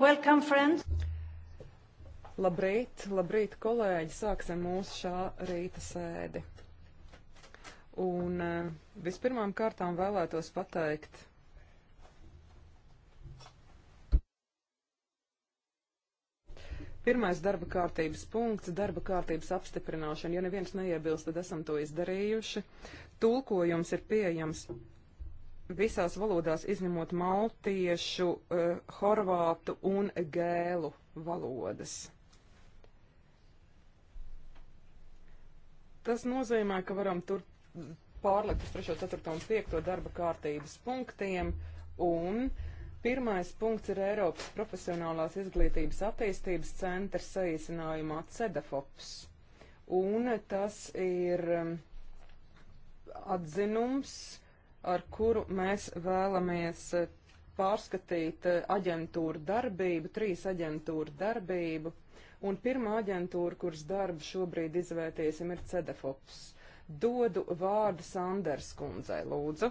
Welcome, friends! Labrīt, labrīt, kolēģi! Sāksim mūsu šā rīta sēdi. Un eh, vispirmām kārtām vēlētos pateikt Pirmais darba kārtības punkts - darba kārtības apstiprināšana. Ja neviens neiebilst, tad esam to izdarījuši. Tulkojums ir pieejams visās valodās izņemot maltiešu, uh, horvātu un gēlu valodas. Tas nozīmē, ka varam tur pārlikt uz 3, 4 un 5 darba kārtības punktiem un Pirmais punkts ir Eiropas profesionālās izglītības attīstības centrs saīsinājumā CEDAFOPS. Un tas ir eh, atzinums, uh, ar kuru mēs vēlamies eh, pārskatīt eh, aģentūru darbību, trīs aģentūru darbību. Un pirmā aģentūra, kuras darbu šobrīd izvērtiesim, ir Cedefops. Dodu vārdu Sanders kundzei, lūdzu.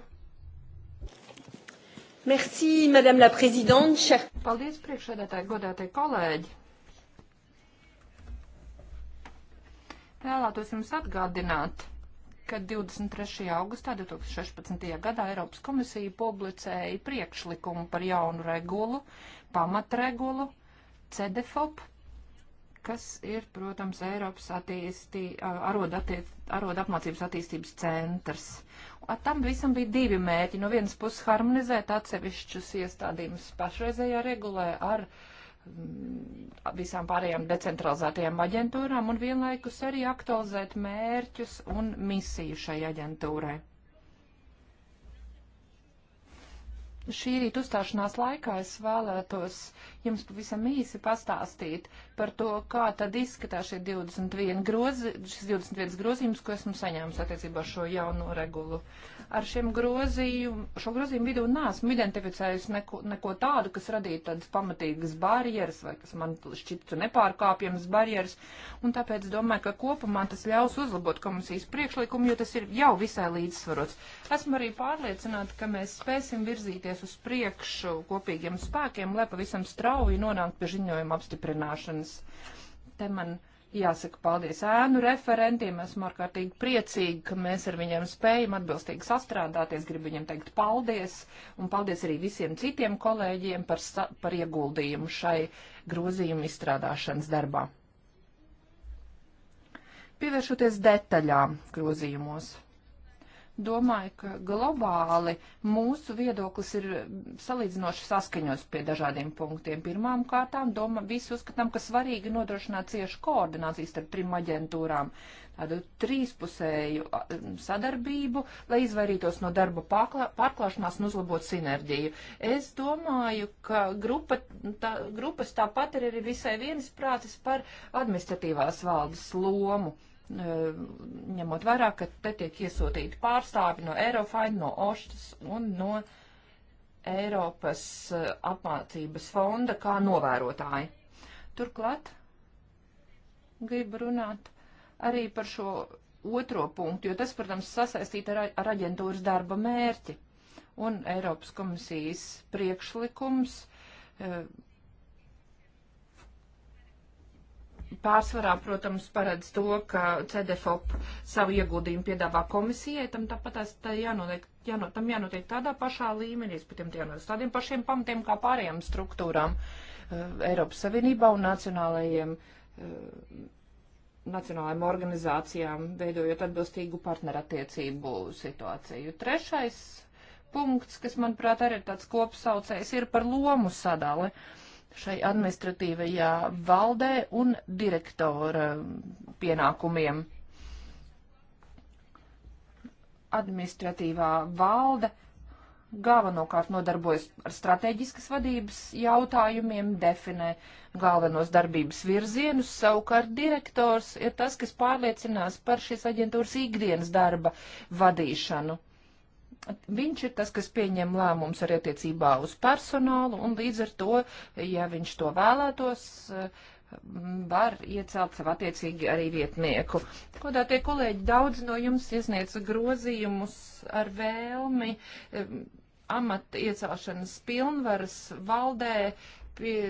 Merci, madame la présidente. Paldies, priekšsēdētāji, godātie kolēģi. Vēlētos jums atgādināt, ka 23. augustā 2016. gadā Eiropas komisija publicēja priekšlikumu par jaunu regulu, pamatregulu, CDFOP, kas ir, protams, Eiropas attīstī, arod, attiec, arod apmācības attīstības centrs. At tam visam bija divi mērķi. No vienas puses harmonizēt atsevišķus iestādījumus pašreizējā regulē ar uh, Mm, visām pārējām decentralizētajām aģentūrām un vienlaikus arī aktualizēt mērķus un misiju šai aģentūrai. šī rīta uzstāšanās laikā es vēlētos jums pavisam īsi pastāstīt par to, kā tad izskatās šie 21 grozi, šis 21 grozījums, ko esmu saņēmis attiecībā ar šo jauno regulu. Ar šiem grozījumu, šo grozījumu vidū nāsmu identificējusi neko, neko tādu, kas radītu tādas pamatīgas barjeras vai kas man šķitu nepārkāpjamas barjeras, un tāpēc domāju, ka kopumā tas ļaus uzlabot komisijas priekšlikumu, jo tas ir jau visai līdzsvarots. Esmu arī pārliecināta, ka mēs spēsim virzīties virzīties uz priekšu kopīgiem spēkiem, lai pavisam strauji nonāktu pie ziņojuma apstiprināšanas. Te man jāsaka paldies ēnu referentiem, esmu ārkārtīgi priecīgi, ka mēs ar viņiem spējam atbilstīgi sastrādāties, gribu viņiem teikt paldies, un paldies arī visiem citiem kolēģiem par, par ieguldījumu šai grozījumu izstrādāšanas darbā. Pievēršoties detaļām grozījumos. Domāju, ka globāli mūsu viedoklis ir salīdzinoši saskaņos pie dažādiem punktiem. Pirmām kārtām, domā, visi uzskatām, ka svarīgi nodrošināt ciešu koordināciju starp trim aģentūrām, tādu trīspusēju sadarbību, lai izvairītos no darba pārklāšanās un uzlabot sinerģiju. Es domāju, ka grupa, tā, grupas tāpat ir arī visai viensprātis par administratīvās valdes lomu Eh, ņemot vērā, ka te tiek iesūtīti pārstāvi no Eirofaina, no Oštas un no Eiropas eh, apmācības fonda kā novērotāji. Turklāt gribu runāt arī par šo otro punktu, jo tas, protams, sasaistīt ar, ar aģentūras darba mērķi un Eiropas komisijas priekšlikums eh, pārsvarā, protams, paredz to, ka CDFOP savu ieguldījumu piedāvā komisijai, tam tāpat tā jānotiek, jāno, tam jānotiek tādā pašā līmenī, pēc tam jānotiek tādiem pašiem pamatiem kā pārējām struktūrām uh, Eiropas Savienībā un nacionālajiem. Uh, eh, nacionālajām organizācijām, veidojot atbilstīgu partnerattiecību situāciju. Trešais punkts, kas, manuprāt, arī ir tāds kopsaucējs, ir par lomu sadali. Uh, šai administratīvajā valdē un direktora pienākumiem. Administratīvā valde galvenokārt nodarbojas ar strateģiskas vadības jautājumiem, definē galvenos darbības virzienus, savukārt direktors ir tas, kas pārliecinās par šīs aģentūras ikdienas darba vadīšanu viņš ir tas, kas pieņem lēmums arī attiecībā uz personālu, un līdz ar to, ja viņš to vēlētos, var iecelt sev attiecīgi arī vietnieku. Kodā tie kolēģi daudz no jums iesniedz grozījumus ar vēlmi amata iecelšanas pilnvaras valdē, pie,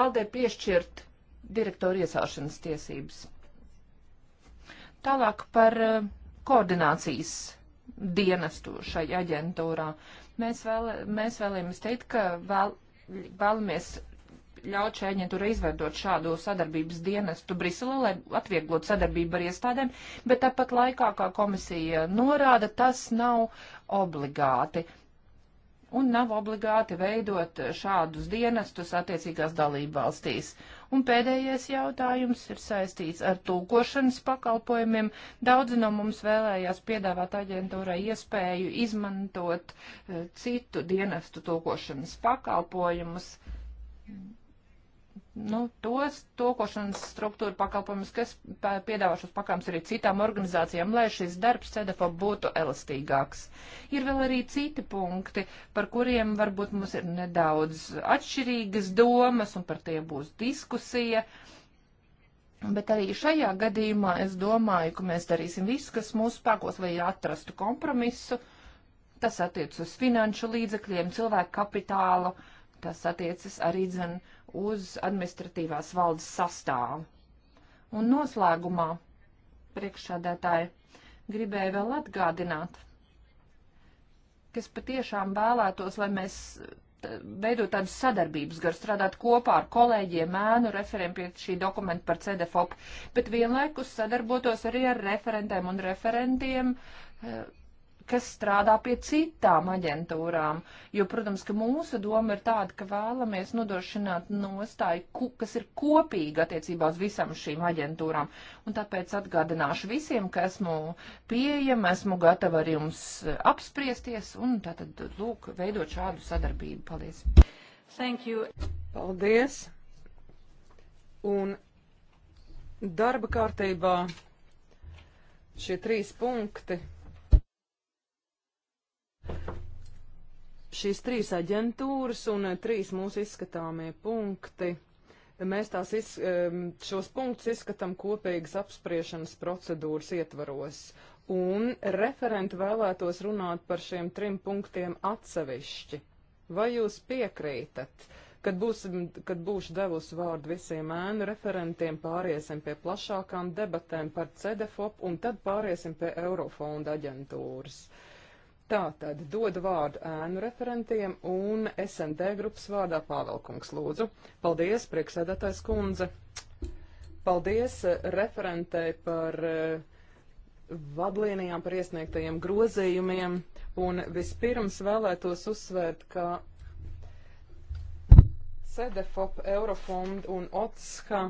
valdē piešķirt direktoru iecelšanas tiesības. Tālāk par eh, koordinācijas dienestu šai aģentūrā. Mēs, vēl, mēs vēlamies teikt, ka vēl, vēlamies ļaut šai aģentūrai izveidot šādu sadarbības dienestu Briselē, lai atvieglot sadarbību ar iestādēm, bet tāpat laikā, kā komisija norāda, tas nav obligāti. Un nav obligāti veidot šādus dienestus attiecīgās dalību valstīs. Uh, Un pēdējais jautājums ir saistīts ar tulkošanas pakalpojumiem. Daudzi no mums vēlējās piedāvāt aģentūrai iespēju izmantot eh, citu dienestu tulkošanas pakalpojumus. Mm nu, tos tokošanas struktūru pakalpojumus, kas piedāvā šos pakāpums arī citām organizācijām, lai šis darbs CEDEFO būtu elastīgāks. Ir vēl arī citi punkti, par kuriem varbūt mums ir nedaudz atšķirīgas domas un par tie būs diskusija. Bet arī šajā gadījumā es domāju, ka mēs darīsim visu, kas mūsu spēkos, lai atrastu kompromisu. Tas attiec uz finanšu līdzekļiem, cilvēku kapitālu, tas attiecas arī, zin, uz administratīvās valdes sastāvu. Un noslēgumā priekšsādētāji gribēju vēl atgādināt, kas patiešām vēlētos, lai mēs veidot tādas sadarbības, gar strādāt kopā ar kolēģiem, mēnu referiem pie šī dokumenta par CDFOP, bet vienlaikus sadarbotos arī ar referentēm un referentiem eh, kas strādā pie citām aģentūrām. Jo, protams, ka mūsu doma ir tāda, ka vēlamies nodrošināt nostāju, kas ir kopīga attiecībā uz visām šīm aģentūrām. Un tāpēc atgādināšu visiem, ka esmu pieejama, esmu gatava ar jums apspriesties un tātad, lūk, veidot šādu sadarbību. Paldies! Thank you! Paldies! Un darba kārtībā šie trīs punkti šīs trīs aģentūras un eh, trīs mūsu izskatāmie punkti. Mēs tās iz, šos punktus izskatām kopīgas apspriešanas procedūras ietvaros. Un referenti vēlētos runāt par šiem trim punktiem atsevišķi. Vai jūs piekrītat? Kad, būs, kad būšu devusi vārdu visiem ēnu referentiem, pāriesim pie plašākām debatēm par CDFOP un tad pāriesim pie Eurofonda aģentūras. Uh, Tātad dodu vārdu ēnu referentiem un SND grupas vārdā Pāvelkungs lūdzu. Paldies, prieksēdētājs kundze. Paldies eh, referentei par eh, vadlīnijām, par iesniegtajiem grozījumiem. Un vispirms vēlētos uzsvērt, ka SEDEFOP, Eurofond un OTSHA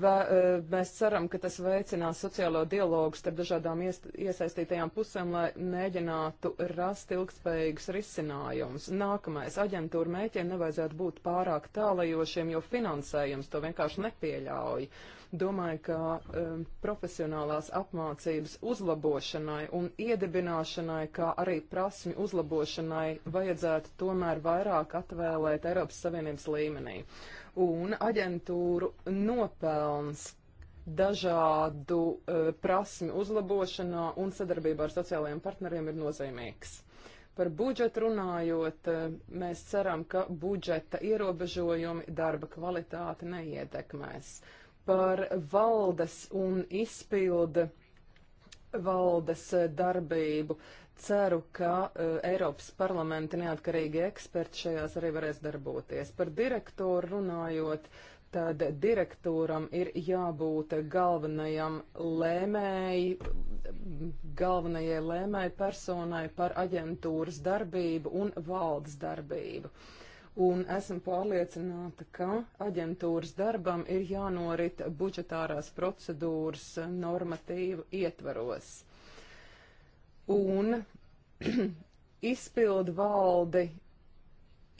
Va, e, mēs ceram, ka tas veicinās sociālo dialogu starp dažādām ies, iesaistītajām pusēm, lai mēģinātu rast ilgspējīgus risinājumus. Nākamais aģentūra mēķiem nevajadzētu būt pārāk tālajošiem, jo finansējums to vienkārši nepieļauj. Domāju, ka um, profesionālās apmācības uzlabošanai un iedibināšanai, kā arī prasmi uzlabošanai, vajadzētu tomēr vairāk atvēlēt Eiropas Savienības līmenī un aģentūru nopelns dažādu uh, prasmi uzlabošanā un sadarbībā ar sociālajiem partneriem ir nozīmīgs. Par budžetu runājot, uh, mēs ceram, ka budžeta ierobežojumi darba kvalitāti neietekmēs. Par valdes un izpildu valdes eh, darbību ceru, ka uh, Eiropas parlamenta neatkarīgi eksperti šajās arī varēs darboties. Par direktoru runājot, tad direktoram ir jābūt galvenajam lēmēji, galvenajai lēmēji personai par aģentūras darbību un valdes darbību. Un esmu pārliecināta, ka aģentūras darbam ir jānorit budžetārās procedūras normatīvu ietvaros un izpildu valdi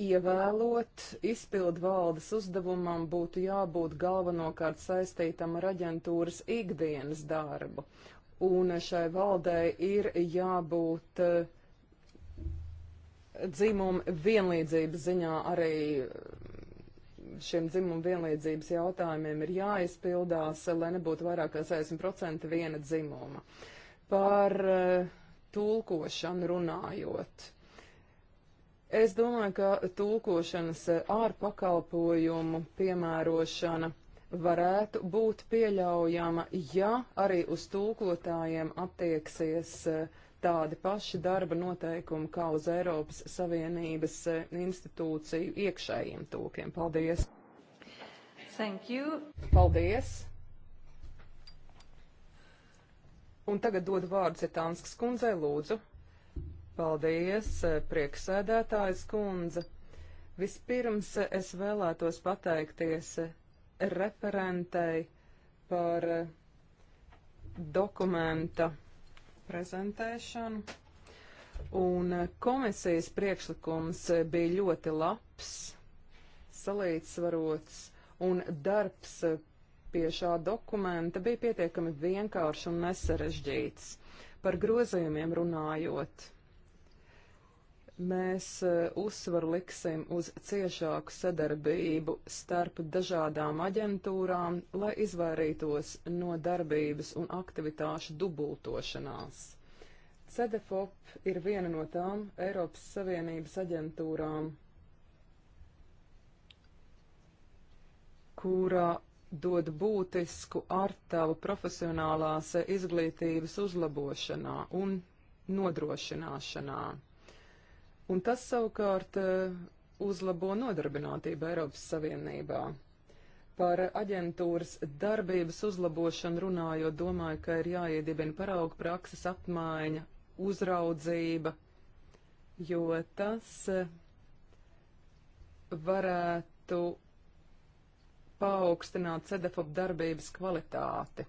ievēlot, izpildu valdes uzdevumam būtu jābūt galvenokārt saistītam ar aģentūras ikdienas darbu. Un šai valdei ir jābūt uh, dzimuma vienlīdzības ziņā arī eh, šiem dzimuma vienlīdzības jautājumiem ir jāizpildās, lai nebūtu vairāk kā 60% viena dzimuma. Par uh, tulkošanu runājot. Es domāju, ka tulkošanas ārpakalpojumu piemērošana varētu būt pieļaujama, ja arī uz tulkotājiem attieksies eh, tādi paši darba noteikumi kā uz Eiropas Savienības eh, institūciju iekšējiem tūkiem. Paldies! Thank you! Paldies! Un tagad dodu vārdu Cetānskas kundzei, lūdzu. Paldies, eh, prieksēdētājs kundze. Vispirms eh, es vēlētos pateikties eh, referentei par dokumenta prezentēšanu. Un komisijas priekšlikums bija ļoti labs, salīdzvarots, un darbs pie šā dokumenta bija pietiekami vienkāršs un nesarežģīts. Par grozījumiem runājot, mēs e, uzsvaru liksim uz ciešāku sadarbību starp dažādām aģentūrām, lai izvairītos no darbības un aktivitāšu dubultošanās. CDFOP ir viena no tām Eiropas Savienības aģentūrām, kurā dod būtisku artavu profesionālās izglītības uzlabošanā un nodrošināšanā. Un tas savukārt eh, uzlabo nodarbinātību Eiropas Savienībā. Par aģentūras darbības uzlabošanu runājot, domāju, ka ir jāiedibina parauga prakses apmaiņa, uzraudzība, jo tas eh, varētu paaugstināt CDFOP darbības kvalitāti.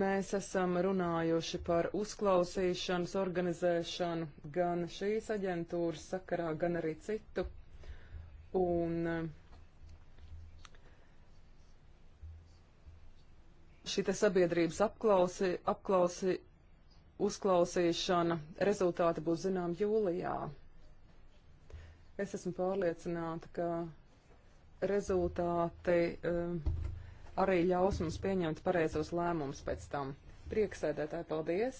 Mēs esam runājuši par uzklausīšanas organizēšanu gan šīs aģentūras sakarā, gan arī citu. Un eh, šī sabiedrības apklausi, apklausi, uzklausīšana rezultāti būs zinām jūlijā. Es esmu pārliecināta, ka rezultāti um, arī ļaus mums pieņemt pareizos lēmumus pēc tam. Prieksēdētāji, paldies!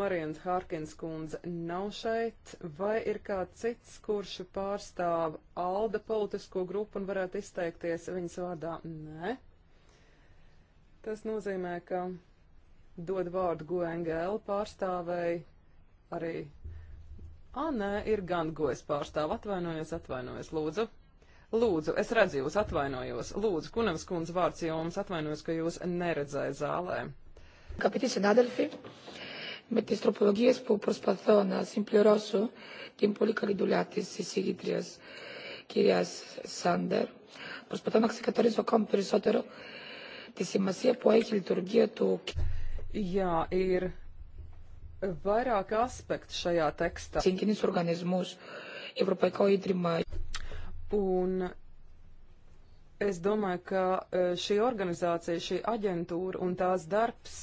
Marijas Hārkins kundze nav šeit, vai ir kāds cits, kurš pārstāv ALDE politisko grupu un varētu izteikties viņas vārdā? Nē. Tas nozīmē, ka dod vārdu GONGL pārstāvēji arī. Ā, nē, ir gan GOS pārstāv, atvainojos, atvainojos, lūdzu. Lūdzu, es redzu jūs, atvainojos. Lūdzu, Kunavas kundze vārds jums, atvainojos, ka jūs neredzēju zālē. Καπιτή συνάδελφοι, με τις τροπολογίες που προσπαθώ να συμπληρώσω την πολύ καλή δουλειά της εισηγήτριας κυρίας Σάντερ, προσπαθώ να ξεκαθαρίσω ακόμη περισσότερο τη σημασία που έχει η λειτουργία του. Jā, ir vairāk aspektu šajā tekstā. Συγκινείς οργανισμούς, Ευρωπαϊκό Ίδρυμα. Un es domāju, ka eh, šī organizācija, šī aģentūra un tās darbs.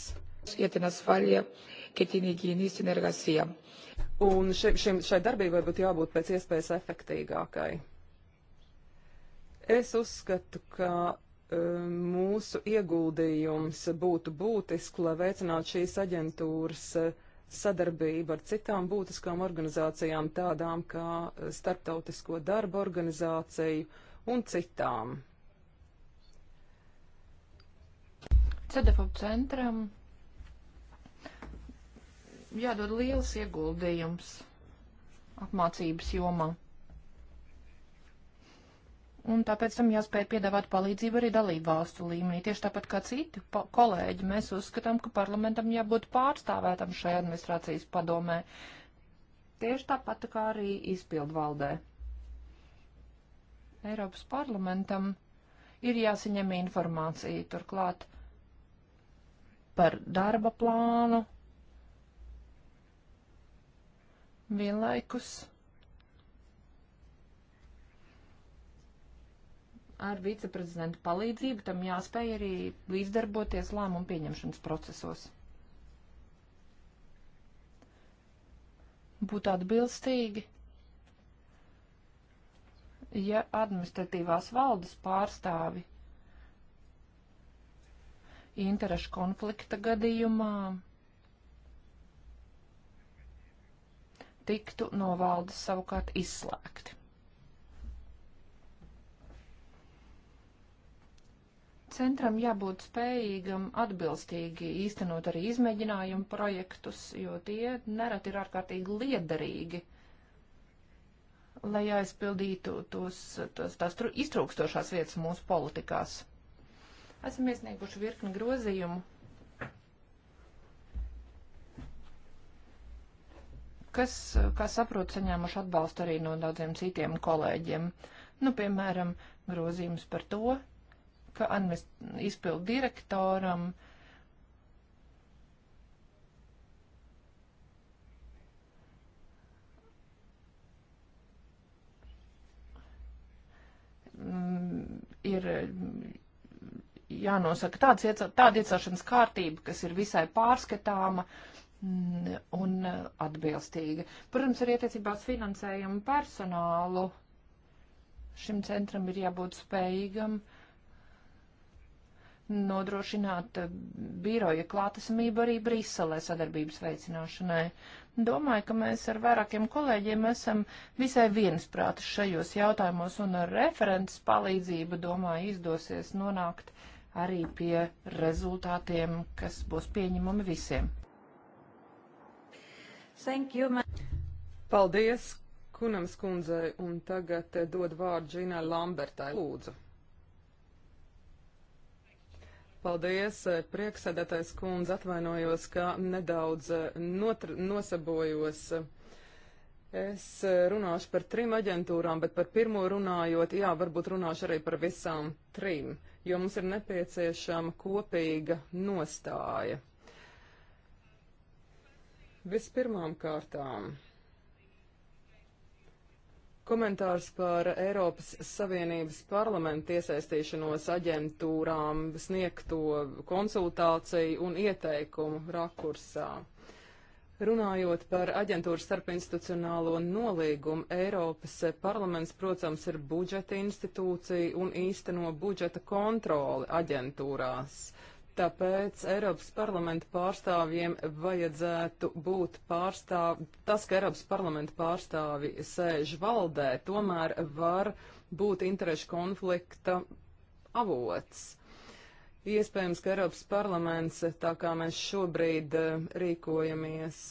Un šim, šim, šai darbībai būtu jābūt pēc iespējas efektīgākai. Es uzskatu, ka eh, mūsu ieguldījums būtu būtisks, lai veicinātu šīs aģentūras uh, sadarbību ar citām būtiskām organizācijām, tādām kā eh, Startautisko darba organizāciju un citām. CDFOP centram jādod liels ieguldījums apmācības jomā. Un tāpēc tam jāspēj piedāvāt palīdzību arī dalību valstu līmenī. Tieši tāpat kā citi kolēģi, mēs uzskatām, ka parlamentam jābūt pārstāvētam šajā administrācijas padomē. Tieši tāpat kā arī izpildu valdē. Eiropas parlamentam ir jāsaņem informācija turklāt par darba plānu vienlaikus ar viceprezidenta palīdzību tam jāspēj arī līdzdarboties lēmumu pieņemšanas procesos. Būtu atbilstīgi, ja administratīvās valdes pārstāvi interešu konflikta gadījumā tiktu no valdes savukārt izslēgti. centram jābūt spējīgam atbilstīgi īstenot arī izmēģinājumu projektus, jo tie nerad ir ārkārtīgi liederīgi, lai aizpildītu tos, tos, tās iztrūkstošās vietas mūsu politikās. Esam iesnieguši virkni grozījumu, kas, kā saprotu, saņēmuši atbalstu arī no daudziem citiem kolēģiem. Nu, piemēram, grozījums par to, ka izpildu direktoram mm, ir jānosaka tāds, tāda iecelšanas kārtība, kas ir visai pārskatāma mm, un uh, atbilstīga. Protams, arī attiecībās finansējumu personālu šim centram ir jābūt spējīgam uh, nodrošināt eh, biroja klātesamību arī Briselē sadarbības veicināšanai. Domāju, ka mēs ar vairākiem kolēģiem esam visai viensprātis šajos jautājumos un ar referents palīdzību, domāju, izdosies nonākt arī pie rezultātiem, kas būs pieņemami visiem. Thank you, man. Paldies, Kunams kundzei, un tagad eh, dod vārdu Džinai Lambertai. Lūdzu. Paldies, eh, prieksēdētais kundze, atvainojos, ka nedaudz eh, notr, nosabojos. Es eh, runāšu par trim aģentūrām, bet par pirmo runājot, jā, varbūt runāšu arī par visām trim, jo mums ir nepieciešama kopīga nostāja. Vispirmām kārtām Komentārs par Eiropas Savienības parlamentu iesaistīšanos aģentūrām sniegto konsultāciju un ieteikumu rakursā. Runājot par aģentūras starpinstitucionālo nolīgumu, Eiropas parlaments, protams, ir budžeta institūcija un īsteno budžeta kontroli aģentūrās. Tāpēc Eiropas parlamenta pārstāvjiem vajadzētu būt pārstāv... Tas, ka Eiropas parlamenta pārstāvi sēž valdē, tomēr var būt interešu konflikta avots. Iespējams, ka Eiropas parlaments, tā kā mēs šobrīd eh, rīkojamies,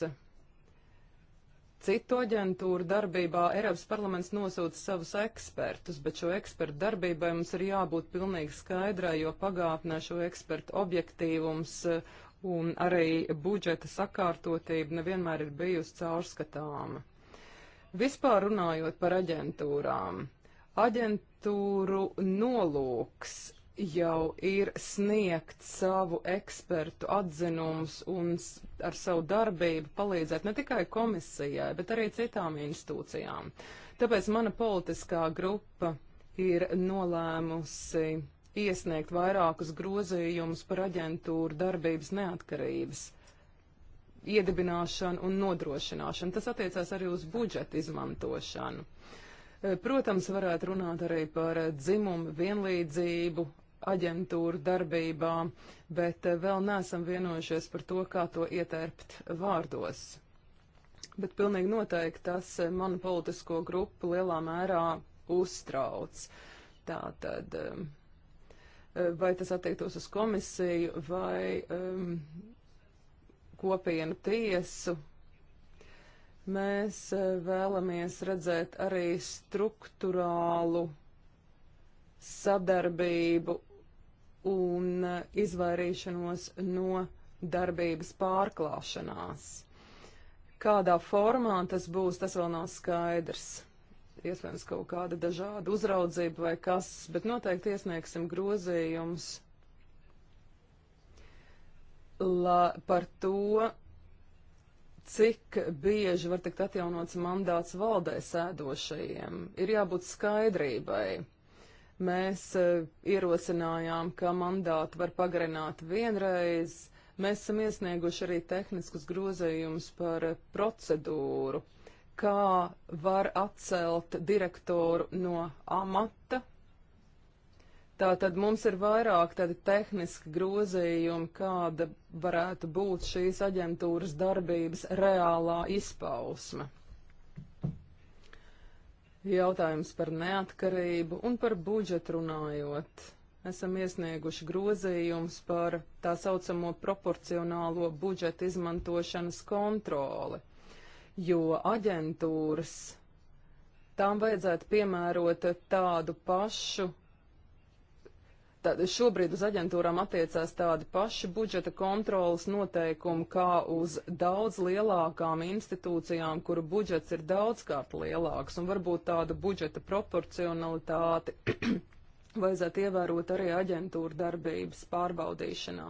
citu aģentūru darbībā Eiropas parlaments nosūta savus ekspertus, bet šo ekspertu darbībai mums ir jābūt pilnīgi skaidrai, jo pagātnē šo ekspertu objektīvums eh, un arī budžeta sakārtotība nevienmēr ir bijusi caurskatāma. Vispār runājot par aģentūrām, aģentūru nolūks jau ir sniegt savu ekspertu atzinumus un ar savu darbību palīdzēt ne tikai komisijai, bet arī citām institūcijām. Tāpēc mana politiskā grupa ir nolēmusi iesniegt vairākus grozījumus par aģentūru darbības neatkarības iedibināšanu un nodrošināšanu. Tas attiecās arī uz budžeta izmantošanu. Protams, varētu runāt arī par dzimumu vienlīdzību aģentūru darbībā, bet eh, vēl neesam vienojušies par to, kā to ietērpt vārdos. Bet pilnīgi noteikti tas eh, manu politisko grupu lielā mērā uztrauc. Tātad, ehm, eh, vai tas attiektos uz komisiju vai um, kopienu tiesu, mēs vēlamies redzēt arī struktūrālu sadarbību un izvairīšanos no darbības pārklāšanās. Kādā formā tas būs, tas vēl nav skaidrs. Iespējams, kaut kāda dažāda uzraudzība vai kas, bet noteikti iesniegsim grozījumus la, par to, cik bieži var tikt atjaunots mandāts valdē sēdošajiem. Ir jābūt skaidrībai Mēs eh, ierosinājām, ka mandātu var pagarināt vienreiz. Mēs esam iesnieguši arī tehniskus grozējumus par eh, procedūru, kā var atcelt direktoru no amata. Tātad mums ir vairāk tādi tehniski grozījumi, kāda varētu būt šīs aģentūras darbības reālā izpausme. Jautājums par neatkarību un par budžetu runājot. Esam iesnieguši grozījumus par tā saucamo proporcionālo budžeta izmantošanas kontroli, jo aģentūras tām vajadzētu piemērot tādu pašu Tad šobrīd uz aģentūrām attiecās tādi paši budžeta kontrolas noteikumi kā uz daudz lielākām institūcijām, kuru budžets ir daudzkārt lielāks un varbūt tādu budžeta proporcionalitāti vajadzētu ievērot arī aģentūra darbības pārbaudīšanā.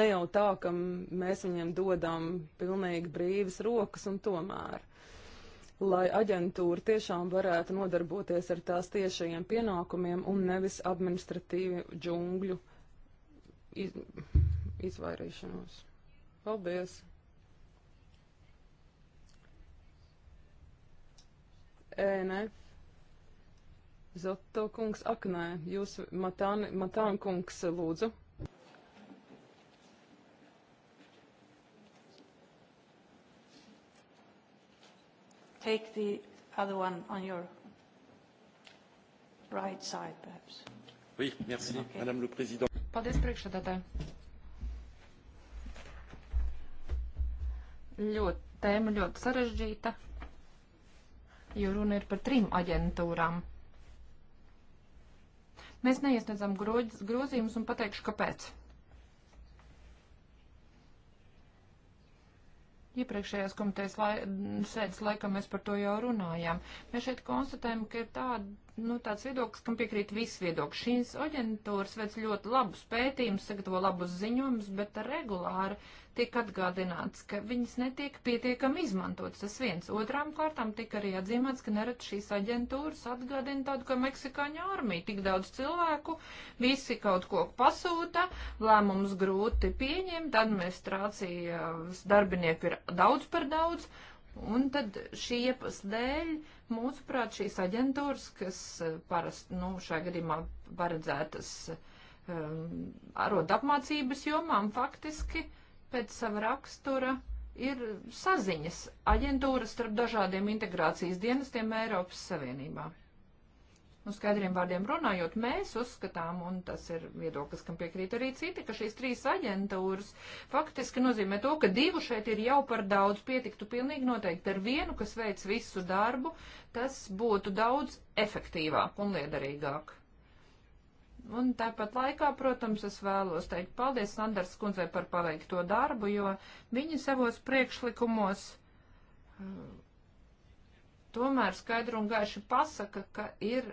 Ne jau tā, ka mēs viņiem dodam pilnīgi brīvas rokas un tomēr lai aģentūra tiešām varētu nodarboties ar tās tiešajiem pienākumiem un nevis administratīvu džungļu iz, izvairīšanos. Paldies! ENF. Zoto kungs, ak nē, jūs Matāna kungs lūdzu. Take the other one on your right side, perhaps. Oui, merci, okay. Madame le Président. Paldies, priekšsēdētāji. Ļoti, tēma ļoti sarežģīta, jo runa ir par trim aģentūrām. Mēs neiesniedzam grozījumus un pateikšu, kāpēc. Iepriekšējās komitejas lai, sēdes laikā mēs par to jau runājām. Mēs šeit konstatējam, ka ir tāda nu, tāds viedoklis, kam piekrīt viss viedoklis. Šīs aģentūras veic ļoti labus pētījumus, sagatavo labus ziņojumus, bet regulāri tiek atgādināts, ka viņas netiek pietiekami izmantotas. Tas viens. Otrām kārtām tika arī atzīmēts, ka nerad šīs aģentūras atgādina tādu, ka Meksikāņu armija tik daudz cilvēku, visi kaut ko pasūta, lēmums grūti pieņemt, administrācija darbinieki ir daudz par daudz. Uh, Un tad šī iepasla dēļ, mūsuprāt, šīs aģentūras, kas eh, parasti, nu, šajā gadījumā paredzētas um, ehm, arot apmācības jomām, faktiski pēc sava rakstura ir saziņas aģentūras starp dažādiem integrācijas dienestiem Eiropas Savienībā. Nu, skaidriem vārdiem runājot, mēs uzskatām, un tas ir viedoklis, kam piekrīt arī citi, ka šīs trīs aģentūras faktiski nozīmē to, ka divu šeit ir jau par daudz, pietiktu pilnīgi noteikti ar vienu, kas veic visu darbu, tas būtu daudz efektīvāk un liederīgāk. Un tāpat laikā, protams, es vēlos teikt paldies Sandars kundzei par paveikto darbu, jo viņi savos priekšlikumos uh, tomēr skaidru un gaiši pasaka, ka ir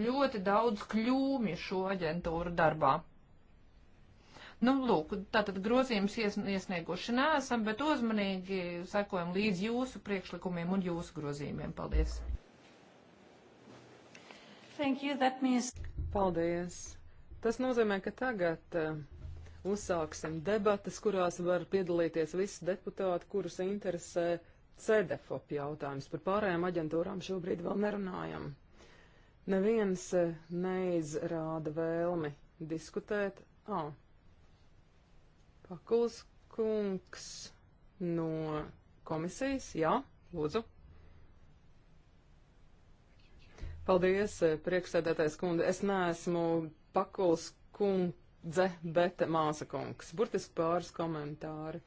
ļoti daudz kļūmju šo aģentūru darbā. Nu, lūk, tātad grozījums ies, iesnieguši neesam, bet uzmanīgi sekojam līdz jūsu priekšlikumiem un jūsu grozījumiem. Paldies! Thank you, that means... Paldies! Tas nozīmē, ka tagad uh, uzsāksim debatas, kurās var piedalīties visi deputāti, kurus interesē CDFOP jautājums. Par pārējām aģentūrām šobrīd vēl nerunājam. Neviens eh, neizrāda vēlmi diskutēt. Ā, ah, Pakuls kungs no komisijas, jā, lūdzu. Paldies, eh, priekšsēdētājs kundze. Es neesmu Pakuls kundze, bet māsa kungs. Burtiski pāris komentāri.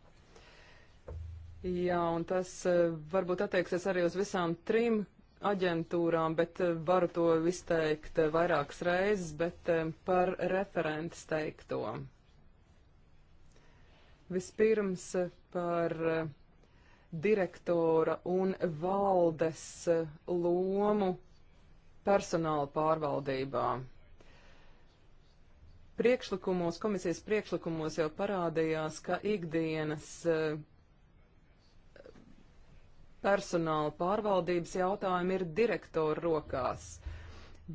Jā, un tas eh, varbūt attieksies arī uz visām trim aģentūrām, bet eh, varu to izteikt eh, vairākas reizes, bet eh, par referentes teikto. Vispirms par direktora un valdes lomu personāla pārvaldībā. Priekšlikumos, komisijas priekšlikumos jau parādījās, ka ikdienas personāla pārvaldības jautājumi ir direktoru rokās.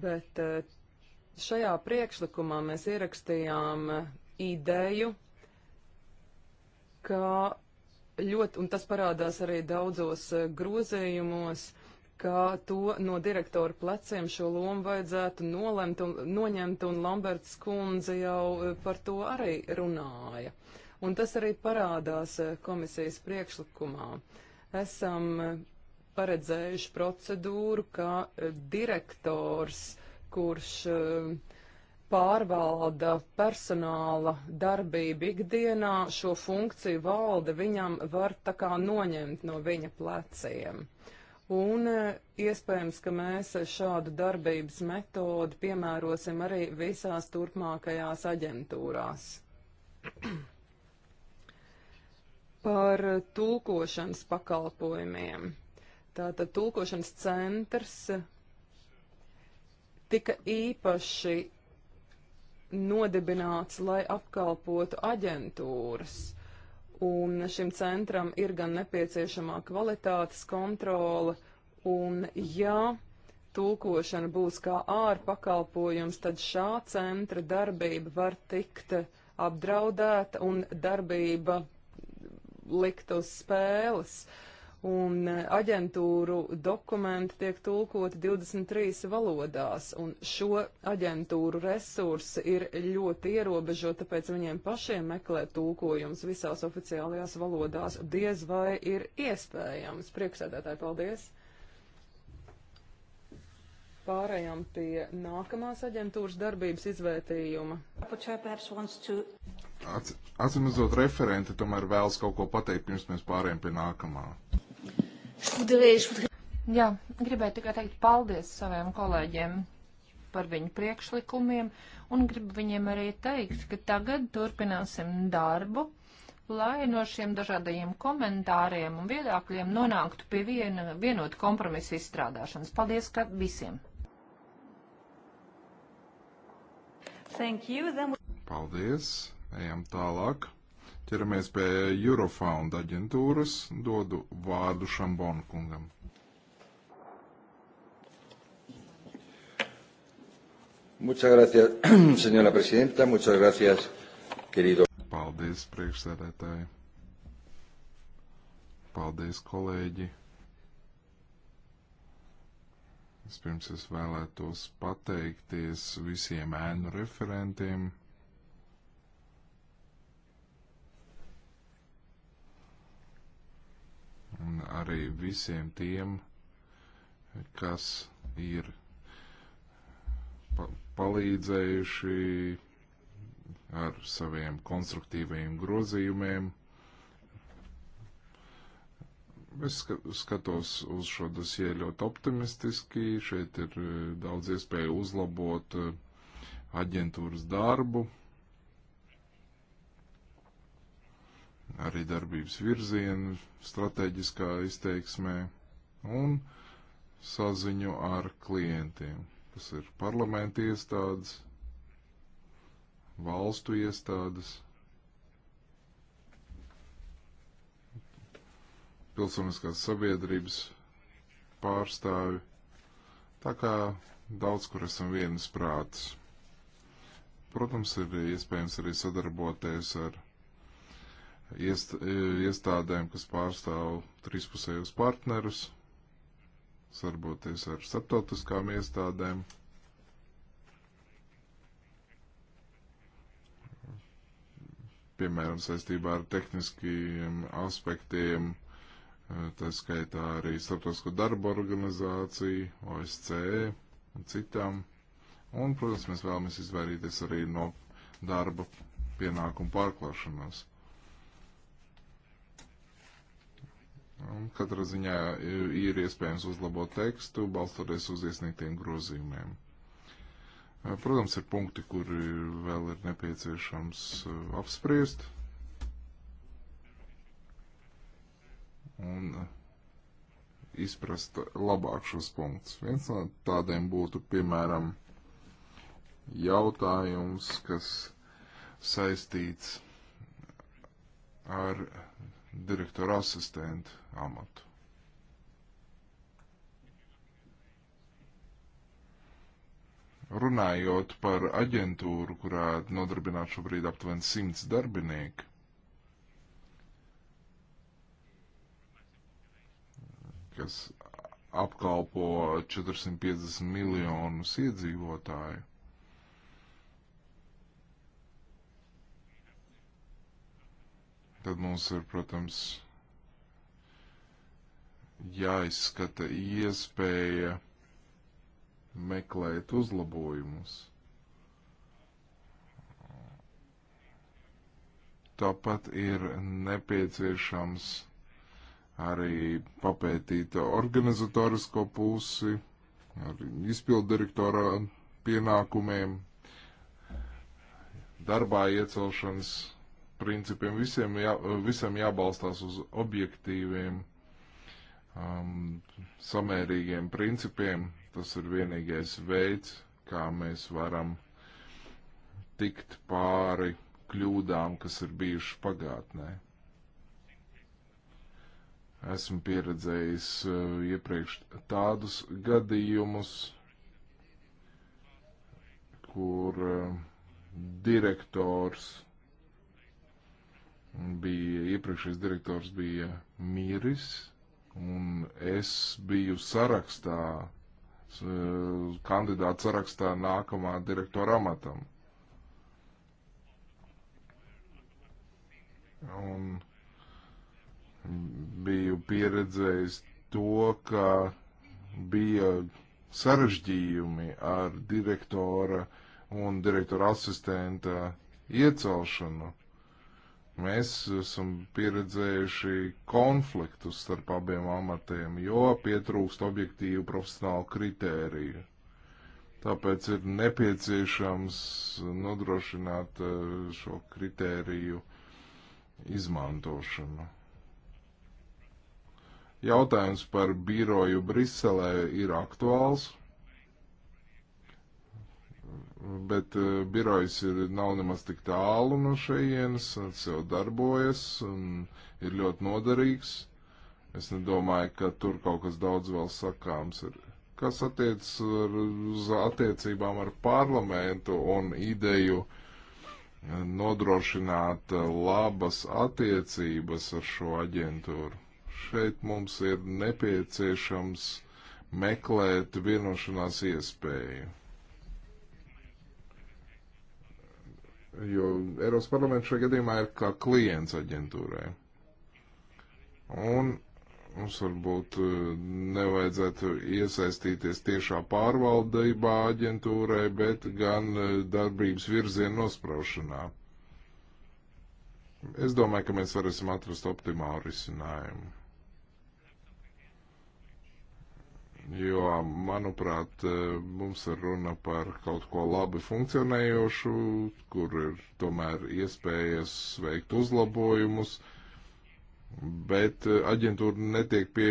Bet eh, šajā priekšlikumā mēs ierakstījām eh, ideju, ka ļoti, un tas parādās arī daudzos eh, grozījumos, ka to no direktora pleciem šo lomu vajadzētu nolemt un noņemt, un Lamberts kundze jau par to arī runāja. Un tas arī parādās komisijas priekšlikumā. Uh, esam eh, paredzējuši procedūru, ka eh, direktors, kurš eh, pārvalda personāla darbību ikdienā, šo funkciju valde viņam var tā kā noņemt no viņa pleciem. Un iespējams, ka mēs šādu darbības metodu piemērosim arī visās turpmākajās aģentūrās par tulkošanas pakalpojumiem. Tātad tulkošanas centrs tika īpaši nodibināts, lai apkalpotu aģentūras. Un šim centram ir gan nepieciešamā kvalitātes kontrole, un ja tulkošana būs kā ārpakalpojums, tad šā centra darbība var tikt apdraudēta un darbība likt uz spēles. Un eh, aģentūru dokumenti tiek tulkoti 23 valodās, un šo aģentūru resursi ir ļoti ierobežoti, tāpēc viņiem pašiem meklēt tulkojums visās oficiālajās valodās diez vai ir iespējams. Priekšsēdētāji, paldies! pārējām pie nākamās aģentūras darbības izvērtījuma. At, Atcīmredzot, referente tomēr vēlas kaut ko pateikt, pirms mēs pārējām pie nākamā. Jā, gribēju tikai teikt paldies saviem kolēģiem par viņu priekšlikumiem un gribu viņiem arī teikt, ka tagad turpināsim darbu, lai no šiem dažādajiem komentāriem un viedākļiem nonāktu pie viena, vienotu kompromisu izstrādāšanas. Paldies visiem! Thank you. Then... Paldies. Ejam tālāk. Ķeramies pie Eurofound aģentūras. Dodu vārdu Šambonu kungam. Muchas gracias, señora presidenta. Muchas gracias, querido. Paldies, priekšsēdētāji. Paldies, kolēģi. Vispirms es vēlētos pateikties visiem ēnu referentiem. Un arī visiem tiem, kas ir pa palīdzējuši ar saviem konstruktīviem grozījumiem. Es skatos uz šo dosie ļoti optimistiski. Šeit ir e, daudz iespēju uzlabot e, aģentūras darbu, arī darbības virzienu, strateģiskā izteiksmē un saziņu ar klientiem, kas ir parlamenta iestādes, valstu iestādes. pilsoniskās sabiedrības pārstāvi. Tā kā daudz kur esam vienas prātas. Protams, ir iespējams arī sadarboties ar iest, iestādēm, kas pārstāv trīspusējos partnerus, sadarboties ar starptautiskām iestādēm. Piemēram, saistībā ar tehniskiem aspektiem, uh, Eh, tā skaitā arī Starptautisko darba organizāciju, OSCE un citām. Un, protams, mēs vēlamies izvairīties arī no darba pienākumu pārklāšanās. Un katrā ziņā ir iespējams uzlabot tekstu, balstoties uz iesniegtiem grozījumiem. Eh, protams, ir punkti, kuri vēl ir nepieciešams eh, apspriest. un izprast labāk šos punktus. Viens no tādiem būtu, piemēram, jautājums, kas saistīts ar direktora asistentu amatu. Runājot par aģentūru, kurā nodarbināt šobrīd aptuveni simts darbinieku, kas apkalpo 450 miljonus iedzīvotāju. Tad mums ir, protams, jāizskata iespēja meklēt uzlabojumus. Tāpat ir nepieciešams arī papētīt organizatorisko pusi, ar izpildu direktora pienākumiem, darbā iecelšanas principiem. Visiem jā, visam jābalstās uz objektīviem, um, samērīgiem principiem. Tas ir vienīgais veids, kā mēs varam tikt pāri kļūdām, kas ir bijušas pagātnē. Esmu pieredzējis eh, iepriekš tādus gadījumus, kur eh, direktors bija, iepriekšējais direktors bija miris, un es biju sarakstā, eh, kandidāts sarakstā nākamā direktora amatam. Un biju pieredzējis to, ka bija sarežģījumi ar direktora un direktora asistenta iecelšanu. Mēs esam pieredzējuši konfliktus starp abiem amatiem, jo pietrūkst objektīvu profesionālu kritēriju. Tāpēc ir nepieciešams nodrošināt eh, šo kritēriju izmantošanu. Jautājums par biroju Briselē ir aktuāls, bet eh, birojs ir, nav nemaz tik tālu no šejienes, tas jau darbojas un ir ļoti noderīgs. Es nedomāju, ka tur kaut kas daudz vēl sakāms ir. Kas attiecas uz attiecībām ar parlamentu un ideju nodrošināt labas attiecības ar šo aģentūru? Šeit mums ir nepieciešams meklēt vienošanās iespēju. Jo Eiropas parlaments šajā gadījumā ir kā klients aģentūrai. Un mums varbūt eh, nevajadzētu iesaistīties tiešā pārvaldībā aģentūrai, bet gan eh, darbības virzienu nospraušanā. Es domāju, ka mēs varēsim atrast optimālu risinājumu. jo, manuprāt, e, mums ir runa par kaut ko labi funkcionējošu, kur ir tomēr iespējas veikt uzlabojumus, bet aģentūra netiek pie,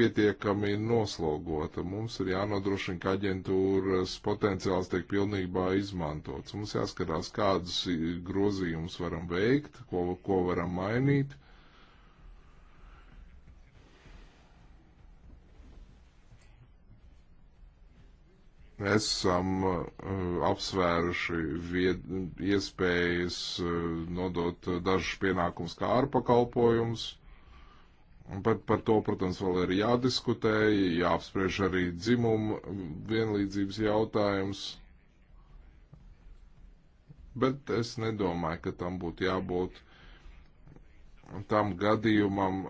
pietiekami noslogota. Mums ir jānodrošina, ka aģentūras potenciāls tiek pilnībā izmantots. Mums jāskatās, kādus grozījumus varam veikt, ko, ko varam mainīt. esam uh, apsvēruši vied, iespējas uh, nodot dažus pienākumus kā ārpakalpojums. Par, par to, protams, vēl ir jādiskutē, jāapspriež arī dzimumu vienlīdzības jautājums. Bet es nedomāju, ka tam būtu jābūt tam gadījumam,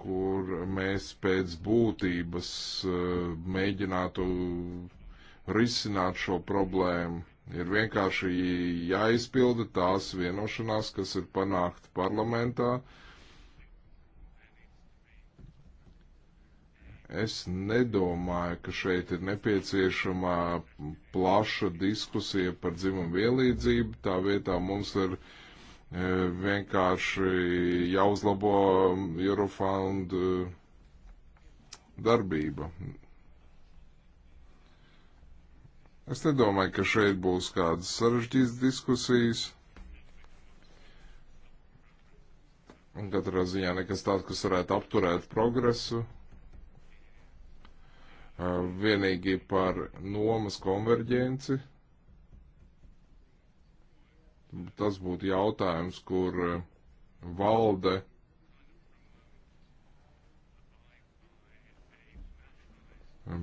kur mēs pēc būtības uh, mēģinātu risināt šo problēmu. Ir vienkārši jāizpilda tās vienošanās, kas ir panākta parlamentā. Es nedomāju, ka šeit ir nepieciešama plaša diskusija par dzimumu vienlīdzību. Tā vietā mums ir e, vienkārši jāuzlabo Eurofund e, darbība. Es nedomāju, ka šeit būs kādas sarežģītas diskusijas. Un katrā ziņā nekas tāds, kas varētu apturēt progresu. Vienīgi par nomas konverģenci. Tas būtu jautājums, kur valde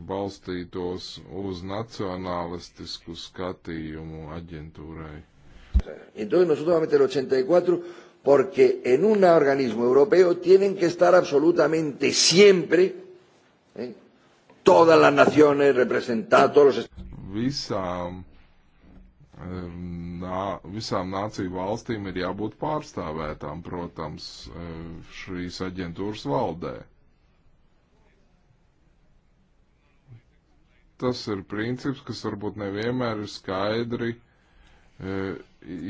balstītos uz nacionālistisku skatījumu aģentūrai. Entonces nosotros vamos a meter 84 porque en un organismo europeo tienen que estar absolutamente siempre ¿eh? todas las naciones representadas, todos los visām, nā, visām nāciju valstīm ir jābūt pārstāvētām, protams, eh, šīs aģentūras valdē. Tas ir princips, kas varbūt nevienmēr ir skaidri e,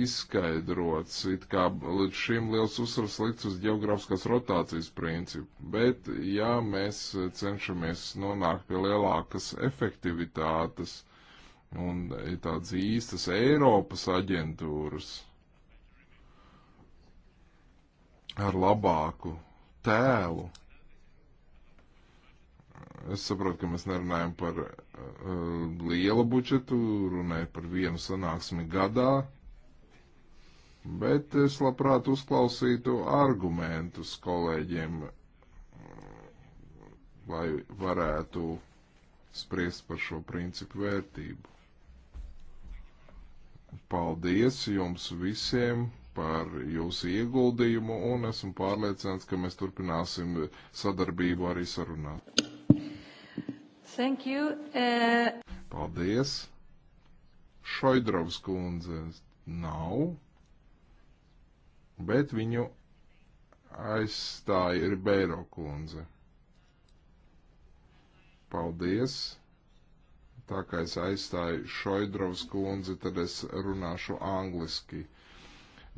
izskaidrots, it kā līdz šim liels uzsvars likts uz geogrāfiskās rotācijas principu, bet ja mēs cenšamies nonākt pie lielākas efektivitātes un tādas īstas Eiropas aģentūras ar labāku tēlu, Es saprotu, ka mēs nerunājam par uh, lielu budžetu, runājam par vienu sanāksmi gadā, bet es labprāt uzklausītu argumentus kolēģiem, lai varētu spriest par šo principu vērtību. Paldies jums visiem! par jūsu ieguldījumu, un esmu pārliecināts, ka mēs turpināsim sadarbību arī sarunāt. Thank you. Uh... Paldies. Šoidrovs kundze nav, bet viņu aizstāja Ribeiro kundze. Paldies. Tā kā es aizstāju Šoidrovs kundzi, tad es runāšu angliski.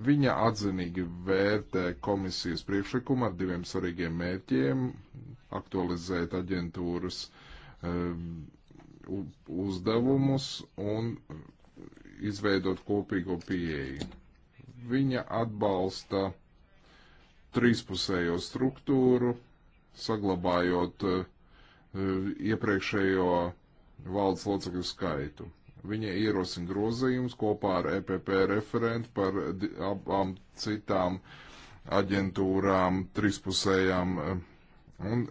Viņa atzinīgi vērtē komisijas priekšlikumu ar diviem svarīgiem mērķiem - aktualizēt aģentūras uh, Ehm, uzdevumus un izveidot kopīgo pieeju. Viņa atbalsta trīspusējo struktūru, saglabājot eh, iepriekšējo valdes locekļu skaitu. Viņa ierosina grozījumus kopā ar EPP referentu par abām citām aģentūrām, trīspusējām eh, un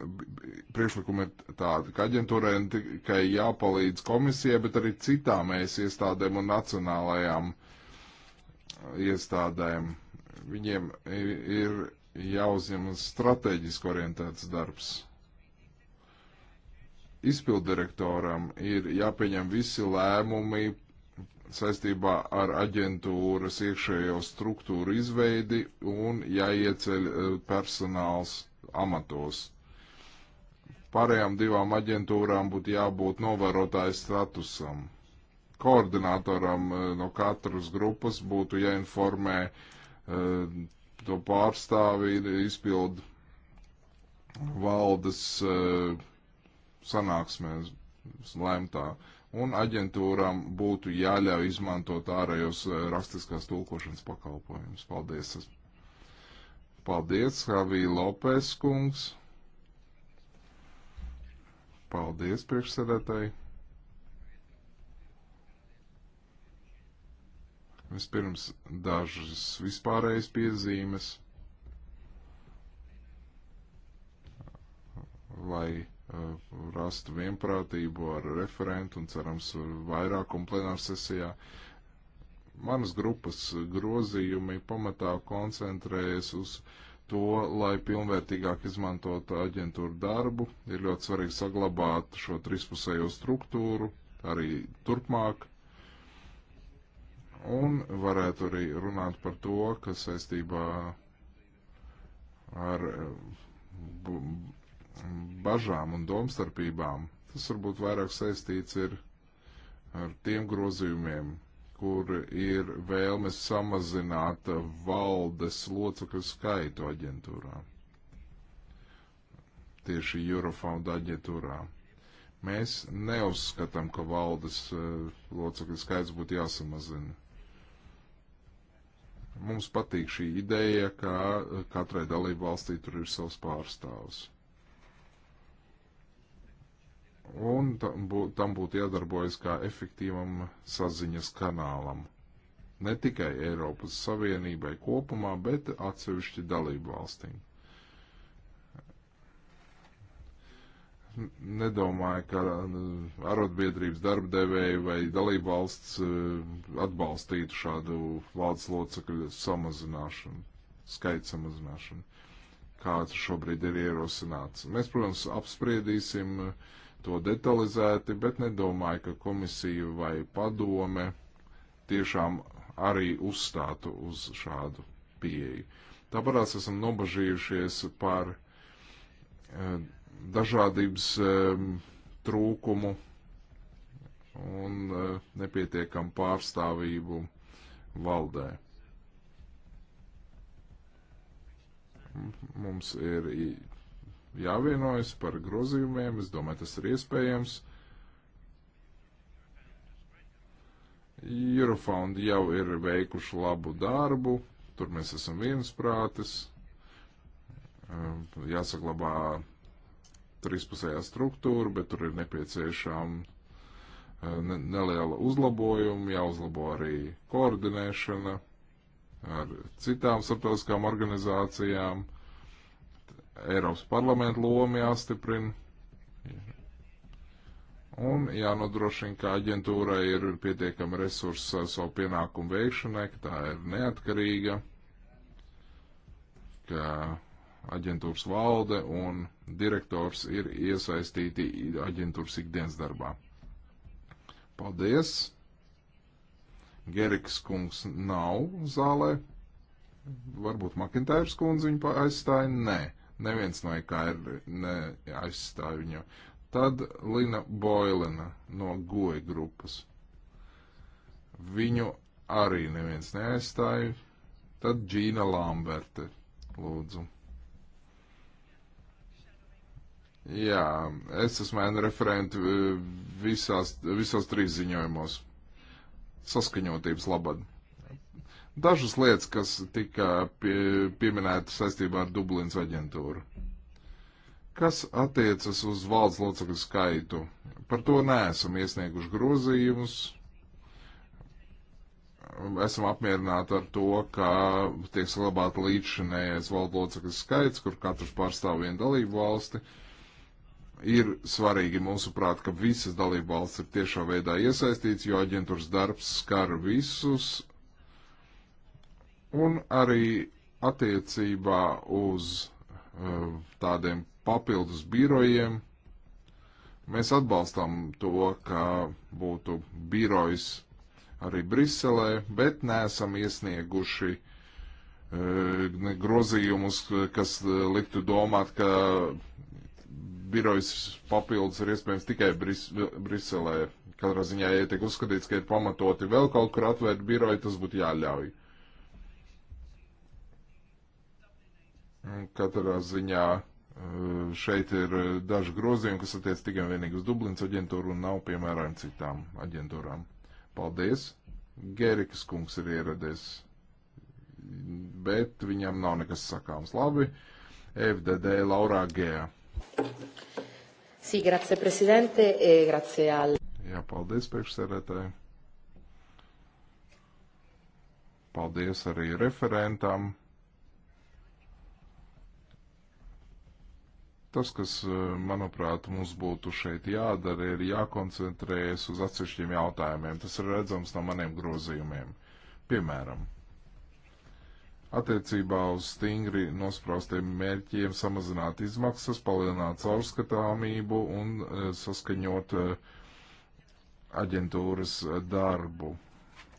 priekšlikumi ir tādi, ka aģentūrai ne tikai jāpalīdz komisijai, bet arī citām mēs iestādēm un nacionālajām uh, iestādēm. Viņiem ir jāuzņem strateģiski orientēts darbs. Izpildirektoram ir jāpieņem visi lēmumi saistībā ar aģentūras iekšējo struktūru izveidi un jāieceļ uh, personāls amatos Pārējām divām aģentūrām būtu jābūt novērotāju statusam. Koordinatoram eh, no katras grupas būtu jāinformē eh, to pārstāvi izpildu valdes eh, sanāksmēs lemtā. Un aģentūrām būtu jāļauj izmantot ārējos rakstiskās tulkošanas pakalpojumus. Paldies! Paldies, Havī Lopes kungs! Paldies, priekšsēdētāji. Vispirms dažas vispārējas piezīmes, lai uh, rastu vienprātību ar referentu un cerams vairākumu plenārsesijā. Manas grupas grozījumi pamatā koncentrējas uz uh, to, lai pilnvērtīgāk izmantotu aģentūru darbu. Ir ļoti svarīgi saglabāt šo trispusējo struktūru arī turpmāk. Un varētu arī runāt par to, ka saistībā ar bažām un domstarpībām tas varbūt vairāk saistīts ir ar tiem grozījumiem, kur ir vēlmes samazināt valdes locekļu skaitu aģentūrā. Tieši Eurofonda aģentūrā. Mēs neuzskatām, ka valdes eh, locekļu skaits būtu jāsamazina. Mums patīk šī ideja, ka katrai dalību valstī tur ir savs pārstāvs un tam, bū, tam būtu jādarbojas kā efektīvam saziņas kanālam. Ne tikai Eiropas Savienībai kopumā, bet atsevišķi dalību valstīm. Nedomāju, ka arotbiedrības darba devēja vai dalību valsts e, atbalstītu šādu valdes locekļu samazināšanu, skaitu samazināšanu, kā tas šobrīd ir ierosināts. Mēs, protams, apspriedīsim uh, to detalizēti, bet nedomāju, ka komisija vai padome tiešām arī uzstātu uz šādu pieeju. Tāpēc esam nobažījušies par e, dažādības e, trūkumu un e, eh, nepietiekam pārstāvību valdē. Mums ir jāvienojas par grozījumiem. Es domāju, tas ir iespējams. Eurofound jau ir veikuši labu darbu, tur mēs esam viensprātis. Ehm, jāsaglabā trīspusējā struktūra, bet tur ir nepieciešama ehm, ne, neliela uzlabojuma, jāuzlabo arī koordinēšana ar citām starptautiskām organizācijām. Eiropas parlamenta loma jāstiprina. Un jānodrošina, ka aģentūrai ir pietiekami resursi savu pienākumu veikšanai, ka tā ir neatkarīga, ka aģentūras valde un direktors ir iesaistīti aģentūras ikdienas darbā. Paldies! Geriks kungs nav zālē. Varbūt Makintājas kundze viņu aizstāja? Nē. Neviens no EKR neaizstāv viņu. Tad Lina Boilena no Goja grupas. Viņu arī neviens neaizstāja. Tad Džīna Lamberte, lūdzu. Jā, es esmu ēnu referenti eh, visās, visos trīs ziņojumos. Saskaņotības labad. Dažas lietas, kas tika pie, pieminētas saistībā ar Dublinas aģentūru. Kas attiecas uz valsts locekļu skaitu? Par to neesam iesnieguši grozījumus. Esam apmierināti ar to, ka tiek saglabāta līdzšinējais valsts locekļu skaits, kur katrs pārstāv vienu dalību valsti. Ir svarīgi, mūsuprāt, ka visas dalību valsts ir tiešā veidā iesaistīts, jo aģentūras darbs skar visus un arī attiecībā uz eh, tādiem papildus birojiem. Mēs atbalstam to, ka būtu birojs arī Briselē, bet neesam iesnieguši eh, grozījumus, kas eh, liktu domāt, ka birojas papildus ir iespējams tikai Bris Briselē. Katrā ziņā, ja tiek uzskatīts, ka ir pamatoti vēl kaut kur atvērt biroju, tas būtu jāļauj. Katrā ziņā eh, šeit ir daži grozījumi, kas attiec tikai un vienīgi uz Dublinas aģentūru un nav piemērojami citām aģentūrām. Paldies! Gerikas kungs ir ieradies, bet viņam nav nekas sakāms. Labi, FDD Laurā Gēja. Sī, grazie, prezidente, e grazie al. Jā, paldies, priekšsēdētāji. Paldies arī referentam Tas, kas, e, manuprāt, mums būtu šeit jādara, ir jākoncentrējas uz atsevišķiem jautājumiem. Tas ir redzams no maniem grozījumiem. Piemēram, attiecībā uz stingri nospraustiem mērķiem samazināt izmaksas, palielināt caurskatāmību un e, saskaņot e, aģentūras darbu.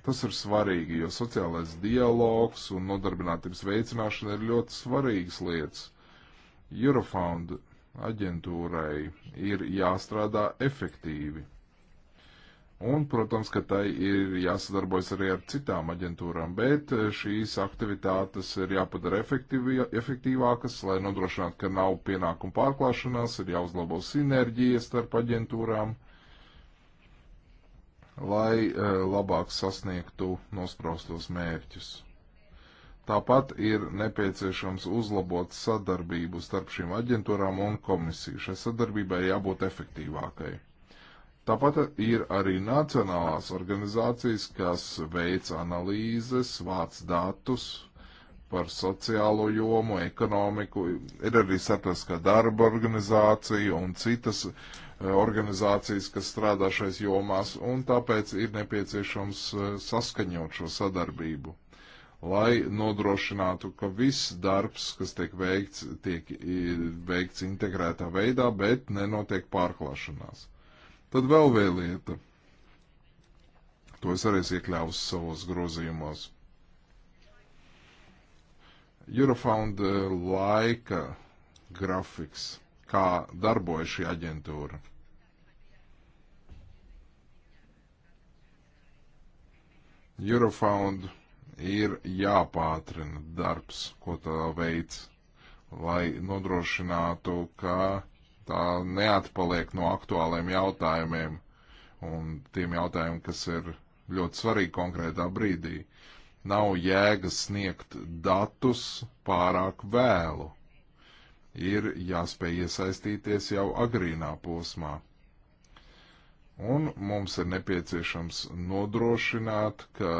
Tas ir svarīgi, jo sociālais dialogs un nodarbinātības veicināšana ir ļoti svarīgas lietas Eurofound aģentūrai ir jāstrādā efektīvi. Un, protams, ka tai ir jāsadarbojas arī ar citām aģentūrām, bet šīs aktivitātes ir jāpadara efektīvākas, lai nodrošinātu, ka nav pienākumu pārklāšanās, ir jāuzlabo sinerģija starp aģentūrām, lai eh, labāk sasniegtu nospraustos mērķus. Tāpat ir nepieciešams uzlabot sadarbību starp šīm aģentūrām un komisiju. Šai sadarbībai jābūt efektīvākai. Tāpat ir arī nacionālās organizācijas, kas veic analīzes, vāc datus par sociālo jomu, ekonomiku. Ir arī starptautiskā darba organizācija un citas eh, organizācijas, kas strādā šais jomās, un tāpēc ir nepieciešams eh, saskaņot šo sadarbību lai nodrošinātu, ka viss darbs, kas tiek veikts, tiek veikts integrētā veidā, bet nenotiek pārklāšanās. Tad vēl viena lieta. To es arī esmu iekļāvusi savos grozījumos. Eurofound e, laika grafiks, kā darbojas šī aģentūra. Eurofound ir jāpātrina darbs, ko tā veids, lai nodrošinātu, ka tā neatpaliek no aktuāliem jautājumiem un tiem jautājumiem, kas ir ļoti svarīgi konkrētā brīdī. Nav jēgas sniegt datus pārāk vēlu. Ir jāspēj iesaistīties jau agrīnā posmā. Un mums ir nepieciešams nodrošināt, ka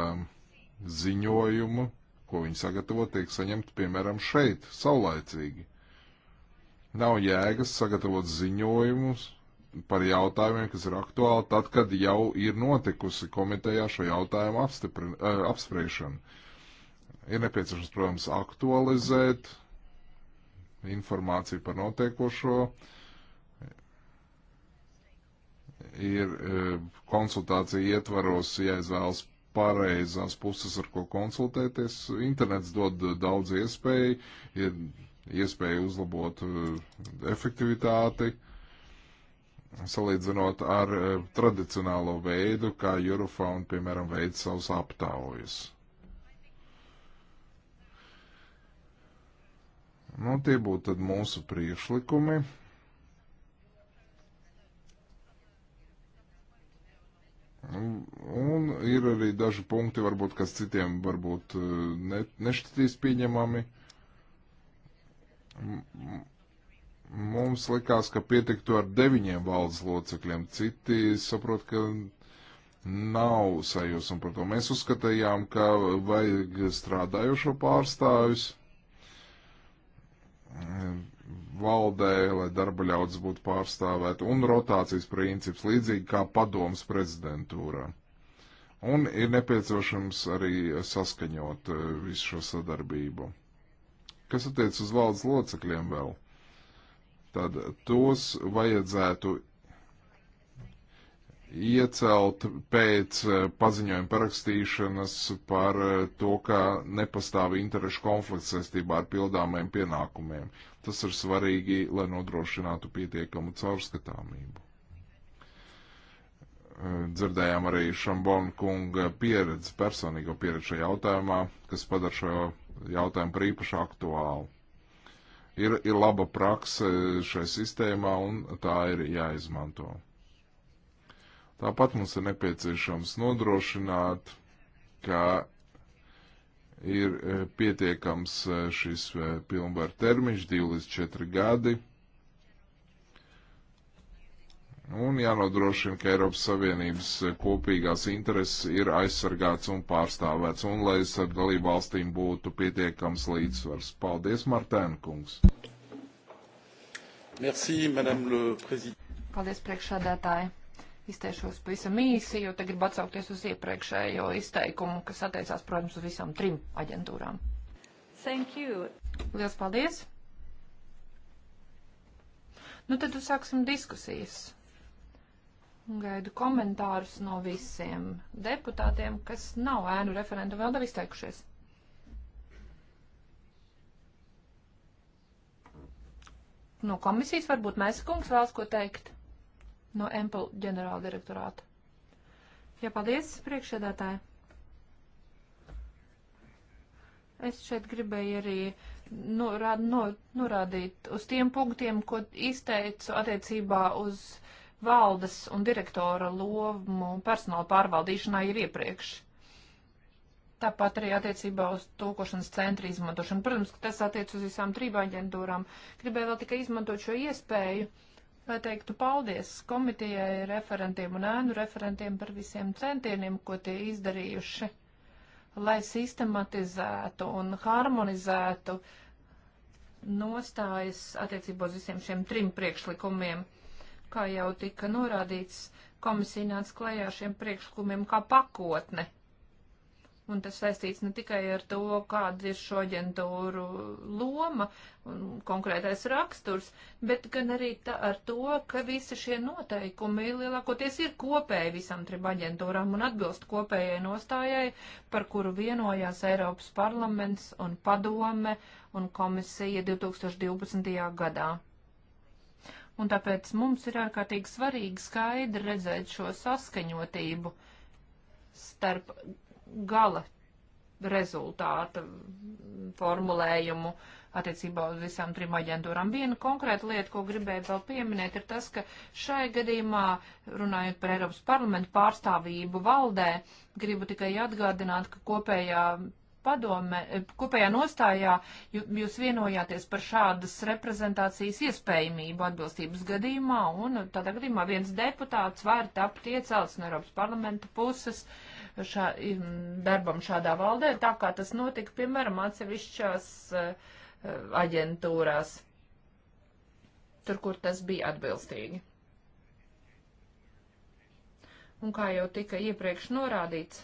ziņojumu, ko viņi sagatavo, tiek saņemta, piemēram, šeit, saulaicīgi. Nav jēgas sagatavot ziņojumus par jautājumiem, kas ir aktuāli, tad, kad jau ir notikusi komitejā šo jautājumu eh, apspriešana. Ir nepieciešams, protams, aktualizēt informāciju par notiekošo, ir eh, konsultācija ietvaros, ja izvēlas pareizās puses, ar ko konsultēties. Internets dod daudz iespēju, ir iespēja uzlabot eh, efektivitāti, salīdzinot ar eh, tradicionālo veidu, kā Eurofound, piemēram, veids savus aptaujas. Nu, tie būtu tad mūsu priešlikumi. Nu, un ir arī daži punkti, varbūt, kas citiem varbūt eh, ne, nešķitīs pieņemami. Mums likās, ka pietiktu ar deviņiem valdes locekļiem. Citi saprot, ka nav sajūsma par to. Mēs uzskatījām, ka vajag strādājušo pārstāvis valdē, lai darba ļaudas būtu pārstāvēta, un rotācijas princips līdzīgi kā padomas prezidentūrā. Un ir nepieciešams arī saskaņot eh, visu šo sadarbību. Kas attiec uz valdes locekļiem vēl, tad tos vajadzētu iecelt pēc eh, paziņojuma parakstīšanas par eh, to, ka nepastāv interešu konflikts saistībā ar pildāmiem pienākumiem. Tas ir svarīgi, lai nodrošinātu pietiekamu caurskatāmību. Dzirdējām arī Šambona kunga pieredzi, personīgo pieredzi šajā jautājumā, kas padara šo jautājumu par īpaši aktuālu. Ir, ir laba prakse šai sistēmā un tā ir jāizmanto. Tāpat mums ir nepieciešams nodrošināt, ka ir e, pietiekams e, šis e, pilnvaru termiņš, 2 līdz 4 gadi. Un jānodrošina, ka Eiropas Savienības kopīgās intereses ir aizsargāts un pārstāvēts, un lai ar dalību valstīm būtu pietiekams līdzsvars. Paldies, Martēna kungs! Merci, Paldies, priekšādātāji! Izteikšos pavisam īsi, jo te gribu atsaukties uz iepriekšējo izteikumu, kas attiecās, protams, uz visām trim aģentūrām. Thank you. Lielas paldies. Nu tad sāksim diskusijas. Gaidu komentārus no visiem deputātiem, kas nav ēnu referentu vēl nav izteikušies. No komisijas varbūt mēs kungs vēlas ko teikt no Empel ģenerāla direktorāta. Jā, paldies, priekšsēdētāji. Es šeit gribēju arī norād, nu, no, nu, norādīt uz tiem punktiem, ko izteicu attiecībā uz valdes un direktora lomu personāla pārvaldīšanā jau iepriekš. Tāpat arī attiecībā uz tūkošanas centra izmantošanu. Protams, ka tas attiec uz visām trim aģentūrām. Gribēju vēl tikai izmantot šo iespēju. Uh, lai teiktu paldies komitejai, referentiem un ēnu referentiem par visiem centieniem, ko tie izdarījuši, lai sistematizētu un harmonizētu nostājas attiecībā uz visiem šiem trim priekšlikumiem. Kā jau tika norādīts, komisija nāca klajā šiem priekšlikumiem kā pakotne Un tas saistīts ne tikai ar to, kāda ir šo aģentūru loma un konkrētais raksturs, bet gan arī tā, ar to, ka visi šie noteikumi lielākoties ir kopēji visam trim aģentūrām un atbilst kopējai nostājai, par kuru vienojās Eiropas parlaments un padome un komisija 2012. gadā un tāpēc mums ir ārkārtīgi svarīgi skaidri redzēt šo saskaņotību starp gala rezultāta formulējumu attiecībā uz visām trim aģentūrām. Viena konkrēta lieta, ko gribēju vēl pieminēt, ir tas, ka šai gadījumā, runājot par Eiropas parlamentu pārstāvību valdē, gribu tikai atgādināt, ka kopējā padome, kopējā nostājā jūs vienojāties par šādas reprezentācijas iespējamību atbilstības gadījumā, un tādā gadījumā viens deputāts var tapt iecelts no Eiropas parlamenta puses. Uh, šā, darbam šādā valdē, tā kā tas notika, piemēram, atsevišķās eh, aģentūrās, tur, kur tas bija atbilstīgi. Un kā jau tika iepriekš norādīts,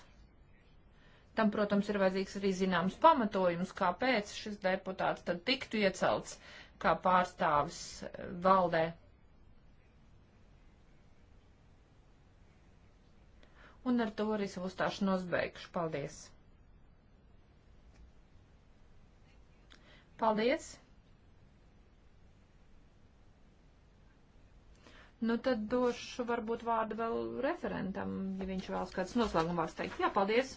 tam, protams, ir vajadzīgs arī zināms pamatojums, kāpēc šis deputāts tad tiktu iecelts kā pārstāvis eh, valdē. un ar to arī savu stāšanos beigšu. Paldies! Paldies! Nu, tad došu varbūt vārdu vēl referentam, ja viņš vēlas kāds noslēguma vārds teikt. Jā, paldies!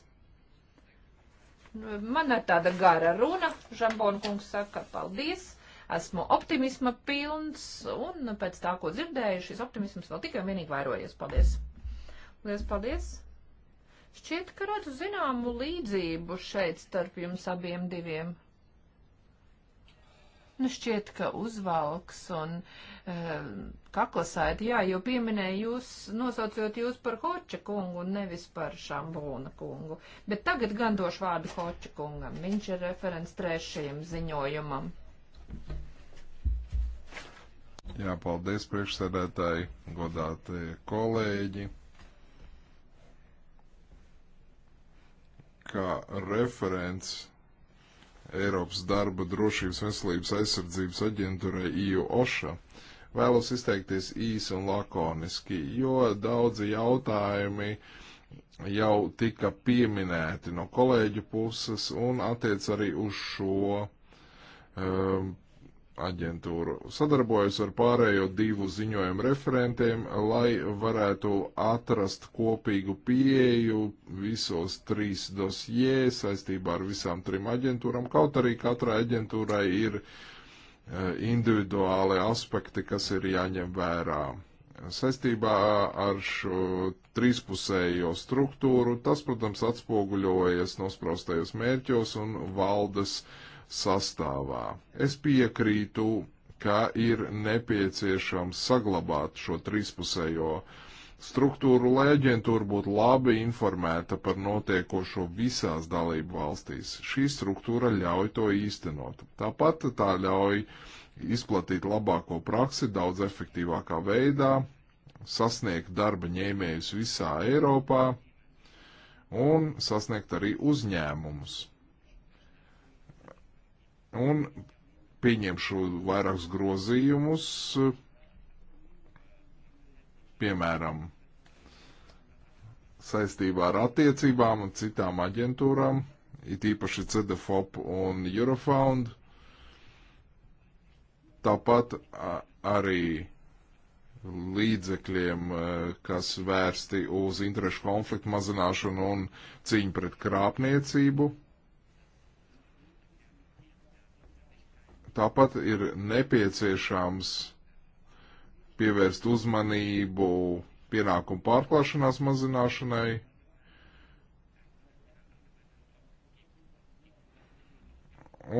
Man ir tāda gara runa, Žambona kungs saka, paldies! Esmu optimisma pilns, un pēc tā, ko dzirdēju, šis optimisms vēl tikai un vienīgi vairojies. Paldies! Lielas paldies! Šķiet, ka redzu zināmu līdzību šeit starp jums abiem diviem. Nu, šķiet, ka uzvalks un e, eh, kaklasaita, jā, jo pieminēju jūs, nosaucot jūs par Hoča kungu un nevis par Šambūna kungu. Bet tagad gan došu vārdu Hoča kungam. Viņš ir referents trešajam ziņojumam. Jā, paldies priekšsēdētāji, godātie kolēģi. kā referents Eiropas darba drošības veselības aizsardzības aģentūrai IU OŠA. Vēlos izteikties īsi un lakoniski, jo daudzi jautājumi jau tika pieminēti no kolēģu puses un attiec arī uz šo um, aģentūru. Sadarbojos ar pārējo divu ziņojumu referentiem, lai varētu atrast kopīgu pieeju visos trīs dosjē saistībā ar visām trim aģentūram, kaut arī katrai aģentūrai ir e, individuāli aspekti, kas ir jāņem vērā. Saistībā ar šo trīspusējo struktūru tas, protams, atspoguļojas nospraustajos mērķos un valdes uh, sastāvā. Es piekrītu, ka ir nepieciešams saglabāt šo trīspusējo struktūru, lai aģentūra būtu labi informēta par notiekošo visās dalību valstīs. Šī struktūra ļauj to īstenot. Tāpat tā ļauj izplatīt labāko praksi daudz efektīvākā veidā, sasniegt darba ņēmējus visā Eiropā un sasniegt arī uzņēmumus un pieņemšu vairākus grozījumus, piemēram, saistībā ar attiecībām un citām aģentūrām, it īpaši CDFOP un Eurofound. Tāpat arī līdzekļiem, kas vērsti uz interešu konfliktu mazināšanu un cīņu pret krāpniecību. Tāpat ir nepieciešams pievērst uzmanību pienākumu pārklāšanās mazināšanai.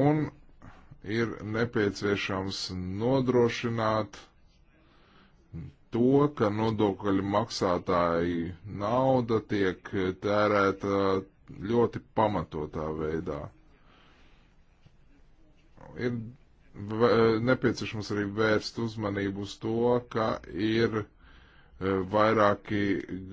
Un ir nepieciešams nodrošināt to, ka nodokļu maksātāji nauda tiek tērēta ļoti pamatotā veidā. Ir E, nepieciešams arī vērst uzmanību uz to, ka ir e, vairāki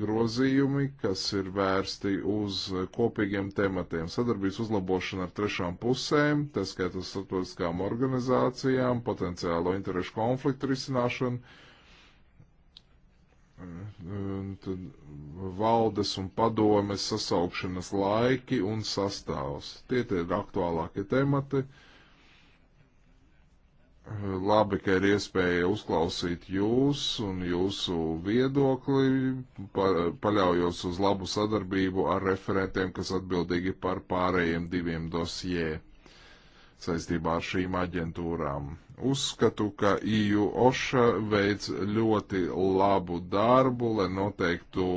grozījumi, kas ir vērsti uz kopīgiem tematiem. Sadarbības uzlabošana ar trešām pusēm, tā skaitā starptautiskām organizācijām, potenciālo interešu konfliktu risināšanu, e, tad valdes un padomes sasaukšanas laiki un sastāvs. Tie tie ir aktuālākie temati. Uh, Labi, ka ir iespēja uzklausīt jūs un jūsu viedokli, pa, paļaujos uz labu sadarbību ar referentiem, kas atbildīgi par pārējiem diviem dosjē saistībā ar šīm aģentūrām. Uzskatu, ka IU OŠA veic ļoti labu darbu, lai noteiktu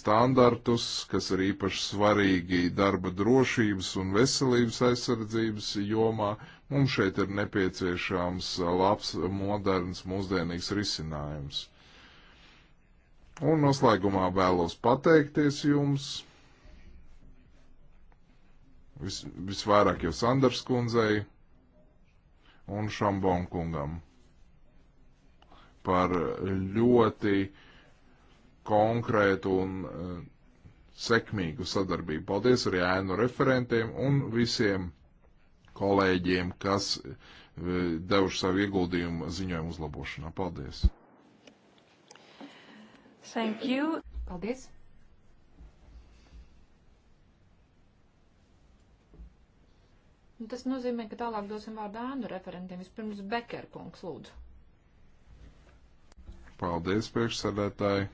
standartus, kas ir īpaši svarīgi darba drošības un veselības aizsardzības jomā, Mums šeit ir nepieciešams labs, moderns, mūsdienīgs risinājums. Un noslēgumā vēlos pateikties jums vis, visvairāk jau Sanders kundzei un Šambon kungam par ļoti konkrētu un uh, sekmīgu sadarbību. Paldies arī ēnu referentiem un visiem kolēģiem, kas e, devuši savu ieguldījumu ziņojumu uzlabošanā. Paldies! Thank you. Paldies! Un nu, tas nozīmē, ka tālāk dosim vārdu ēnu referentiem. Vispirms Bekerkungs, lūdzu. Paldies, priekšsēdētāji!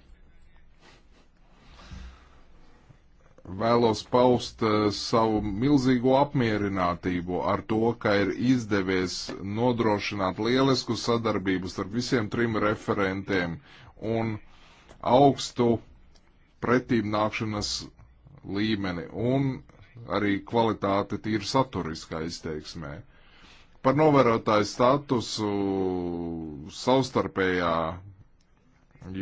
vēlos paust eh, savu milzīgo apmierinātību ar to, ka ir izdevies nodrošināt lielisku sadarbību starp visiem trim referentiem un augstu pretīmnākšanas līmeni un arī kvalitāti tīri saturiskā izteiksmē. Par novērotāju statusu savstarpējā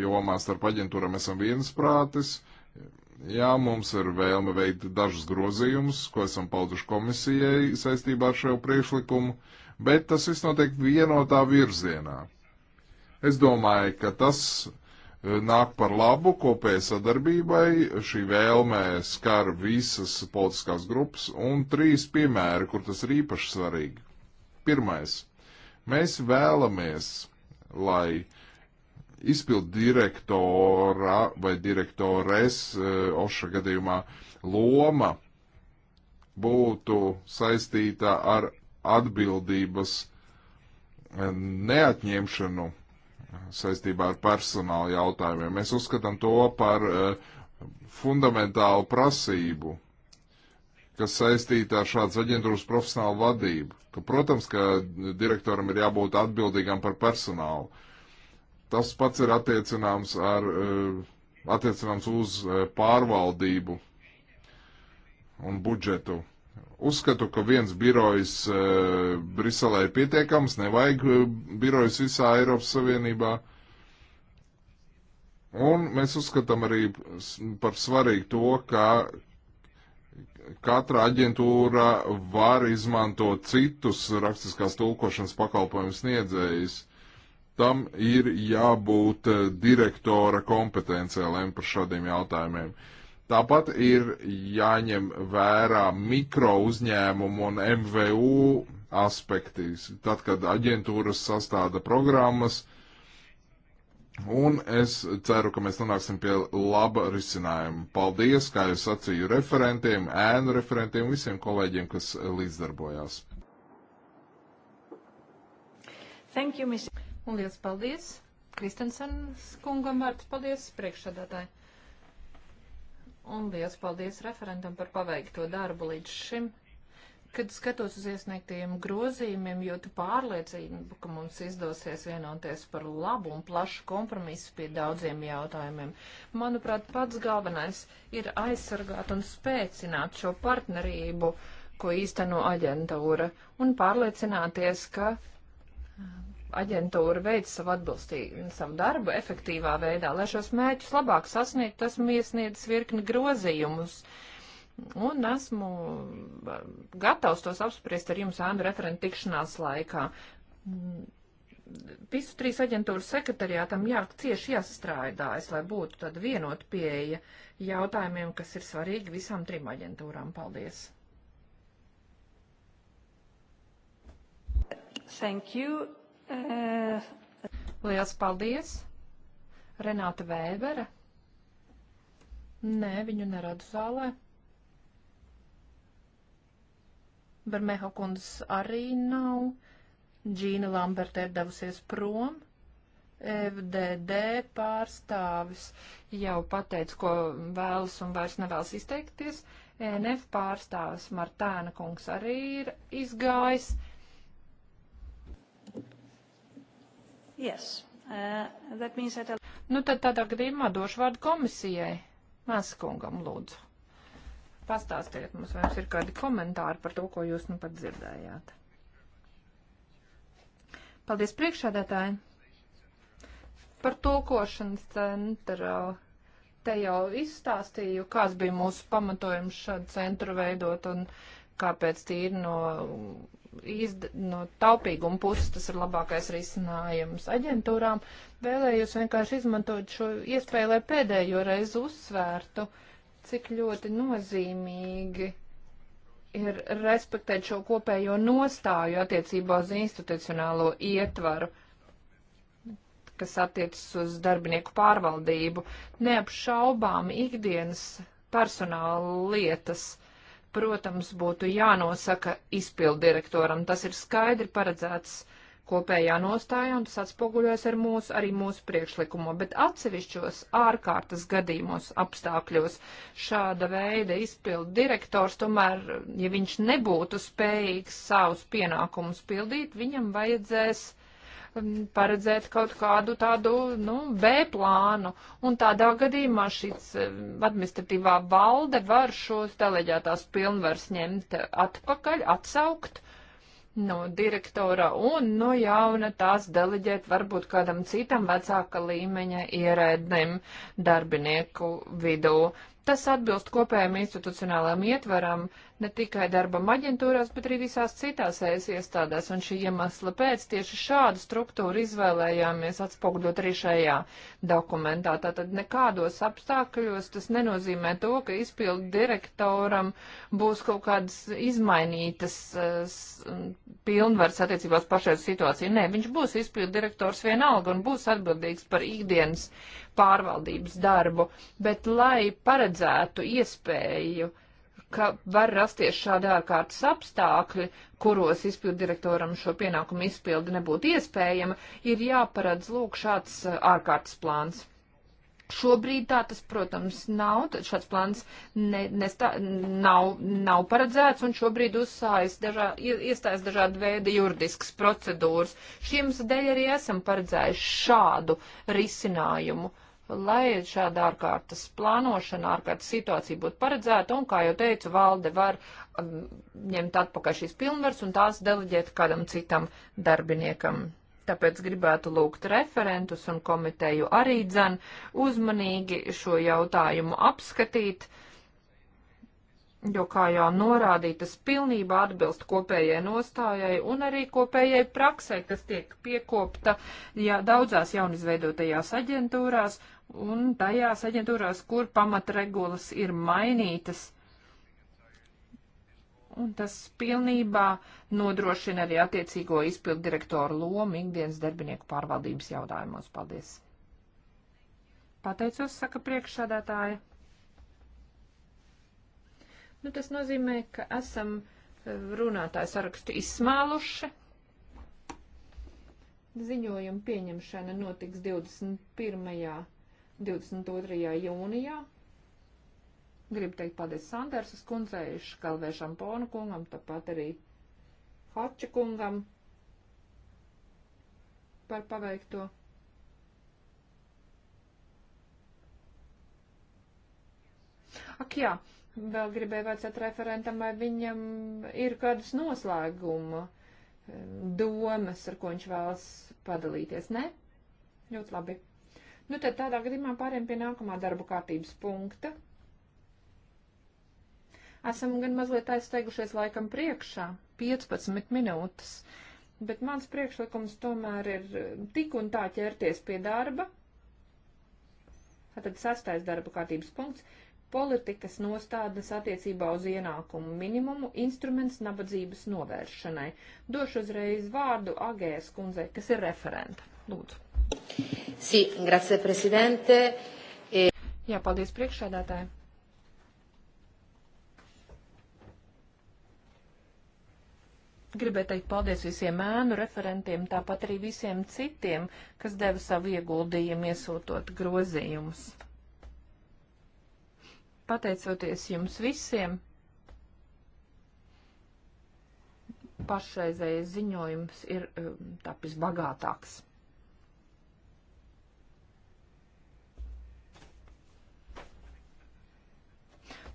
jomā starp aģentūram esam viensprātis. prātis Jā, mums ir vēlme veikt dažus grozījumus, ko esam pauduši komisijai saistībā ar šo priekšlikumu, bet tas viss notiek vienotā virzienā. Es domāju, ka tas eh, nāk par labu kopējai sadarbībai. Šī vēlme skar visas politiskās grupas un trīs piemēri, kur tas ir īpaši svarīgi. Pirmais. Mēs vēlamies, lai uh, izpildu direktora vai direktores e, Oša gadījumā loma būtu saistīta ar atbildības e, neatņemšanu saistībā ar personāla jautājumiem. Mēs uzskatām to par e, fundamentālu prasību, kas saistīta ar šādas aģentūras profesionālu vadību. Ka, protams, ka direktoram ir jābūt atbildīgam par personālu. Uh, Tas pats ir attiecināms, ar, eh, attiecināms uz eh, pārvaldību un budžetu. Uzskatu, ka viens birojs eh, Briselē ir pietiekams, nevajag birojs visā Eiropas Savienībā. Un mēs uzskatām arī par svarīgu to, ka katra aģentūra var izmantot citus rakstiskās tulkošanas pakalpojumu sniedzējus tam ir jābūt eh, direktora kompetencijā lem par šādiem jautājumiem. Tāpat ir jāņem vērā mikro uzņēmumu un MVU aspekti, tad, kad aģentūras sastāda programmas, un es ceru, ka mēs nonāksim pie laba risinājuma. Paldies, kā jau sacīju, referentiem, ēnu referentiem, visiem kolēģiem, kas eh, līdzdarbojās. Thank you, Mr. Un liels paldies Kristensens kungam vārds. Paldies priekšsādātāji. Un liels paldies referentam par paveikto darbu līdz šim. Kad skatos uz iesniegtajiem grozījumiem, jūtu pārliecību, ka mums izdosies vienoties par labu un plašu kompromisu pie daudziem jautājumiem. Manuprāt, pats galvenais ir aizsargāt un spēcināt šo partnerību, ko īsteno aģentūra, un pārliecināties, ka aģentūra veic savu atbilstību, savu darbu efektīvā veidā. Lai šos mēķus labāk sasniegtu, esmu iesniedzis virkni grozījumus. Un esmu gatavs tos apspriest ar jums ēnu referentu tikšanās laikā. Visu trīs aģentūras sekretariātam jā, cieši jāsastrādājas, lai būtu tāda vienota pieeja jautājumiem, kas ir svarīgi visām trim aģentūrām. Paldies! Thank you. Liels paldies! Renāta Vēbere? Nē, viņu neradu zālē. Bermeho kundzes arī nav. Džīna Lamberta ir devusies prom. FDD pārstāvis jau pateica, ko vēlas un vairs nevēlas izteikties. NF pārstāvis Martēna kungs arī ir izgājis. Yes. Uh, that means that... Nu, tad tādā gadījumā došu vārdu komisijai. Mēskungam, lūdzu. Pastāstiet mums, vai jums ir kādi komentāri par to, ko jūs nu pat dzirdējāt. Paldies priekšādētāji. Par tulkošanas centra te jau izstāstīju, kāds bija mūsu pamatojums šādu centru veidot un kāpēc tīri no izd, no taupīguma puses tas ir labākais risinājums aģentūrām. Vēlējos vienkārši izmantot šo iespēju, lai pēdējo reizi uzsvērtu, cik ļoti nozīmīgi ir respektēt šo kopējo nostāju attiecībā uz institucionālo ietvaru kas attiecas uz darbinieku pārvaldību, neapšaubām ikdienas personāla lietas protams, būtu jānosaka izpildirektoram. Tas ir skaidri paredzēts kopējā nostājā, un tas atspoguļojas ar mūsu, arī mūsu priekšlikumu, bet atsevišķos ārkārtas gadījumos apstākļos šāda veida izpildu direktors, tomēr, ja viņš nebūtu spējīgs savus pienākumus pildīt, viņam vajadzēs uh, paredzēt kaut kādu tādu, nu, B plānu. Un tādā gadījumā šīs administratīvā valde var šos deleģētās pilnvars ņemt atpakaļ, atsaukt no direktora un no jauna tās deleģēt varbūt kādam citam vecāka līmeņa ierēdnim darbinieku vidū. Tas atbilst kopējam institucionālajam ietvaram, ne tikai darbam aģentūrās, bet arī visās citās ES iestādēs, un šī iemesla pēc tieši šādu struktūru izvēlējāmies atspoguļot arī šajā dokumentā. Tātad nekādos apstākļos tas nenozīmē to, ka izpildu direktoram būs kaut kādas izmainītas pilnvaras attiecībās pašreiz situāciju. Nē, viņš būs izpildu direktors vienalga un būs atbildīgs par ikdienas pārvaldības darbu, bet lai paredzētu iespēju, ka var rasties šādi ārkārtas apstākļi, kuros izpildu direktoram šo pienākumu izpildi nebūtu iespējama, ir jāparedz lūk šāds uh, ārkārtas plāns. Šobrīd tā tas, protams, nav, šāds plāns ne, nestā, nav, nav paredzēts, un šobrīd uzsājas dažā, iestājas dažādi veidi juridiskas procedūras. Šiem dēļ arī esam paredzējuši šādu risinājumu. Uh, lai šāda ārkārtas plānošana, ārkārtas situācija būtu paredzēta, un, kā jau teicu, valde var um, ņemt atpakaļ šīs pilnvars un tās deleģēt kādam citam darbiniekam. Tāpēc gribētu lūgt referentus un komiteju arī dzen uzmanīgi šo jautājumu apskatīt, jo, kā jau norādīt, tas pilnībā atbilst kopējai nostājai un arī kopējai praksē, kas tiek piekopta ja, daudzās jaunizveidotajās aģentūrās, un tajās aģentūrās, kur pamatregulas ir mainītas. Un tas pilnībā nodrošina arī attiecīgo izpildu direktoru lomu ikdienas darbinieku pārvaldības jautājumos. Paldies! Pateicos, saka priekšsādātāja. Nu, tas nozīmē, ka esam eh, runātāju sarakstu izsmāluši. Ziņojuma pieņemšana notiks 21. 22. jūnijā. Gribu teikt paldies Sandersas kundzei, Škalvēšam Ponu kungam, tāpat arī Hača kungam par paveikto. Ak jā, vēl gribēju vajadzēt referentam, vai viņam ir kādas noslēguma eh, domas, ar ko viņš vēlas padalīties, ne? Ļoti labi. Nu, tad tādā gadījumā pāriem pie nākamā darba kārtības punkta. Esam gan mazliet aizsteigušies laikam priekšā, 15 minūtes, bet mans priekšlikums tomēr ir eh, tik un tā ķerties pie darba. Tātad sastais darba kārtības punkts politikas nostādnes attiecībā uz ienākumu minimumu instruments nabadzības novēršanai. Došu uzreiz vārdu Agēs kundzei, kas ir referenta. Lūdzu. Sí, grazie, prezidente. E... Jā, paldies priekšsēdētāji. Gribēju teikt paldies visiem ēnu referentiem, tāpat arī visiem citiem, kas deva savu ieguldījumu iesūtot grozījumus pateicoties jums visiem, pašreizējais ziņojums ir um, tapis bagātāks.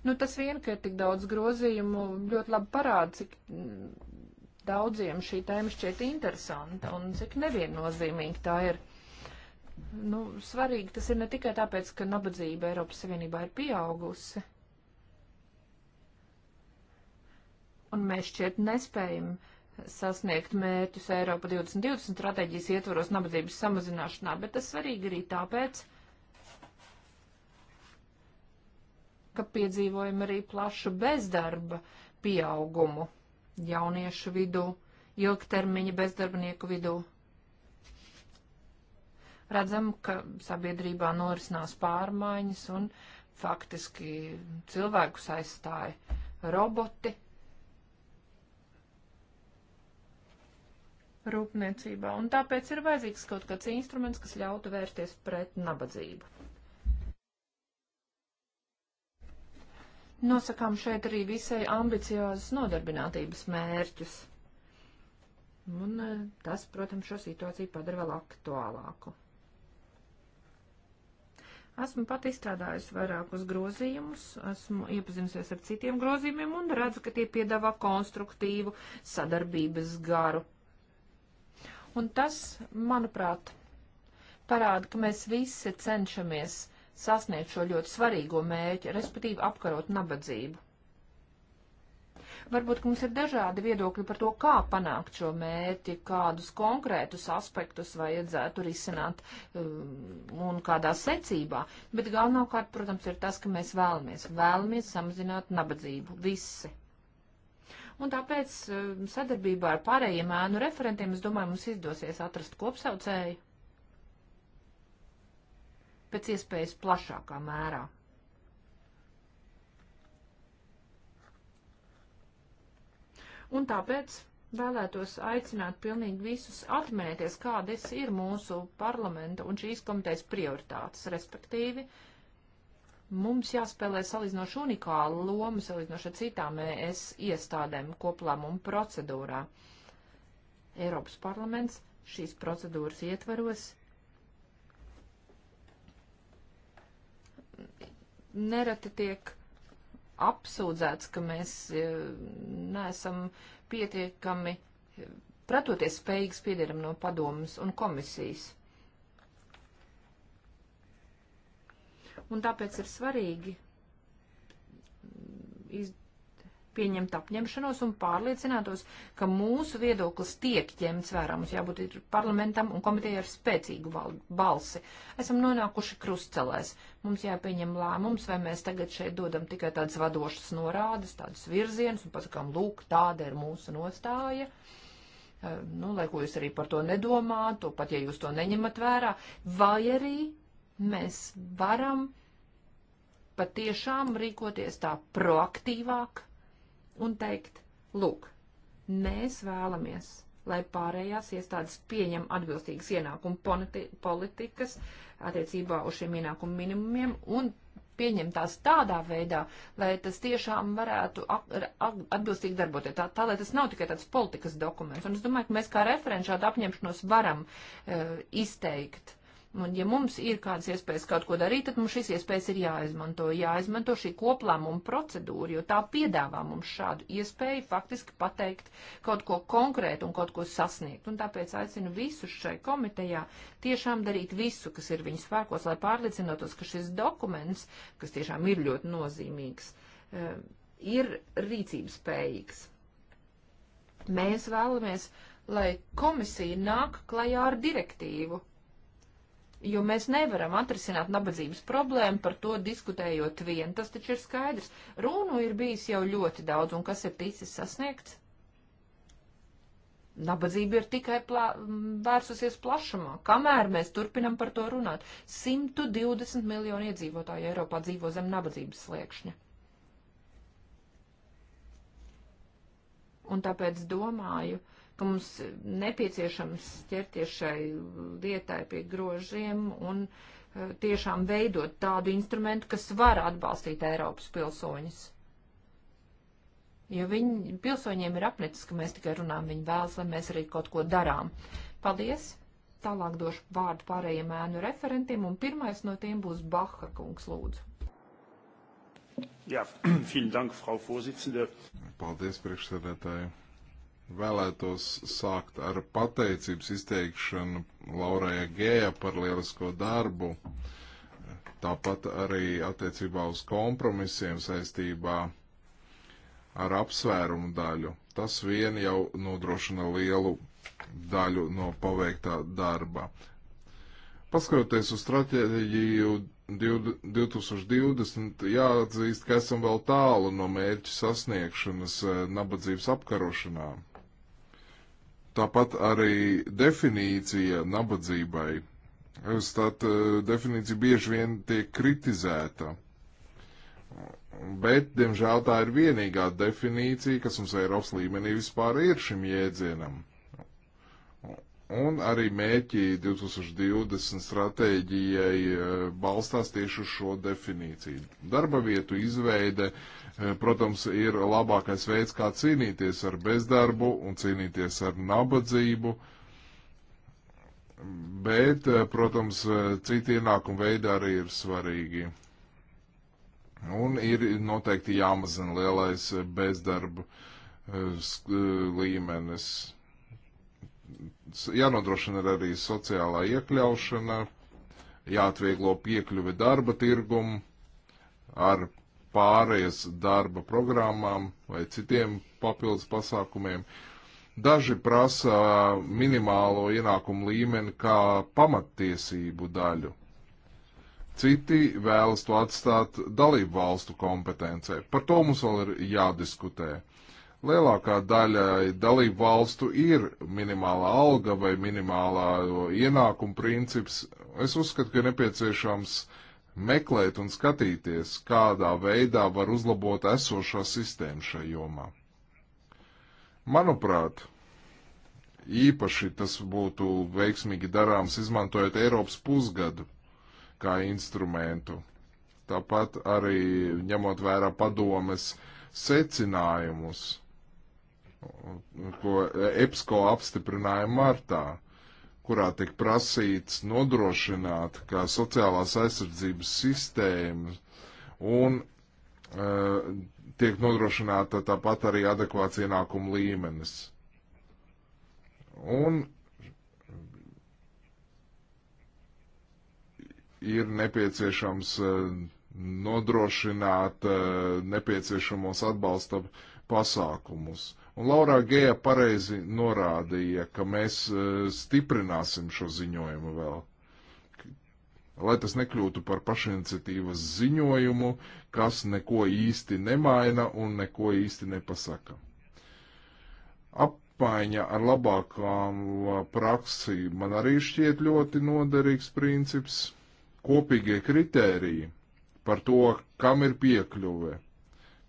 Nu, tas vien, ka ir tik daudz grozījumu, ļoti labi parāda, cik mm, daudziem šī tēma šķiet interesanta un cik neviennozīmīga tā ir. Nu, svarīgi tas ir ne tikai tāpēc, ka nabadzība Eiropas Savienībā ir pieaugusi, un mēs šķiet nespējam sasniegt mērķus Eiropa 2020 stratēģijas ietvaros nabadzības samazināšanā, bet tas svarīgi arī tāpēc, ka piedzīvojam arī plašu bezdarba pieaugumu jauniešu vidū, ilgtermiņa bezdarbnieku vidū redzam, ka sabiedrībā norisinās pārmaiņas un faktiski cilvēkus aizstāja roboti rūpniecībā. Un tāpēc ir vajadzīgs kaut kāds instruments, kas ļautu vērsties pret nabadzību. Nosakām šeit arī visai ambiciozas nodarbinātības mērķus. Un eh, tas, protams, šo situāciju padara vēl aktuālāku. Esmu pat izstrādājusi vairākus grozījumus, esmu iepazinusies ar citiem grozījumiem un redzu, ka tie piedāvā konstruktīvu sadarbības garu. Un tas, manuprāt, parāda, ka mēs visi cenšamies sasniegt šo ļoti svarīgo mērķi, respektīvi apkarot nabadzību. Varbūt, ka mums ir dažādi viedokļi par to, kā panākt šo mērķi, kādus konkrētus aspektus vajadzētu risināt um, un kādā secībā. Bet galvenokārt, protams, ir tas, ka mēs vēlamies, vēlamies samazināt nabadzību. Visi. Un tāpēc um, sadarbībā ar pārējiem ēnu referentiem, es domāju, mums izdosies atrast kopsaucēju pēc iespējas plašākā mērā. Un tāpēc vēlētos aicināt pilnīgi visus atminēties, kādas ir mūsu parlamenta un šīs komitejas prioritātes, respektīvi. Mums jāspēlē salīdzinoši unikāla loma salīdzinoši ar citām ES iestādēm koplēmumu procedūrā. Eiropas parlaments šīs procedūras ietvaros nereti tiek apsūdzēts, ka mēs e, neesam pietiekami e, pretoties spējīgs piederam no padomas un komisijas. Un tāpēc ir svarīgi iz, pieņemt apņemšanos un pārliecinātos, ka mūsu viedoklis tiek ņemts vērā. Mums jābūt parlamentam un komitejai ar spēcīgu balsi. Esam nonākuši krustcelēs. Mums jāpieņem lēmums, vai mēs tagad šeit dodam tikai tādas vadošas norādes, tādas virzienas un pasakām, lūk, tāda ir mūsu nostāja. Eh, nu, lai ko jūs arī par to nedomātu, pat ja jūs to neņemat vērā, vai arī mēs varam patiešām rīkoties tā proaktīvāk, un teikt, lūk, mēs vēlamies, lai pārējās iestādes pieņem atbilstīgas ienākumu politikas attiecībā uz šiem ienākumu minimumiem un pieņem tās tādā veidā, lai tas tiešām varētu atbilstīgi darboties. Tā, tā, lai tas nav tikai tāds politikas dokuments. Un es domāju, ka mēs kā referenci šādu apņemšanos varam uh, izteikt Un ja mums ir kādas iespējas kaut ko darīt, tad mums šīs iespējas ir jāizmanto. Jāizmanto šī koplēmuma procedūra, jo tā piedāvā mums šādu iespēju faktiski pateikt kaut ko konkrētu un kaut ko sasniegt. Un tāpēc aicinu visus šai komitejā tiešām darīt visu, kas ir viņu spēkos, lai pārliecinātos, ka šis dokuments, kas tiešām ir ļoti nozīmīgs, eh, ir rīcības spējīgs. Mēs vēlamies, lai komisija nāk klajā ar direktīvu jo mēs nevaram atrisināt nabadzības problēmu par to diskutējot vien. Tas taču ir skaidrs. Runu ir bijis jau ļoti daudz, un kas ir ticis sasniegts? Nabadzība ir tikai plā, vērsusies plašumā. Kamēr mēs turpinam par to runāt, 120 miljoni iedzīvotāji Eiropā dzīvo zem nabadzības sliekšņa. Un tāpēc domāju, uh, ka mums nepieciešams ķerties šai lietai pie grožiem un eh, tiešām veidot tādu instrumentu, kas var atbalstīt Eiropas pilsoņus. Jo viņi, pilsoņiem ir apnicis, ka mēs tikai runājam, viņi vēlas, lai mēs arī kaut ko darām. Paldies! Tālāk došu vārdu pārējiem ēnu referentiem, un pirmais no tiem būs Baha kungs, lūdzu. Jā, vielen dank, Frau Vorsitzende. Paldies, priekšsēdētāji vēlētos sākt ar pateicības izteikšanu Laurai Gēja par lielisko darbu, tāpat arī attiecībā uz kompromisiem saistībā ar apsvērumu daļu. Tas vien jau nodrošina lielu daļu no paveiktā darba. Paskatoties uz stratēģiju 2020 jāatzīst, ka esam vēl tālu no mērķa sasniegšanas eh, nabadzības apkarošanām Tāpat arī definīcija nabadzībai. Es tad eh, definīcija bieži vien tiek kritizēta. Bet, diemžēl, tā ir vienīgā definīcija, kas mums Eiropas līmenī vispār ir šim jēdzienam. Un arī mērķi 2020 stratēģijai eh, balstās tieši uz šo definīciju. Darba vietu izveide, eh, protams, ir labākais veids, kā cīnīties ar bezdarbu un cīnīties ar nabadzību. Bet, eh, protams, citi ienākumu veidi arī ir svarīgi. Un ir noteikti jāmazina lielais bezdarba līmenis jānodrošina arī sociālā iekļaušana, jāatvieglo piekļuve darba tirgumu ar pārējas darba programmām vai citiem papildus pasākumiem. Daži prasa minimālo ienākumu līmeni kā pamattiesību daļu. Citi vēlas to atstāt dalību valstu kompetencē. Par to mums vēl ir jādiskutē lielākā daļa dalību valstu ir minimālā alga vai minimālā ienākuma princips. Es uzskatu, ka nepieciešams meklēt un skatīties, kādā veidā var uzlabot esošā sistēma šai jomā. Manuprāt, īpaši tas būtu veiksmīgi darāms izmantojot Eiropas pusgadu kā instrumentu. Tāpat arī ņemot vērā padomes secinājumus ko EPSCO apstiprināja martā, kurā tika prasīts nodrošināt, ka sociālās aizsardzības sistēmas un uh, tiek nodrošināta tāpat arī adekvāts ienākumu līmenis. Un ir nepieciešams e, nodrošināt e, nepieciešamos atbalsta pasākumus. Un Laurā Gēja pareizi norādīja, ka mēs e, stiprināsim šo ziņojumu vēl. Lai tas nekļūtu par pašiniciatīvas ziņojumu, kas neko īsti nemaina un neko īsti nepasaka. Apmaiņa ar labākām praksi man arī šķiet ļoti noderīgs princips. Kopīgie kritēriji par to, kam ir piekļuve,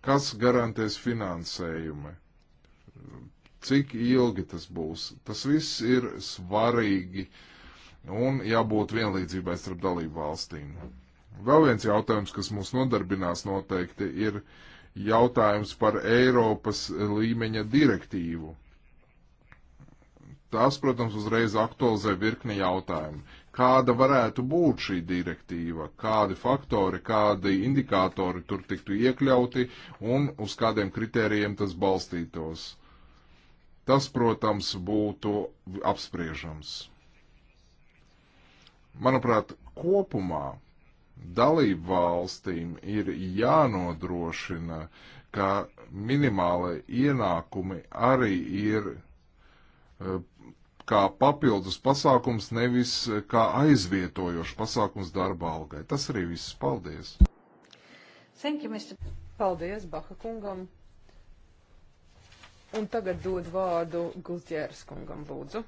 kas garantēs finansējumu cik ilgi tas būs. Tas viss ir svarīgi un jābūt vienlīdzībai starp dalību valstīm. Vēl viens jautājums, kas mūs nodarbinās noteikti, ir jautājums par Eiropas līmeņa direktīvu. Tas, protams, uzreiz aktualizē virkni jautājumu. Kāda varētu būt šī direktīva, kādi faktori, kādi indikātori tur tiktu iekļauti un uz kādiem kritērijiem tas balstītos? Tas, protams, būtu apspriežams. Manuprāt, kopumā dalību valstīm ir jānodrošina, ka minimālai ienākumi arī ir eh, kā papildus pasākums, nevis kā aizvietojošs pasākums darba algai. Tas arī viss. Paldies! Thank you, Mr. Paldies, Baha kungam! Un tagad dod vārdu Gutjēras kungam, lūdzu.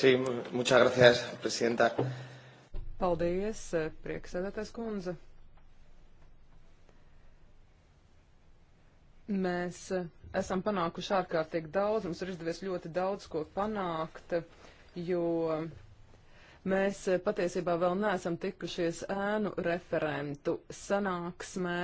Sí, muchas gracias, presidenta. Paldies, eh, prieksēdētājs kundze. Mēs eh, esam panākuši ārkārtīgi daudz, mums ir izdevies ļoti daudz ko panākt, jo mēs eh, patiesībā vēl neesam tikušies ēnu referentu sanāksmē,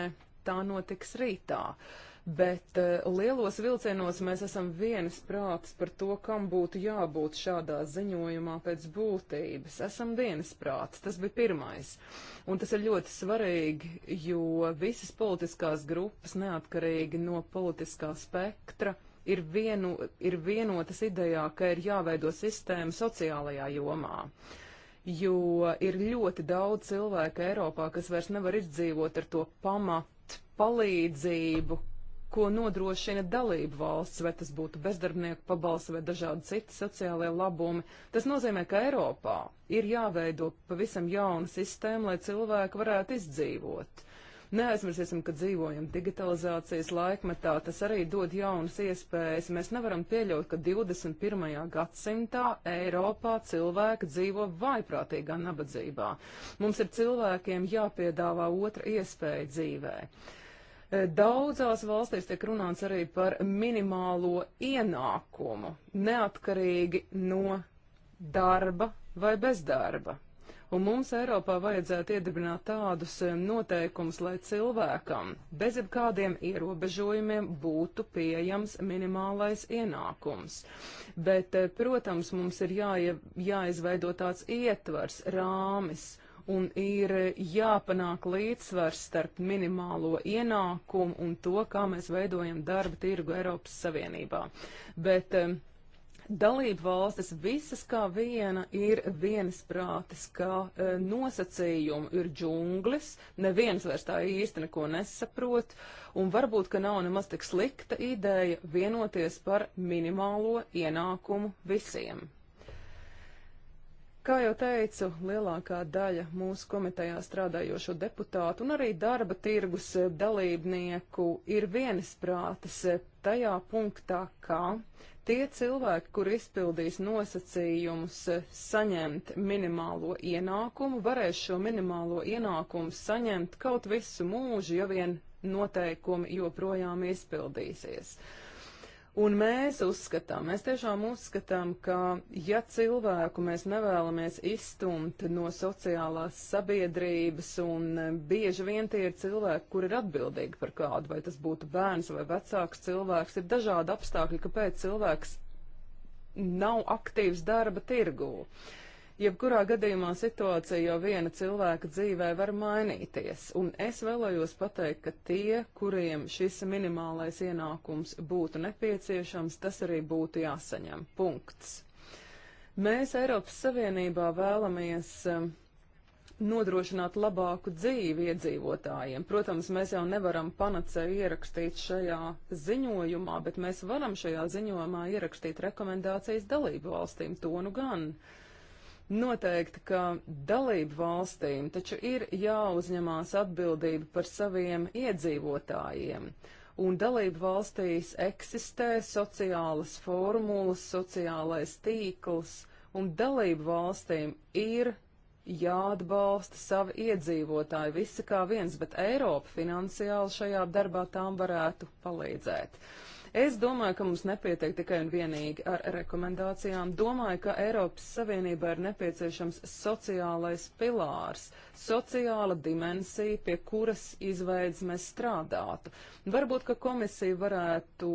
tā notiks rītā. Uh, bet eh, lielos vilcienos mēs esam vienas prātas par to, kam būtu jābūt šādā ziņojumā pēc būtības. Esam vienas prātas, tas bija pirmais. Un tas ir ļoti svarīgi, jo visas politiskās grupas, neatkarīgi no politiskā spektra, ir, vienu, ir vienotas idejā, ka ir jāveido sistēma sociālajā jomā. Jo ir ļoti daudz cilvēku Eiropā, kas vairs nevar izdzīvot ar to pamatu palīdzību, ko nodrošina dalību valsts, vai tas būtu bezdarbnieku pabalsti vai dažādi citi sociālie labumi. Tas nozīmē, ka Eiropā ir jāveido pavisam jauna sistēma, lai cilvēki varētu izdzīvot. Neaizmirsīsim, ka dzīvojam digitalizācijas laikmetā, tas arī dod jaunas iespējas. Mēs nevaram pieļaut, ka 21. gadsimtā Eiropā cilvēki dzīvo vaiprātīgā nabadzībā. Mums ir cilvēkiem jāpiedāvā otra iespēja dzīvē. Daudzās valstīs tiek runāts arī par minimālo ienākumu, neatkarīgi no darba vai bezdarba. Un mums Eiropā vajadzētu iedibināt tādus eh, noteikumus, lai cilvēkam bez jebkādiem ierobežojumiem būtu pieejams minimālais ienākums. Bet, eh, protams, mums ir jāie, jāizveido tāds ietvars, rāmis, un ir jāpanāk līdzsvars starp minimālo ienākumu un to, kā mēs veidojam darba tirgu Eiropas Savienībā. Bet um, dalību valstis visas kā viena ir viensprātis, ka uh, nosacījumi ir džunglis, neviens vairs tā īsti neko nesaprot, un varbūt, ka nav nemaz tik slikta ideja vienoties par minimālo ienākumu visiem. Kā jau teicu, lielākā daļa mūsu komitejā strādājošo deputātu un arī darba tirgus dalībnieku ir vienisprātis tajā punktā, ka tie cilvēki, kur izpildīs nosacījumus saņemt minimālo ienākumu, varēs šo minimālo ienākumu saņemt kaut visu mūžu, ja vien noteikumi joprojām izpildīsies. Uh, Un mēs uzskatām, mēs tiešām uzskatām, ka ja cilvēku mēs nevēlamies izstumt no sociālās sabiedrības, un e, bieži vien tie ir cilvēki, kur ir atbildīgi par kādu, vai tas būtu bērns vai vecāks cilvēks, ir dažādi apstākļi, kāpēc cilvēks nav aktīvs darba tirgū. Uh, Jebkurā gadījumā situācija jau viena cilvēka dzīvē var mainīties, un es vēlējos pateikt, ka tie, kuriem šis minimālais ienākums būtu nepieciešams, tas arī būtu jāsaņem. Punkts. Mēs Eiropas Savienībā vēlamies um, nodrošināt labāku dzīvi iedzīvotājiem. Protams, mēs jau nevaram panacēju ierakstīt šajā ziņojumā, bet mēs varam šajā ziņojumā ierakstīt rekomendācijas dalību valstīm. To nu gan. Uh, Noteikti, ka dalību valstīm taču ir jāuzņemās atbildība par saviem iedzīvotājiem, un dalību valstīs eksistē sociālas formulas, sociālais tīkls, un dalību valstīm ir jāatbalsta savi iedzīvotāji, visi kā viens, bet Eiropa finansiāli šajā darbā tām varētu palīdzēt. Uh, Es domāju, ka mums nepietiek tikai un vienīgi ar rekomendācijām. Domāju, ka Eiropas Savienībā ir nepieciešams sociālais pilārs, sociāla dimensija, pie kuras izveids mēs strādātu. Varbūt, ka komisija varētu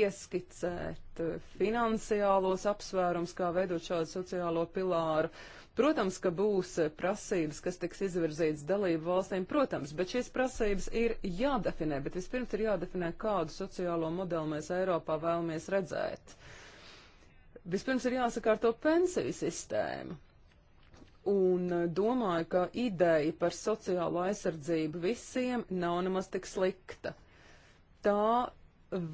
ieskicēt eh, finansiālos apsvērums, kā veidot šādu sociālo pilāru. Uh, Protams, ka būs eh, prasības, kas tiks izvirzītas dalību valstīm, protams, bet šīs prasības ir jādefinē, bet vispirms ir jādefinē, kādu sociālo modeli mēs Eiropā vēlamies redzēt. Vispirms ir jāsakārto pensiju sistēmu. Un eh, domāju, ka ideja par sociālo aizsardzību visiem nav nemaz tik slikta. Tā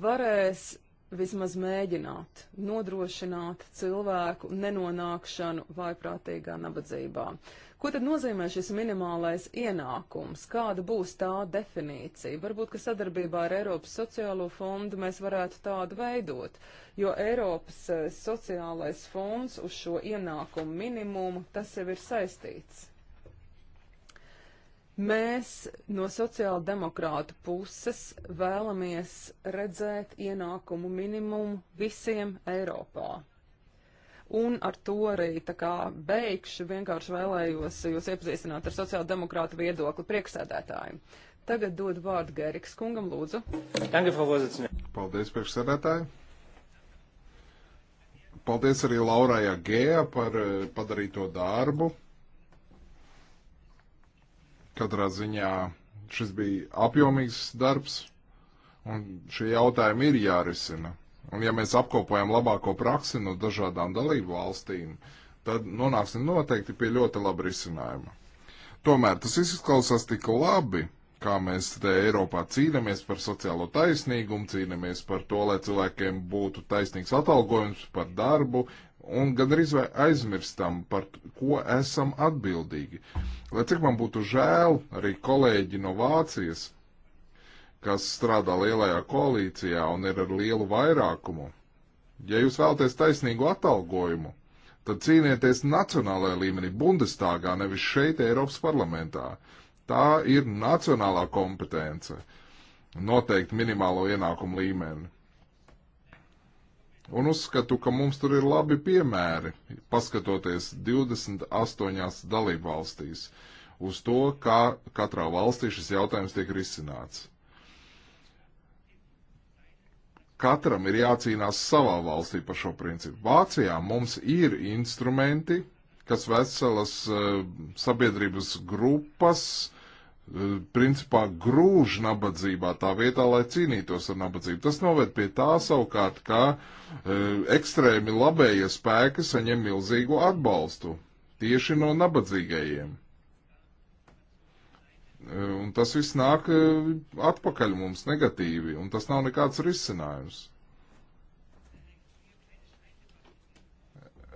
varēs vismaz mēģināt nodrošināt cilvēku nenonākšanu vaiprātīgā nabadzībā. Ko tad nozīmē šis minimālais ienākums? Kāda būs tā definīcija? Varbūt, ka sadarbībā ar Eiropas sociālo fondu mēs varētu tādu veidot, jo Eiropas eh, sociālais fonds uz šo ienākumu minimumu tas jau ir saistīts. Mēs no sociāla demokrāta puses vēlamies redzēt ienākumu minimumu visiem Eiropā. Un ar to arī tā kā beigšu vienkārši vēlējos jūs iepazīstināt ar sociāla demokrāta viedokli priekšsēdētājiem. Tagad dod vārdu Gēriks kungam, lūdzu. Paldies, priekšsēdētāji. Paldies arī Laurājā Gējā par eh, padarīto darbu. Katrā ziņā šis bija apjomīgs darbs, un šie jautājumi ir jārisina. Un ja mēs apkopojam labāko praksi no dažādām dalību valstīm, tad nonāksim noteikti pie ļoti laba risinājuma. Tomēr tas izklausās tik labi, kā mēs te Eiropā cīnāmies par sociālo taisnīgumu, cīnāmies par to, lai cilvēkiem būtu taisnīgs atalgojums par darbu, un gandrīz vai aizmirstam, par ko esam atbildīgi. Lai cik man būtu žēl, arī kolēģi no Vācijas, kas strādā lielajā koalīcijā un ir ar lielu vairākumu, ja jūs vēlaties taisnīgu atalgojumu, tad cīnieties nacionālajā līmenī, Bundestāgā, nevis šeit, Eiropas parlamentā. Tā ir nacionālā kompetence noteikt minimālo ienākumu līmeni. Un uzskatu, ka mums tur ir labi piemēri, paskatoties 28 dalību valstīs uz to, kā katrā valstī šis jautājums tiek risināts katram ir jācīnās savā valstī par šo principu. Vācijā mums ir instrumenti, kas veselas uh, sabiedrības grupas Eh, principā grūž nabadzībā tā vietā, lai cīnītos ar nabadzību. Tas noved pie tā savukārt, ka e, ekstrēmi labējie spēki saņem milzīgu atbalstu tieši no nabadzīgajiem. E, un tas viss nāk e, atpakaļ mums negatīvi, un tas nav nekāds risinājums.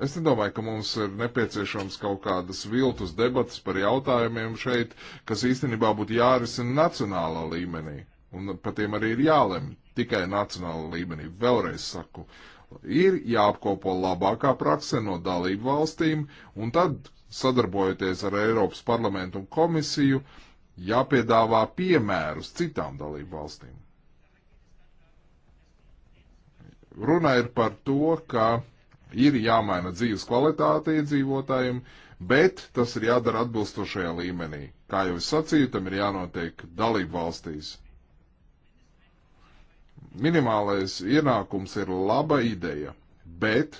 Es nedomāju, ka mums ir nepieciešams kaut kādas viltus debatas par jautājumiem šeit, kas īstenībā būtu jārisina nacionālā līmenī. Un par tiem arī ir jālem tikai nacionālā līmenī. Vēlreiz saku, ir jāapkopo labākā prakse no dalību valstīm, un tad, sadarbojoties ar Eiropas parlamentu un komisiju, jāpiedāvā piemērus citām dalību valstīm. Runa ir par to, ka ir jāmaina dzīves kvalitāte iedzīvotājiem, bet tas ir jādara atbilstošajā līmenī. Kā jau es sacīju, tam ir jānotiek dalību valstīs. Minimālais ienākums ir laba ideja, bet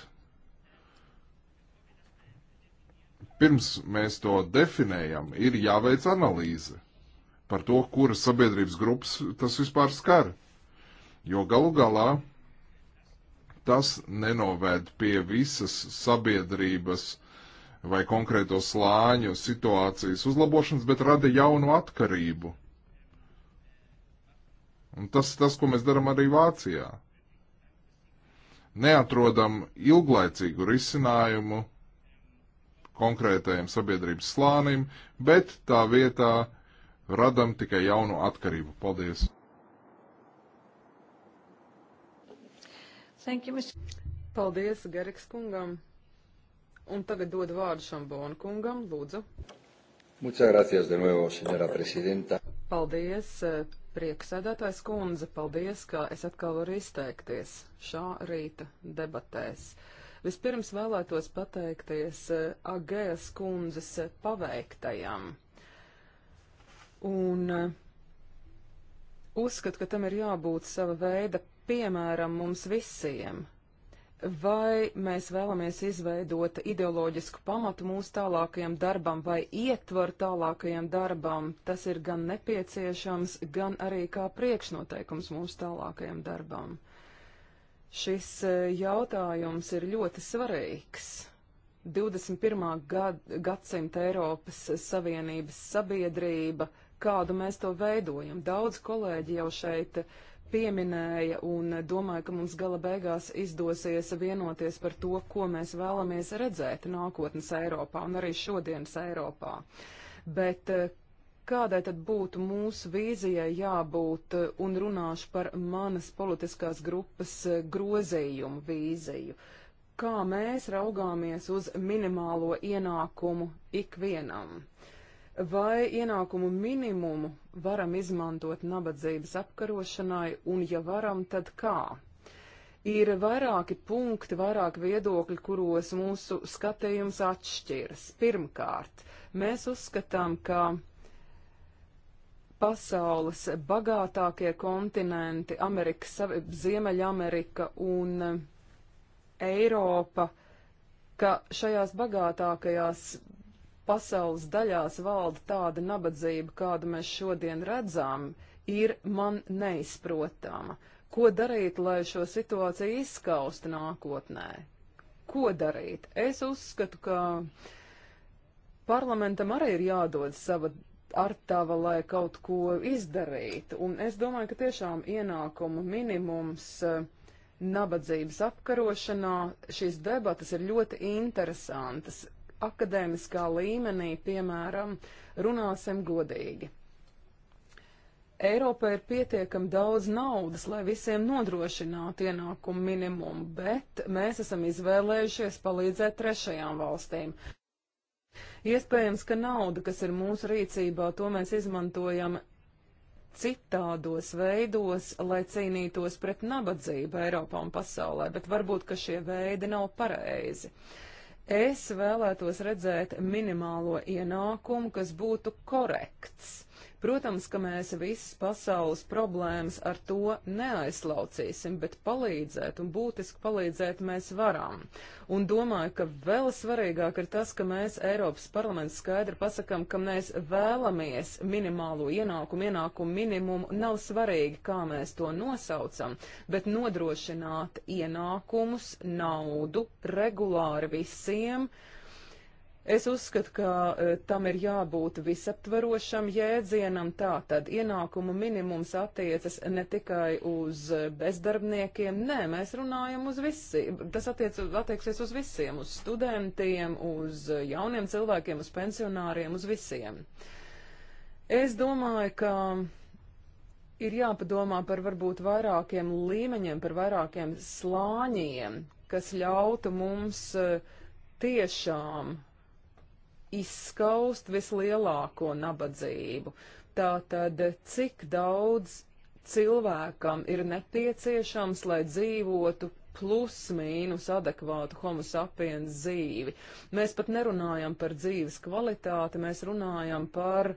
pirms mēs to definējam, ir jāveic analīze par to, kuras sabiedrības grupas tas vispār skar. Jo galu galā tas nenovērt pie visas sabiedrības vai konkrēto slāņu situācijas uzlabošanas, bet rada jaunu atkarību. Un tas ir tas, ko mēs darām arī Vācijā. Neatrodam ilglaicīgu risinājumu konkrētajam sabiedrības slānim, bet tā vietā radam tikai jaunu atkarību. Paldies! Thank you, Mr. Paldies Geriks kungam. Un tagad dodu vārdu Šambona kungam, lūdzu. Muchas gracias de nuevo, señora presidenta. Paldies, eh, prieksēdētājs kundze, paldies, ka es atkal varu izteikties šā rīta debatēs. Vispirms vēlētos pateikties eh, Agējas kundzes eh, paveiktajam. Un uzskatu, ka tam ir jābūt sava veida piemēram mums visiem. Vai mēs vēlamies izveidot ideoloģisku pamatu mūsu tālākajam darbam vai ietvaru tālākajam darbam, tas ir gan nepieciešams, gan arī kā priekšnoteikums mūsu tālākajam darbam. Šis eh, jautājums ir ļoti svarīgs. 21. Gad, gadsimta Eiropas Savienības sabiedrība, kādu mēs to veidojam. Daudz kolēģi jau šeit uh, pieminēja, un domāju, ka mums gala beigās izdosies vienoties par to, ko mēs vēlamies redzēt nākotnes Eiropā un arī šodienas Eiropā. Bet eh, kādai tad būtu mūsu vīzijai jābūt, eh, un runāšu par manas politiskās grupas eh, grozījumu vīziju. Kā mēs raugāmies uz minimālo ienākumu ikvienam? Vai ienākumu minimumu varam izmantot nabadzības apkarošanai, un ja varam, tad kā? Ir vairāki punkti, vairāk viedokļi, kuros mūsu skatījums atšķiras. Pirmkārt, mēs uzskatām, ka pasaules bagātākie kontinenti, Amerika, Ziemeļamerika un Eiropa, ka šajās bagātākajās pasaules daļās valda tāda nabadzība, kādu mēs šodien redzam, ir man neizprotama. Ko darīt, lai šo situāciju izskaustu nākotnē? Ko darīt? Es uzskatu, ka parlamentam arī ir jādod sava artava, lai kaut ko izdarītu. Un es domāju, ka tiešām ienākumu minimums eh, nabadzības apkarošanā šīs debatas ir ļoti interesantas akadēmiskā līmenī, piemēram, runāsim godīgi. Eiropā ir pietiekami daudz naudas, lai visiem nodrošinātu ienākumu minimumu, bet mēs esam izvēlējušies palīdzēt trešajām valstīm. Iespējams, ka nauda, kas ir mūsu rīcībā, to mēs izmantojam citādos veidos, lai cīnītos pret nabadzību Eiropā un pasaulē, bet varbūt, ka šie veidi nav pareizi. Uh, Es vēlētos redzēt minimālo ienākumu, kas būtu korekts. Protams, ka mēs visas pasaules problēmas ar to neaizslaucīsim, bet palīdzēt un būtiski palīdzēt mēs varam. Un domāju, ka vēl svarīgāk ir tas, ka mēs Eiropas parlaments skaidri pasakam, ka mēs vēlamies minimālo ienākumu, ienākumu minimumu. Nav svarīgi, kā mēs to nosaucam, bet nodrošināt ienākumus, naudu regulāri visiem. Yeah Es uzskatu, ka e, tam ir jābūt visaptvarošam jēdzienam. Tā tad ienākumu minimums attiecas ne tikai uz bezdarbniekiem, nē, mēs runājam uz visiem. Tas attiec, attieksies uz visiem, uz studentiem, uz jauniem cilvēkiem, uz pensionāriem, uz visiem. Es domāju, ka ir jāpadomā par varbūt vairākiem līmeņiem, par vairākiem slāņiem, kas ļautu mums e, tiešām izskaust vislielāko nabadzību. Tātad, cik daudz cilvēkam ir nepieciešams, lai dzīvotu plus mīnus adekvātu homo sapiens dzīvi. Mēs pat nerunājam par dzīves kvalitāti, mēs runājam par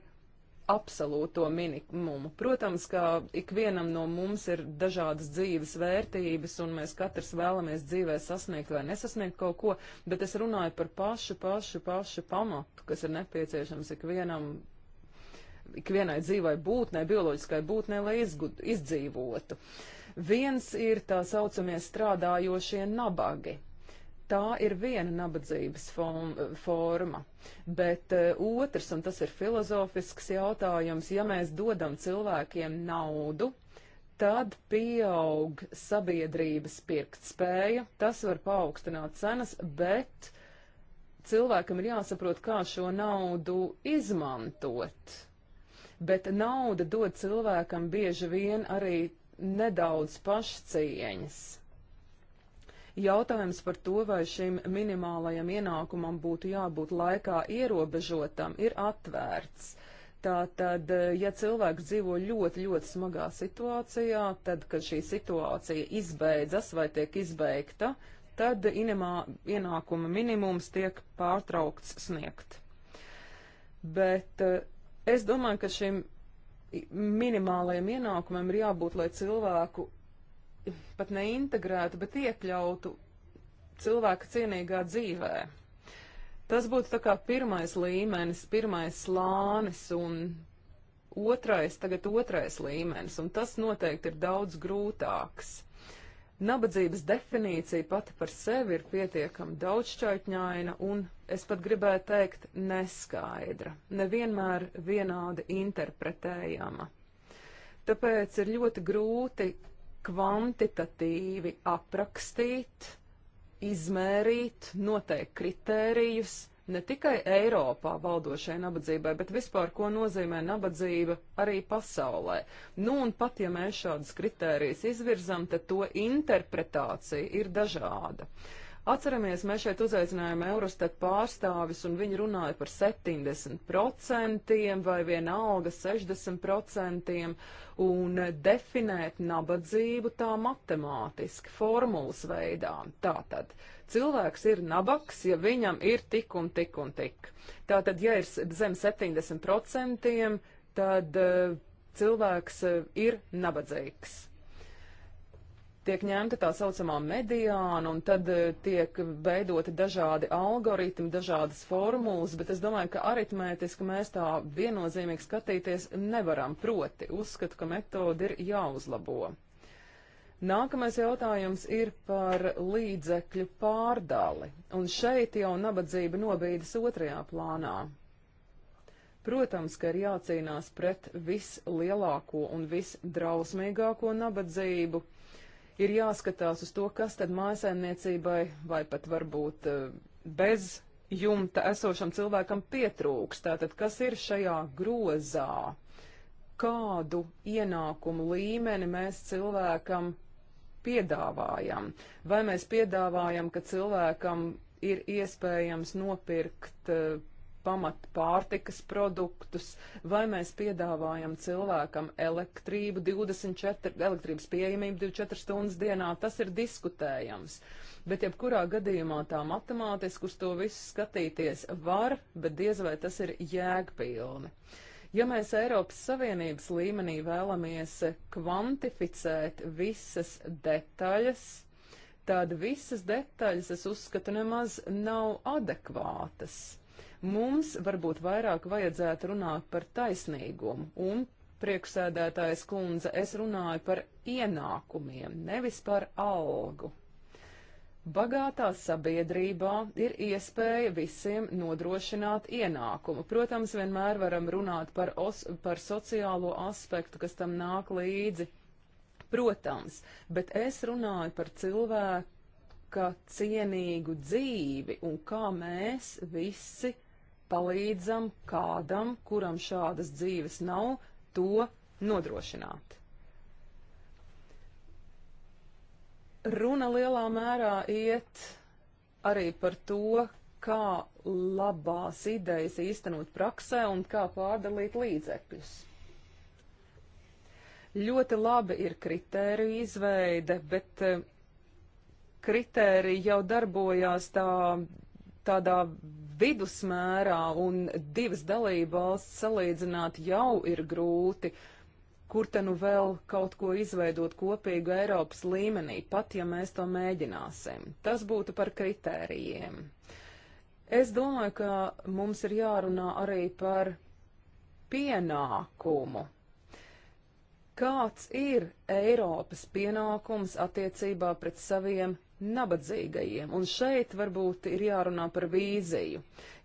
absolūto minimumu. Protams, ka ikvienam no mums ir dažādas dzīves vērtības, un mēs katrs vēlamies dzīvē sasniegt vai nesasniegt kaut ko, bet es runāju par pašu, pašu, pašu pamatu, kas ir nepieciešams ikvienam, ikvienai dzīvai būtnē, bioloģiskai būtnē, lai izgud, izdzīvotu. Viens ir tā saucamie strādājošie nabagi Tā ir viena nabadzības forma, bet eh, otrs, un tas ir filozofisks jautājums, ja mēs dodam cilvēkiem naudu, tad pieaug sabiedrības pirktspēja, tas var paaugstināt cenas, bet cilvēkam ir jāsaprot, kā šo naudu izmantot. Bet nauda dod cilvēkam bieži vien arī nedaudz pašcieņas Jautājums par to, vai šim minimālajam ienākumam būtu jābūt laikā ierobežotam, ir atvērts. Tātad, ja cilvēks dzīvo ļoti, ļoti smagā situācijā, tad, kad šī situācija izbeidzas vai tiek izbeigta, tad inemā, ienākuma minimums tiek pārtraukts sniegt. Bet eh, es domāju, ka šim minimālajam ienākumam ir jābūt, lai cilvēku pat neintegrētu, bet iekļautu cilvēka cienīgā dzīvē. Tas būtu tā kā pirmais līmenis, pirmais slānis un otrais, tagad otrais līmenis, un tas noteikti ir daudz grūtāks. Nabadzības definīcija pati par sevi ir pietiekami daudzšķaitņaina un, es pat gribēju teikt, neskaidra, nevienmēr vienādi interpretējama. Tāpēc ir ļoti grūti kvantitatīvi aprakstīt, izmērīt, noteikt kritērijus ne tikai Eiropā valdošai nabadzībai, bet vispār, ko nozīmē nabadzība arī pasaulē. Nu, un pat ja mēs šādas kritērijas izvirzam, tad to interpretācija ir dažāda. Uh, Atceramies, mēs šeit uzaicinājām Eurostat pārstāvis, un viņi runāja par 70% vai vienalga 60%, un definēt nabadzību tā matemātiski, formulas veidā. Tātad, cilvēks ir nabaks, ja viņam ir tik un tik un tik. Tātad, ja ir zem 70%, tad eh, cilvēks eh, ir nabadzīgs tiek ņemta tā saucamā mediāna, un tad eh, tiek veidoti dažādi algoritmi, dažādas formulas, bet es domāju, ka aritmētiski mēs tā viennozīmīgi skatīties nevaram. Proti, uzskatu, ka metodi ir jāuzlabo. Nākamais jautājums ir par līdzekļu pārdali, un šeit jau nabadzība nobīdas otrajā plānā. Protams, ka ir jācīnās pret vislielāko un visdrausmīgāko nabadzību ir jāskatās uz to, kas tad mājasēmniecībai vai pat varbūt eh, bez jumta esošam cilvēkam pietrūks. Tātad, kas ir šajā grozā? Kādu ienākumu līmeni mēs cilvēkam piedāvājam? Vai mēs piedāvājam, ka cilvēkam ir iespējams nopirkt eh, pamat pārtikas produktus, vai mēs piedāvājam cilvēkam elektrību 24, elektrības pieejamību 24 stundas dienā, tas ir diskutējams. Bet jebkurā gadījumā tā matemātiski uz to visu skatīties var, bet diez vai tas ir jēgpilni. Ja mēs Eiropas Savienības līmenī vēlamies kvantificēt visas detaļas, tad visas detaļas, es uzskatu, nemaz nav adekvātas. Mums varbūt vairāk vajadzētu runāt par taisnīgumu un priekšsēdētājs kundze, es runāju par ienākumiem, nevis par algu. Bagātā sabiedrībā ir iespēja visiem nodrošināt ienākumu. Protams, vienmēr varam runāt par, os, par sociālo aspektu, kas tam nāk līdzi. Protams, bet es runāju par cilvēka cienīgu dzīvi un kā mēs visi palīdzam kādam, kuram šādas dzīves nav, to nodrošināt. Runa lielā mērā iet arī par to, kā labās idejas īstenot praksē un kā pārdalīt līdzekļus. Ļoti labi ir kritērija izveide, bet eh, kritērija jau darbojās tā tādā vidusmērā un divas dalība valsts salīdzināt jau ir grūti. Kur te nu vēl kaut ko izveidot kopīgu Eiropas līmenī, pat ja mēs to mēģināsim? Tas būtu par kritērijiem. Es domāju, ka mums ir jārunā arī par pienākumu. Kāds ir Eiropas pienākums attiecībā pret saviem nabadzīgajiem. Un šeit varbūt ir jārunā par vīziju.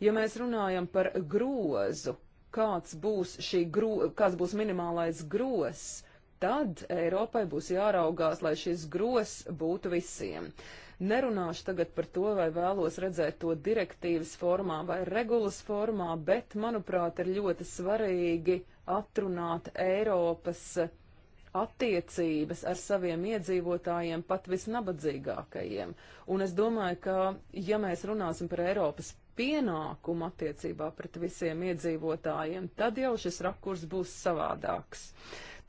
Ja mēs runājam par grozu, kāds būs, gro, kāds būs minimālais gros, tad Eiropai būs jāraugās, lai šis gros būtu visiem. Nerunāšu tagad par to, vai vēlos redzēt to direktīvas formā vai regulas formā, bet, manuprāt, ir ļoti svarīgi atrunāt Eiropas uh, attiecības ar saviem iedzīvotājiem, pat visnabadzīgākajiem. Un es domāju, ka, ja mēs runāsim par Eiropas pienākumu attiecībā pret visiem iedzīvotājiem, tad jau šis rakurs būs savādāks.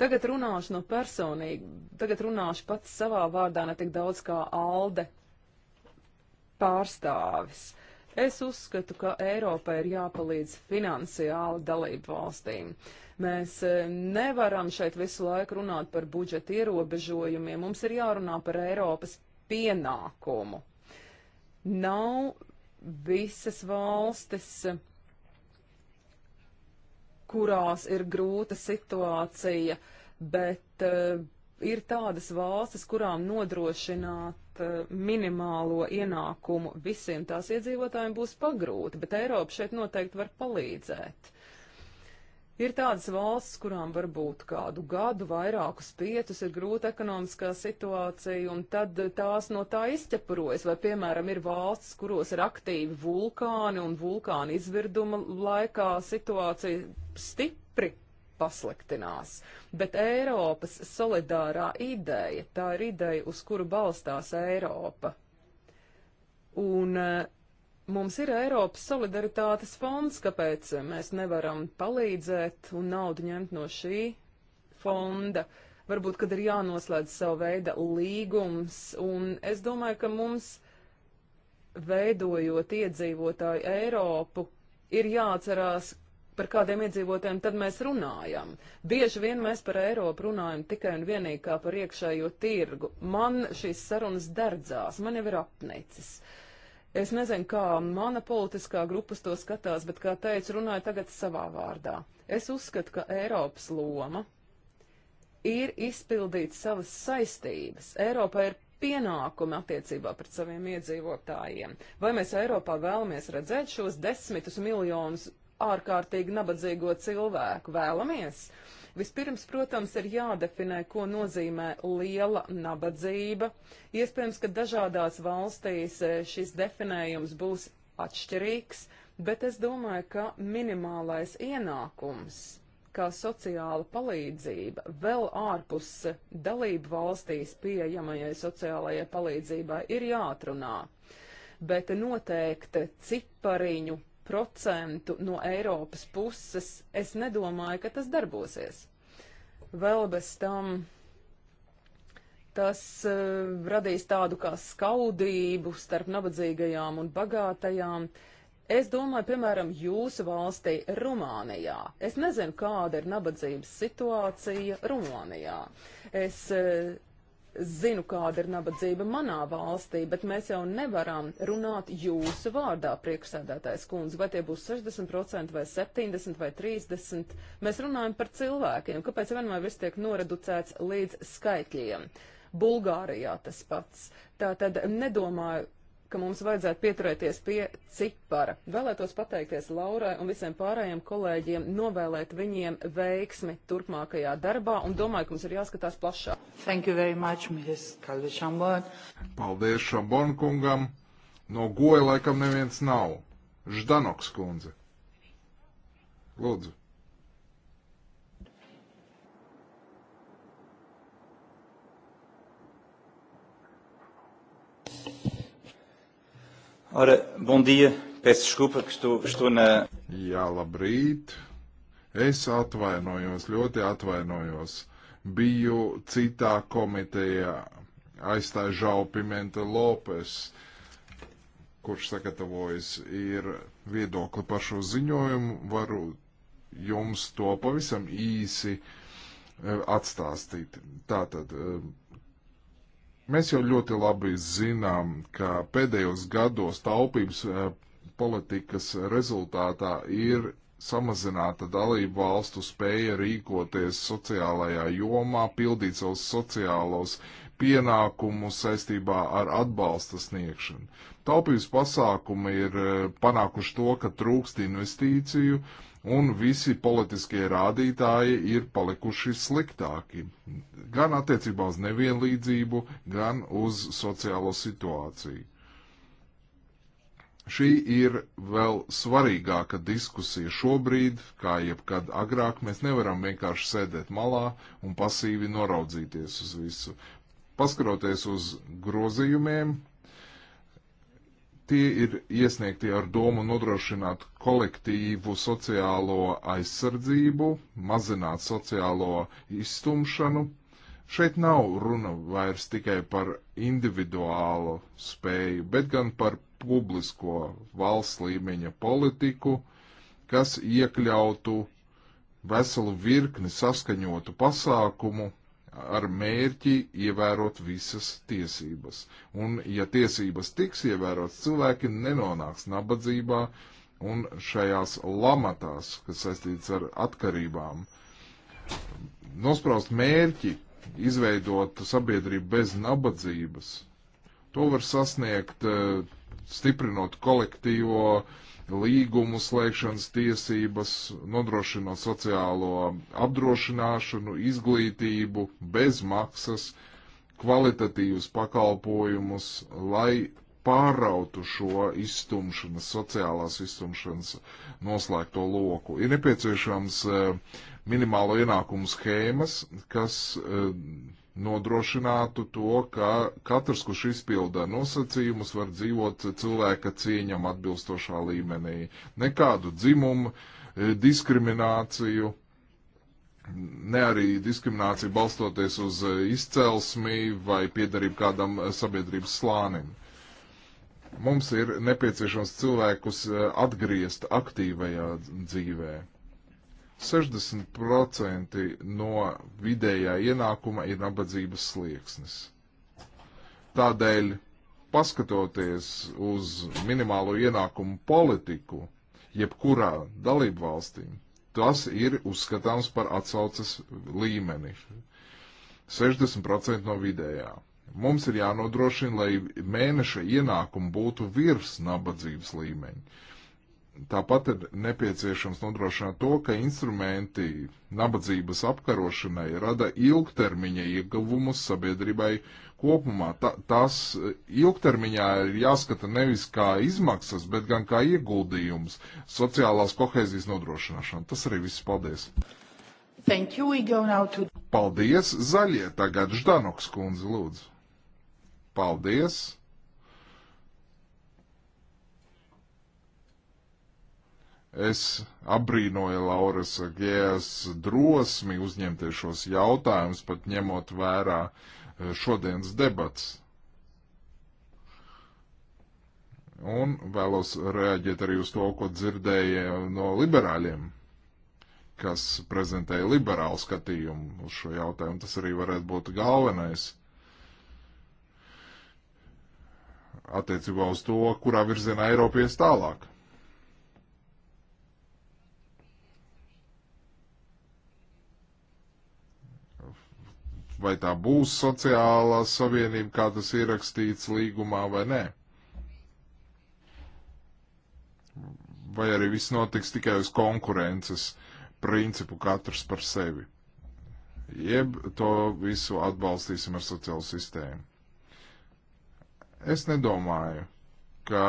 Tagad runāšu no personīgi, tagad runāšu pats savā vārdā ne tik daudz kā Alde pārstāvis. Es uzskatu, ka Eiropai ir jāpalīdz finansiāli dalību valstīm. Mēs e, nevaram šeit visu laiku runāt par budžeta ierobežojumiem. Mums ir jārunā par Eiropas pienākumu. Nav visas valstis, kurās ir grūta situācija, bet uh, ir tādas valstis, kurām nodrošināt eh, minimālo ienākumu visiem tās iedzīvotājiem būs pagrūti, bet Eiropa šeit noteikti var palīdzēt. Ir tādas valstis, kurām varbūt kādu gadu, vairākus pietus ir grūta ekonomiskā situācija, un tad tās no tā izķepurojas. Vai, piemēram, ir valstis, kuros ir aktīvi vulkāni, un vulkāna izvirduma laikā situācija stipri pasliktinās. Bet Eiropas solidārā ideja, tā ir ideja, uz kuru balstās Eiropa. Un eh, mums ir Eiropas solidaritātes fonds, kāpēc mēs nevaram palīdzēt un naudu ņemt no šī fonda. Varbūt, kad ir jānoslēdz savu veidu līgums, un es domāju, ka mums veidojot iedzīvotāju Eiropu, ir jāatcerās, par kādiem iedzīvotājiem tad mēs runājam. Bieži vien mēs par Eiropu runājam tikai un vienīgi kā par iekšējo tirgu. Man šīs sarunas dardzās, man jau ir apnicis. Es nezinu, kā mana politiskā grupas to skatās, bet, kā teicu, runāju tagad savā vārdā. Es uzskatu, ka Eiropas loma ir izpildīt savas saistības. Eiropā ir pienākumi attiecībā pret saviem iedzīvotājiem. Vai mēs Eiropā vēlamies redzēt šos desmitus miljonus ārkārtīgi nabadzīgo cilvēku vēlamies? Vispirms, protams, ir jādefinē, ko nozīmē liela nabadzība. Iespējams, ka dažādās valstīs e, šis definējums būs atšķirīgs, bet es domāju, ka minimālais ienākums kā sociāla palīdzība vēl ārpus dalību valstīs pieejamajai sociālajai palīdzībai ir jāatrunā. Bet noteikti cipariņu procentu no Eiropas puses, es nedomāju, ka tas darbosies. Vēl bez tam tas uh, radīs tādu kā skaudību starp nabadzīgajām un bagātajām. Es domāju, piemēram, jūsu valstī, Rumānijā. Es nezinu, kāda ir nabadzības situācija Rumānijā. Es uh, zinu, kāda ir nabadzība manā valstī, bet mēs jau nevaram runāt jūsu vārdā, priekšsēdētājs kundze, vai tie būs 60% vai 70% vai 30%. Mēs runājam par cilvēkiem, kāpēc vienmēr viss tiek noreducēts līdz skaitļiem. Bulgārijā tas pats. Tātad nedomāju, ka mums vajadzētu pieturēties pie cipara. Vēlētos pateikties Laurai un visiem pārējiem kolēģiem, novēlēt viņiem veiksmi turpmākajā darbā un domāju, ka mums ir jāskatās plašāk. Thank you very much, Mrs. Kalvi Šambon. Paldies Šambon kungam. No goja laikam neviens nav. Ždanoks kundze. Lūdzu. Ora, bom dia. Peço desculpa, ka estou, estou na. Jā, labrīt. Es atvainojos, ļoti atvainojos. Biju citā komitejā, aizstāju Žau Pimenta Lopes, kurš sagatavojas ir viedokli par šo ziņojumu. Varu jums to pavisam īsi eh, atstāstīt. Tātad eh, Mēs jau ļoti labi zinām, ka pēdējos gados taupības eh, politikas rezultātā ir samazināta dalību valstu spēja rīkoties sociālajā jomā, pildīt savus sociālos pienākumus saistībā ar atbalsta sniegšanu. Taupības pasākumi ir eh, panākuši to, ka trūkst investīciju, uh, un visi politiskie rādītāji ir palikuši sliktāki. Gan attiecībā uz nevienlīdzību, gan uz sociālo situāciju. Šī ir vēl svarīgāka diskusija šobrīd, kā jebkad agrāk. Mēs nevaram vienkārši sēdēt malā un pasīvi noraudzīties uz visu. Paskaroties uz grozījumiem, Tie ir iesniegti ar domu nodrošināt kolektīvu sociālo aizsardzību, mazināt sociālo izstumšanu. Šeit nav runa vairs tikai par individuālu spēju, bet gan par publisko valsts līmeņa politiku, kas iekļautu veselu virkni saskaņotu pasākumu, ar mērķi ievērot visas tiesības. Un, ja tiesības tiks ievērotas, cilvēki nenonāks nabadzībā un šajās lamatās, kas saistīts ar atkarībām. Nospraust mērķi, izveidot sabiedrību bez nabadzības, to var sasniegt eh, stiprinot kolektīvo uh, līgumu slēgšanas tiesības, nodrošinot sociālo apdrošināšanu, izglītību, bezmaksas, kvalitatīvus pakalpojumus, lai pārautu šo izstumšanas, sociālās izstumšanas noslēgto loku. Ir nepieciešams eh, minimālo ienākumu schēmas, kas eh, nodrošinātu to, ka katrs, kurš izpilda nosacījumus, var dzīvot cilvēka cieņam atbilstošā līmenī. Nekādu dzimumu, eh, diskrimināciju, ne arī diskrimināciju balstoties uz eh, izcelsmi vai piedarību kādam eh, sabiedrības slānim mums ir nepieciešams cilvēkus atgriezt aktīvajā dzīvē. 60% no vidējā ienākuma ir nabadzības slieksnis. Tādēļ, paskatoties uz minimālo ienākumu politiku, jebkurā dalību valstī, tas ir uzskatāms par atsaucas līmeni. 60% no vidējā. Mums ir jānodrošina, lai mēneša ienākumi būtu virs nabadzības līmeņa. Tāpat ir nepieciešams nodrošināt to, ka instrumenti nabadzības apkarošanai rada ilgtermiņa ieguvumus sabiedrībai kopumā. Ta, tas ilgtermiņā ir jāskata nevis kā izmaksas, bet gan kā ieguldījums sociālās kohēzijas nodrošināšanā. Tas arī viss. Paldies! Thank you, to... Paldies! Zaļie tagad Ždanoks kundze lūdzu. Paldies! Es apbrīnoju Lauras Gējas drosmi uzņemties šos jautājumus, pat ņemot vērā e, šodienas debats. Un vēlos reaģēt arī uz to, ko dzirdēju no liberāļiem, kas prezentēja liberālu skatījumu uz šo jautājumu. Tas arī varētu būt galvenais. attiecībā uz to, kurā virzienā Eiropa ies tālāk. vai tā būs sociālā savienība, kā tas ierakstīts līgumā vai nē. Vai arī viss notiks tikai uz konkurences principu katrs par sevi. Jeb to visu atbalstīsim ar sociālu sistēmu. Es nedomāju, ka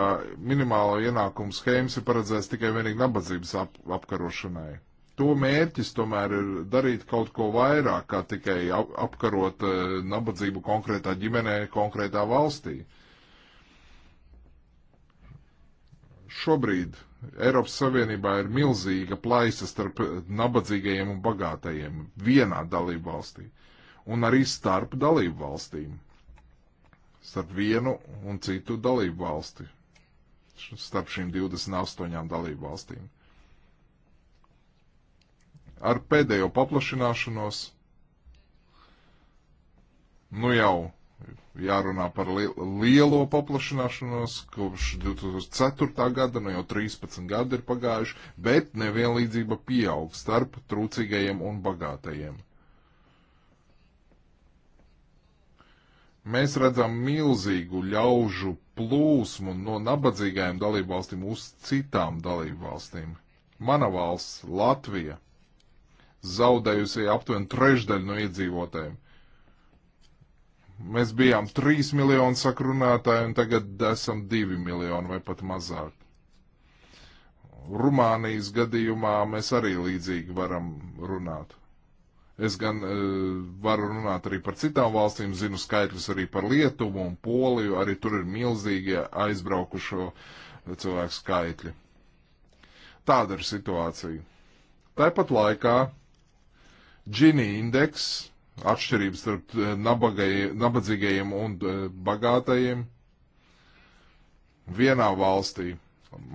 minimālo ienākumu schēmas ir paredzēts tikai vienīgi nabadzības ap apkarošanai to mērķis tomēr ir darīt kaut ko vairāk, kā tikai apkarot eh, nabadzību konkrētā ģimenē, konkrētā valstī. Šobrīd Eiropas Savienībā ir milzīga plaisa starp nabadzīgajiem un bagātajiem vienā dalību valstī, un arī starp dalību valstīm, starp vienu un citu dalību valsti, starp šīm 28 dalību valstīm ar pēdējo paplašināšanos, nu jau jārunā par li lielo paplašināšanos, kopš 2004. gada, nu jau 13 gadi ir pagājuši, bet nevienlīdzība pieaug starp trūcīgajiem un bagātajiem. Mēs redzam milzīgu ļaužu plūsmu no nabadzīgajām dalībvalstīm uz citām dalībvalstīm. Mana valsts, Latvija, zaudējusi aptuveni trešdaļu no iedzīvotājiem. Mēs bijām 3 miljoni sakrunātāji, un tagad esam 2 miljoni vai pat mazāk. Rumānijas gadījumā mēs arī līdzīgi varam runāt. Es gan uh, varu runāt arī par citām valstīm, zinu skaitļus arī par Lietuvu un Poliju, arī tur ir milzīgie aizbraukušo cilvēku skaitļi. Tāda ir situācija. Tāpat laikā Džini indeks, atšķirības starp eh, nabadzīgajiem un eh, bagātajiem vienā valstī,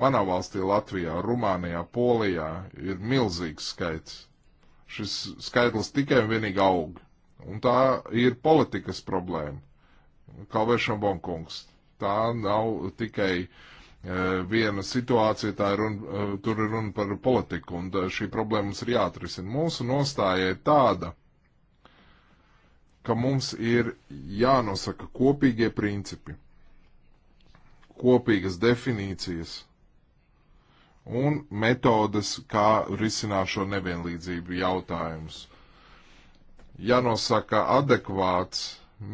manā valstī Latvijā, Rumānijā, Polijā ir milzīgs skaits. Šis skaitlis tikai un vienīgi aug. Un tā ir politikas problēma. Kalvēšana Bonkungs. Tā nav tikai uh, Eh, viena situācija, tā ir runa, eh, tur ir runa par politiku, un šī problēma mums ir jāatrisina. Mūsu nostāja ir tāda, ka mums ir jānosaka kopīgie principi, kopīgas definīcijas un metodes, kā risināt šo nevienlīdzību jautājumus. Jānosaka adekvāts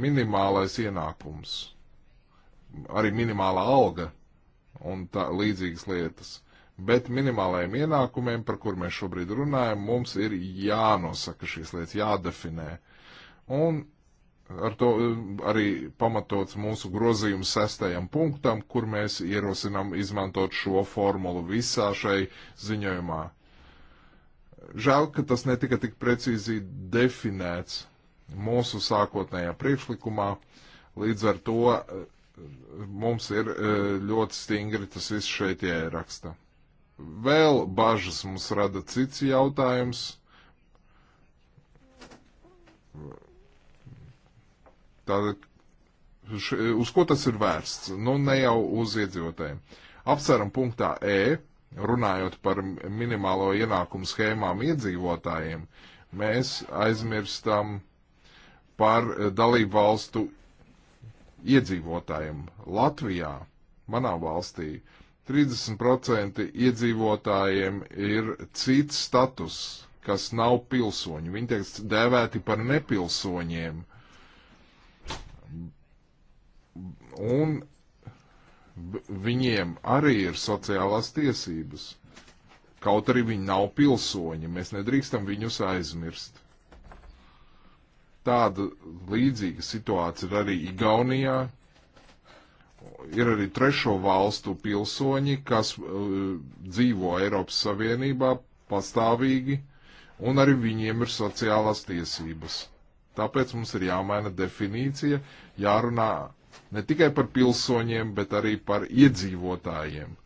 minimālais ienākums, arī minimāla alga un tā, līdzīgas lietas. Bet minimālajiem ienākumiem, par kur mēs šobrīd runājam, mums ir jānosaka šīs lietas, jādefinē. Un ar to um, arī pamatots mūsu grozījums sestajam punktam, kur mēs ierosinām izmantot šo formulu visā šai ziņojumā. Žēl, ka tas netika tik precīzi definēts mūsu sākotnējā priekšlikumā, līdz ar to mums ir e, ļoti stingri tas viss šeit jāieraksta. Vēl bažas mums rada cits jautājums. Tātad, uz ko tas ir vērsts? Nu, ne jau uz iedzīvotājiem. Apsveram punktā E, runājot par minimālo ienākumu schēmām iedzīvotājiem, mēs aizmirstam par dalību valstu iedzīvotājiem. Latvijā, manā valstī, 30% iedzīvotājiem ir cits status, kas nav pilsoņi. Viņi tiek dēvēti par nepilsoņiem. Un viņiem arī ir sociālās tiesības. Kaut arī viņi nav pilsoņi, mēs nedrīkstam viņus aizmirst. Tāda līdzīga situācija ir arī Igaunijā. Ir arī trešo valstu pilsoņi, kas uh, dzīvo Eiropas Savienībā pastāvīgi, un arī viņiem ir sociālās tiesības. Tāpēc mums ir jāmaina definīcija, jārunā ne tikai par pilsoņiem, bet arī par iedzīvotājiem.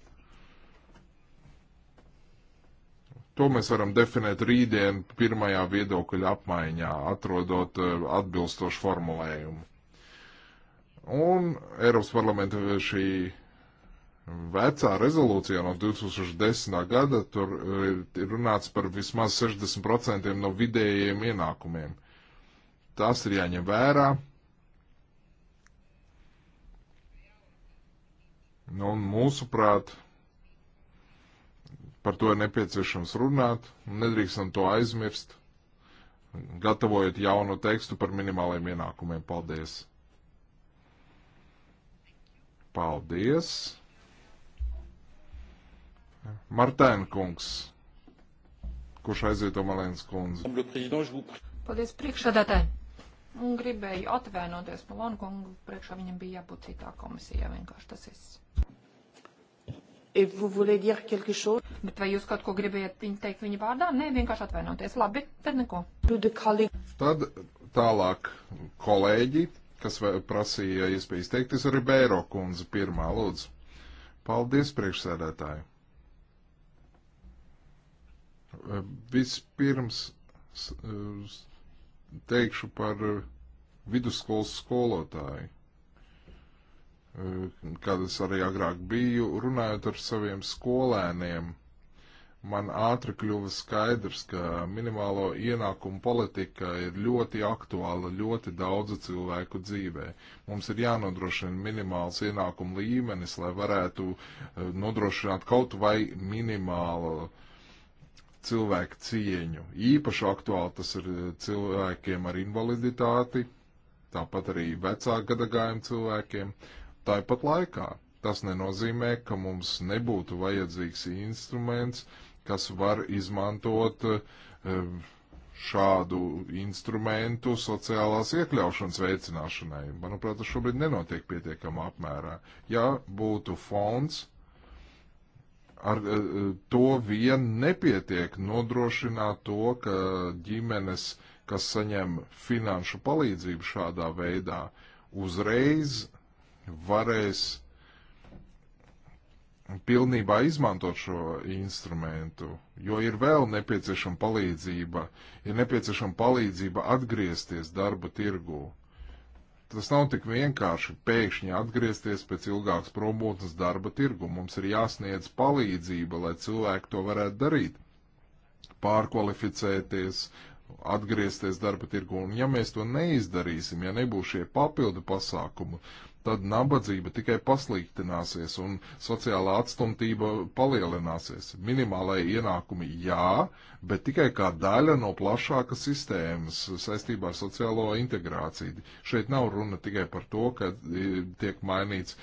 To mēs varam definēt rītdien pirmajā viedokļa apmaiņā, atrodot eh, atbilstošu formulējumu. Un Eiropas parlamenta eh, šī vecā rezolūcijā no 2010. gada tur ir eh, runāts par vismaz 60% no vidējiem ienākumiem. Tas ir jāņem vērā. Nu, un mūsuprāt, Par to ir nepieciešams runāt, nedrīkstam to aizmirst, gatavojot jaunu tekstu par minimālajiem ienākumiem. Paldies! Paldies! Martēna kungs, kurš aizvieto Malēnas kundzi. Paldies priekšsādātāji! Un gribēju atvainoties Malonu kungu, priekšā viņam bija jābūt citā komisijā, vienkārši tas viss. Bet vai jūs kaut ko gribējat viņu teikt viņa vārdā? Nē, vienkārši atvainoties. Labi, tad neko. Tad tālāk kolēģi, kas prasīja iespēju izteikties, arī Bēro kundze pirmā lūdzu. Paldies, priekšsēdētāji. Vispirms teikšu par eh, vidusskolas skolotāju. Eh, kādas arī agrāk biju, runājot ar saviem skolēniem, man ātri kļuva skaidrs, ka minimālo ienākumu politika ir ļoti aktuāla ļoti daudzu cilvēku dzīvē. Mums ir jānodrošina minimāls ienākumu līmenis, lai varētu eh, nodrošināt kaut vai minimālu cilvēku cieņu. Īpaši aktuāli tas ir eh, cilvēkiem ar invaliditāti, tāpat arī vecāku gadagājumu cilvēkiem, Tāpat laikā tas nenozīmē, ka mums nebūtu vajadzīgs instruments, kas var izmantot eh, šādu instrumentu sociālās iekļaušanas veicināšanai. Manuprāt, tas šobrīd nenotiek pietiekamā apmērā. Ja būtu fonds, ar eh, to vien nepietiek nodrošināt to, ka ģimenes, kas saņem finanšu palīdzību šādā veidā, uzreiz varēs pilnībā izmantot šo instrumentu, jo ir vēl nepieciešama palīdzība, ir nepieciešama palīdzība atgriezties darba tirgū. Tas nav tik vienkārši pēkšņi atgriezties pēc ilgākas promotnes darba tirgu. Mums ir jāsniedz palīdzība, lai cilvēki to varētu darīt, pārkvalificēties, atgriezties darba tirgu. Un ja mēs to neizdarīsim, ja nebūs šie papildu pasākumu, tad nabadzība tikai pasliktināsies un sociālā atstumtība palielināsies. Minimālai ienākumi jā, bet tikai kā daļa no plašākas sistēmas saistībā ar sociālo integrāciju. Šeit nav runa tikai par to, ka e, tiek mainīts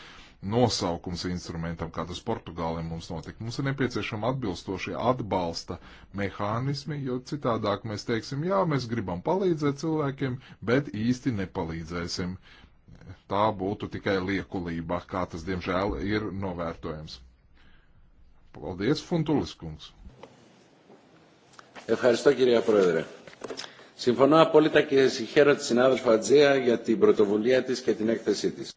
nosaukums instrumentam, kā tas Portugālē mums notika. Mums ir nepieciešama atbilstošie atbalsta mehānismi, jo citādāk mēs teiksim, jā, mēs gribam palīdzēt cilvēkiem, bet īsti nepalīdzēsim. Uh, tā būtu tikai liekulība, kā tas, diemžēl, ir novērtojams. Paldies, Funtulis kungs! Ευχαριστώ κυρία Πρόεδρε. Συμφωνώ απόλυτα και συγχαίρω τη συνάδελφα Ατζέα για την πρωτοβουλία της και την έκθεσή της.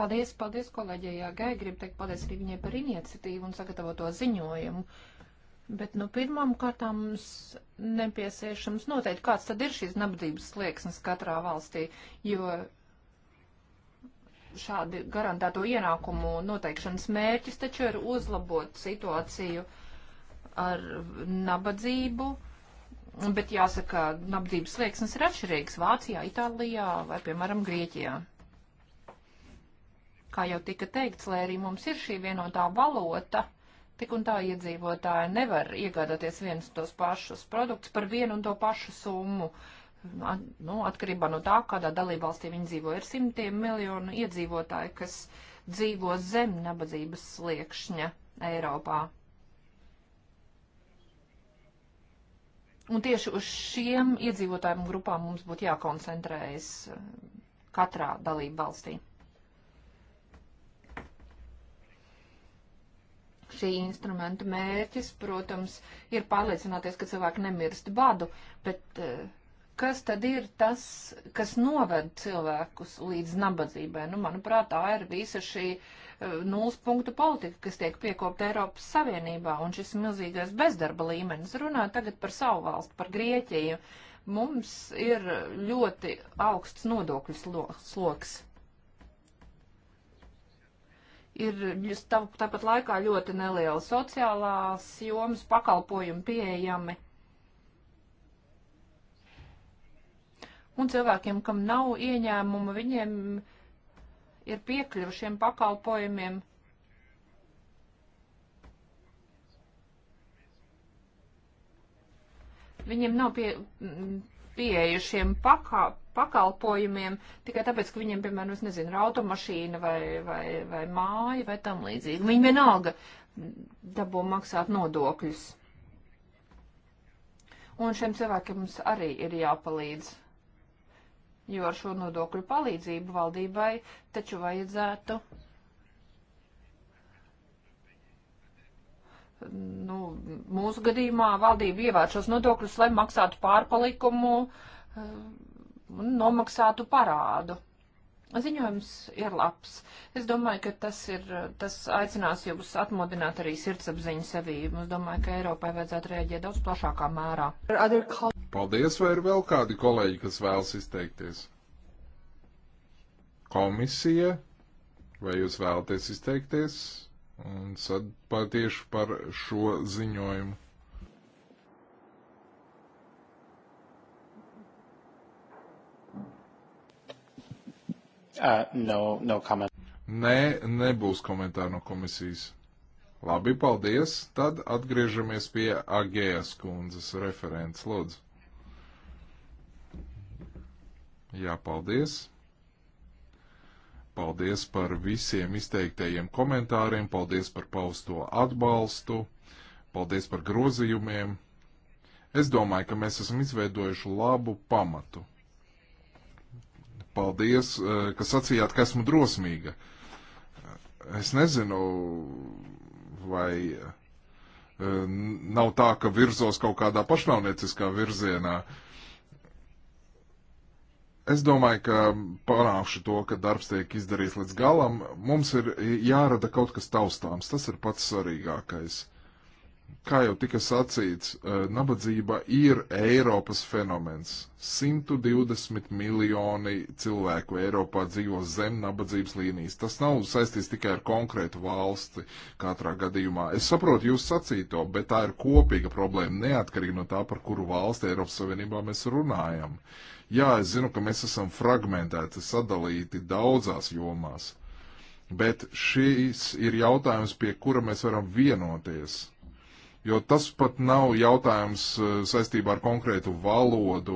Paldies, paldies kolēģei Jāgai. Gribu teikt paldies arī viņai par iniciatīvu un sagatavoto ziņojumu. Bet, nu, pirmām kārtām mums nepieciešams noteikti, kāds tad ir šīs nabadzības slieksnes katrā valstī, jo šādi garantēto ienākumu noteikšanas mērķis taču ir uzlabot situāciju ar nabadzību, bet jāsaka, nabadzības slieksnes ir atšķirīgs Vācijā, Itālijā vai, piemēram, Grieķijā. Kā jau tika teikts, lai arī mums ir šī vienotā valota, tik un tā iedzīvotāji nevar iegādāties viens tos pašus produktus par vienu un to pašu summu. Uh, At, nu, atkarībā no tā, kādā dalībvalstī viņi dzīvo, ir simtiem miljonu iedzīvotāju, kas dzīvo zem nabadzības sliekšņa Eiropā. Un tieši uz šiem iedzīvotājiem grupām mums būtu jākoncentrējas eh, katrā dalībvalstī. šī instrumenta mērķis, protams, ir pārliecināties, ka cilvēki nemirst badu, bet uh, kas tad ir tas, kas noved cilvēkus līdz nabadzībai? Nu, manuprāt, tā ir visa šī uh, nulles punktu politika, kas tiek piekopta Eiropas Savienībā un šis milzīgais bezdarba līmenis. Runāju tagad par savu valstu, par Grieķiju. Mums ir ļoti augsts nodokļu sloks. Ir tā, tāpat laikā ļoti neliela sociālās jomas pakalpojumi pieejami Un cilvēkiem, kam nav ieņēmuma, viņiem ir piekļuva šiem pakalpojumiem. Viņiem nav pie, pieeja šiem pakā, pakalpojumiem tikai tāpēc, ka viņiem, piemēram, es nezinu, ir automašīna vai, vai, vai māja vai tam līdzīgi. Viņi vienalga dabū maksāt nodokļus. Un šiem cilvēkiem mums arī ir jāpalīdz jo ar šo nodokļu palīdzību valdībai taču vajadzētu. Nu, mūsu gadījumā valdība ievāc šos nodokļus, lai maksātu pārpalikumu eh, un nomaksātu parādu. Ziņojums ir labs. Es domāju, ka tas, ir, tas aicinās jūs atmodināt arī sirdsapziņu sevī. Es domāju, ka Eiropai vajadzētu rēģēt daudz plašākā mērā. Paldies, vai ir vēl kādi kolēģi, kas vēlas izteikties? Komisija, vai jūs vēlaties izteikties? Un tad patieši par šo ziņojumu. Uh, no, no comment. Nē, nebūs komentāru no komisijas. Labi, paldies. Tad atgriežamies pie Agējas kundzes referents, lūdzu. Jā, paldies. Paldies par visiem izteiktajiem komentāriem, paldies par pausto atbalstu, paldies par grozījumiem. Es domāju, ka mēs esam izveidojuši labu pamatu paldies, eh, ka sacījāt, ka esmu drosmīga. Es nezinu, vai eh, nav tā, ka virzos kaut kādā pašnāvnieciskā virzienā. Es domāju, ka panākšu to, ka darbs tiek izdarīts līdz galam. Mums ir eh, jārada kaut kas taustāms. Tas ir pats svarīgākais. Uh, kā jau tika sacīts, eh, nabadzība ir Eiropas fenomens. 120 miljoni cilvēku Eiropā dzīvo zem nabadzības līnijas. Tas nav saistīts tikai ar konkrētu valsti katrā gadījumā. Es saprotu jūs sacīto, bet tā ir kopīga problēma, neatkarīgi no tā, par kuru valsti Eiropas Savienībā mēs runājam. Jā, es zinu, ka mēs esam fragmentēti, sadalīti daudzās jomās, bet šis ir jautājums, pie kura mēs varam vienoties jo tas pat nav jautājums e, saistībā ar konkrētu valodu,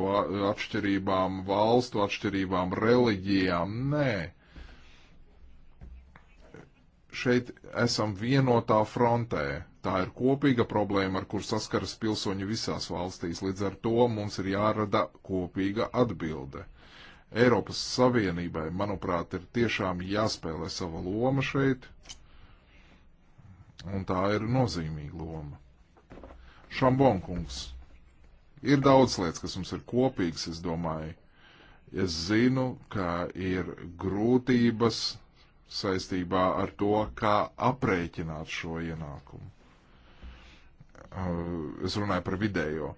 atšķirībām, valstu atšķirībām, reliģijām. Nē. Šeit esam vienotā frontē. Tā ir kopīga problēma, ar kur saskaras pilsoņi visās valstīs. Līdz ar to mums ir jārada kopīga atbilde. Eiropas Savienībai, manuprāt, ir tiešām jāspēlē sava loma šeit, un tā ir nozīmīga loma. Šambonkungs. Ir daudz lietas, kas mums ir kopīgas, es domāju. Es zinu, ka ir grūtības saistībā ar to, kā aprēķināt šo ienākumu. Uh, es runāju par vidējo.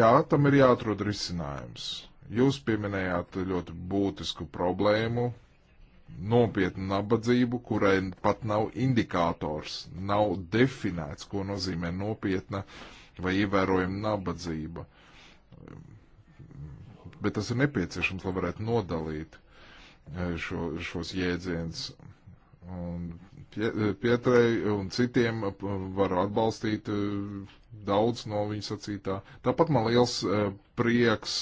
Jā, tam ir jāatrod risinājums. Jūs pieminējāt ļoti būtisku problēmu, nopietnu nabadzību, kurai pat nav indikators, nav definēts, ko nozīmē nopietna vai ievērojama nabadzība. Bet tas ir nepieciešams, lai varētu nodalīt e, šo, šos jēdzienus. Un Pietrai un citiem var atbalstīt e, daudz no viņa sacītā. Tāpat man liels e, prieks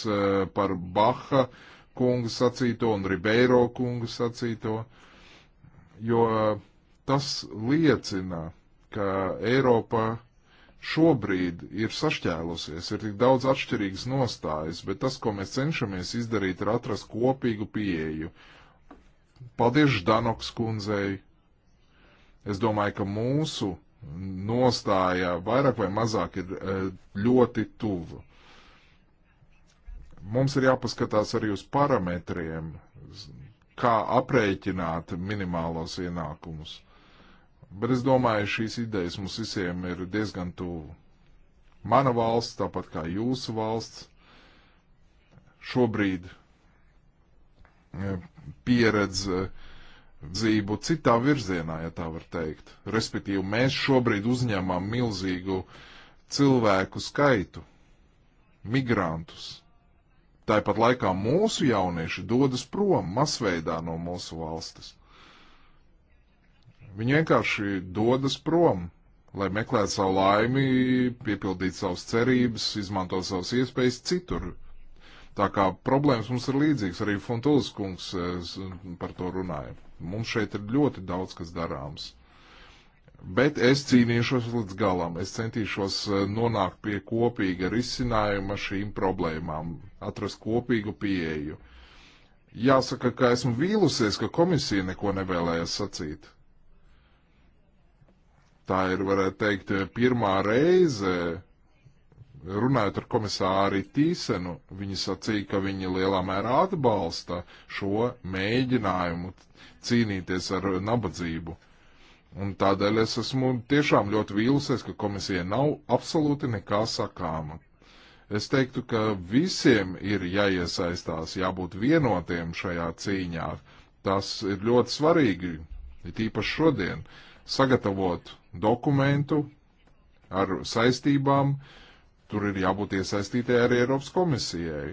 par Baha uh, kungu sacīto un Ribeiro kungu sacīto, jo uh, tas liecina, ka Eiropa šobrīd ir sašķēlusies, ir tik daudz atšķirīgas nostājas, bet tas, ko mēs cenšamies izdarīt, ir atrast kopīgu pieeju. Paldies Danoks kundzei. Es domāju, ka mūsu nostāja vairāk vai mazāk ir uh, ļoti tuva. Mums ir jāpaskatās arī uz parametriem, kā aprēķināt minimālos ienākumus. Bet es domāju, šīs idejas mums visiem ir diezgan tuvu. Mana valsts, tāpat kā jūsu valsts, šobrīd e, pieredz e, dzīvu citā virzienā, ja tā var teikt. Respektīvi, mēs šobrīd uzņemam milzīgu cilvēku skaitu, migrantus Tāpat laikā mūsu jaunieši dodas prom masveidā no mūsu valstis. Viņi vienkārši dodas prom, lai meklētu savu laimi, piepildītu savas cerības, izmantotu savas iespējas citur. Tā kā problēmas mums ir līdzīgas, arī Fontūlis kungs eh, par to runāja. Mums šeit ir ļoti daudz kas darāms. Bet es cīnīšos līdz galam. Es centīšos eh, nonākt pie kopīga risinājuma šīm problēmām atrast kopīgu pieeju. Jāsaka, ka esmu vīlusies, ka komisija neko nevēlējās sacīt. Tā ir, varētu teikt, pirmā reize, runājot ar komisāri Tīsenu, viņi sacīja, ka viņi lielā mērā atbalsta šo mēģinājumu cīnīties ar nabadzību. Un tādēļ es esmu tiešām ļoti vīlusies, ka komisija nav absolūti nekā sakāma. Es teiktu, ka visiem ir jāiesaistās, jābūt vienotiem šajā cīņā. Tas ir ļoti svarīgi, it īpaši šodien, sagatavot dokumentu ar saistībām, tur ir jābūt iesaistītē arī Eiropas komisijai.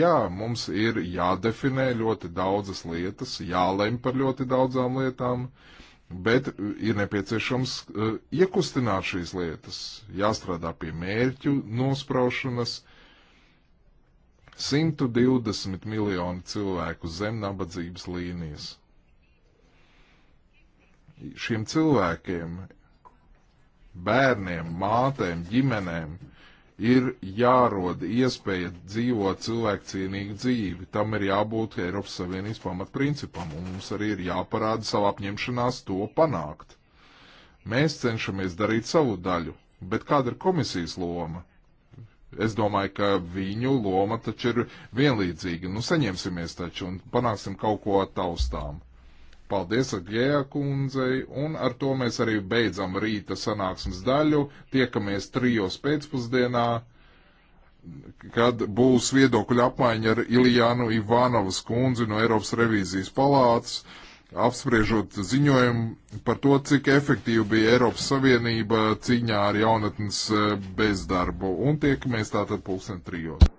Jā, mums ir jādefinē ļoti daudzas lietas, jālem par ļoti daudzām lietām. Uh, Bet e, ir nepieciešams uh, iekustināt šīs lietas, jāstrādā pie mērķu nospraušanas. 120 miljoni cilvēku zem nabadzības līnijas. Šiem cilvēkiem, bērniem, mātēm, ģimenēm ir jārod iespēja dzīvot cilvēkcienīgu dzīvi. Tam ir jābūt Eiropas Savienības pamatprincipam, un mums arī ir jāparāda savu apņemšanās to panākt. Mēs cenšamies darīt savu daļu, bet kāda ir komisijas loma? Es domāju, ka viņu loma taču ir vienlīdzīga. Nu, saņemsimies taču un panāksim kaut ko taustām. Paldies Agēja kundzei, un ar to mēs arī beidzam rīta sanāksmes daļu. Tiekamies trijos pēcpusdienā, kad būs viedokļu apmaiņa ar Ilijānu Ivanovas kundzi no Eiropas revīzijas palātas, apspriežot ziņojumu par to, cik efektīva bija Eiropas Savienība cīņā ar jaunatnes eh, bezdarbu. Un tiekamies tātad pulksten trijos.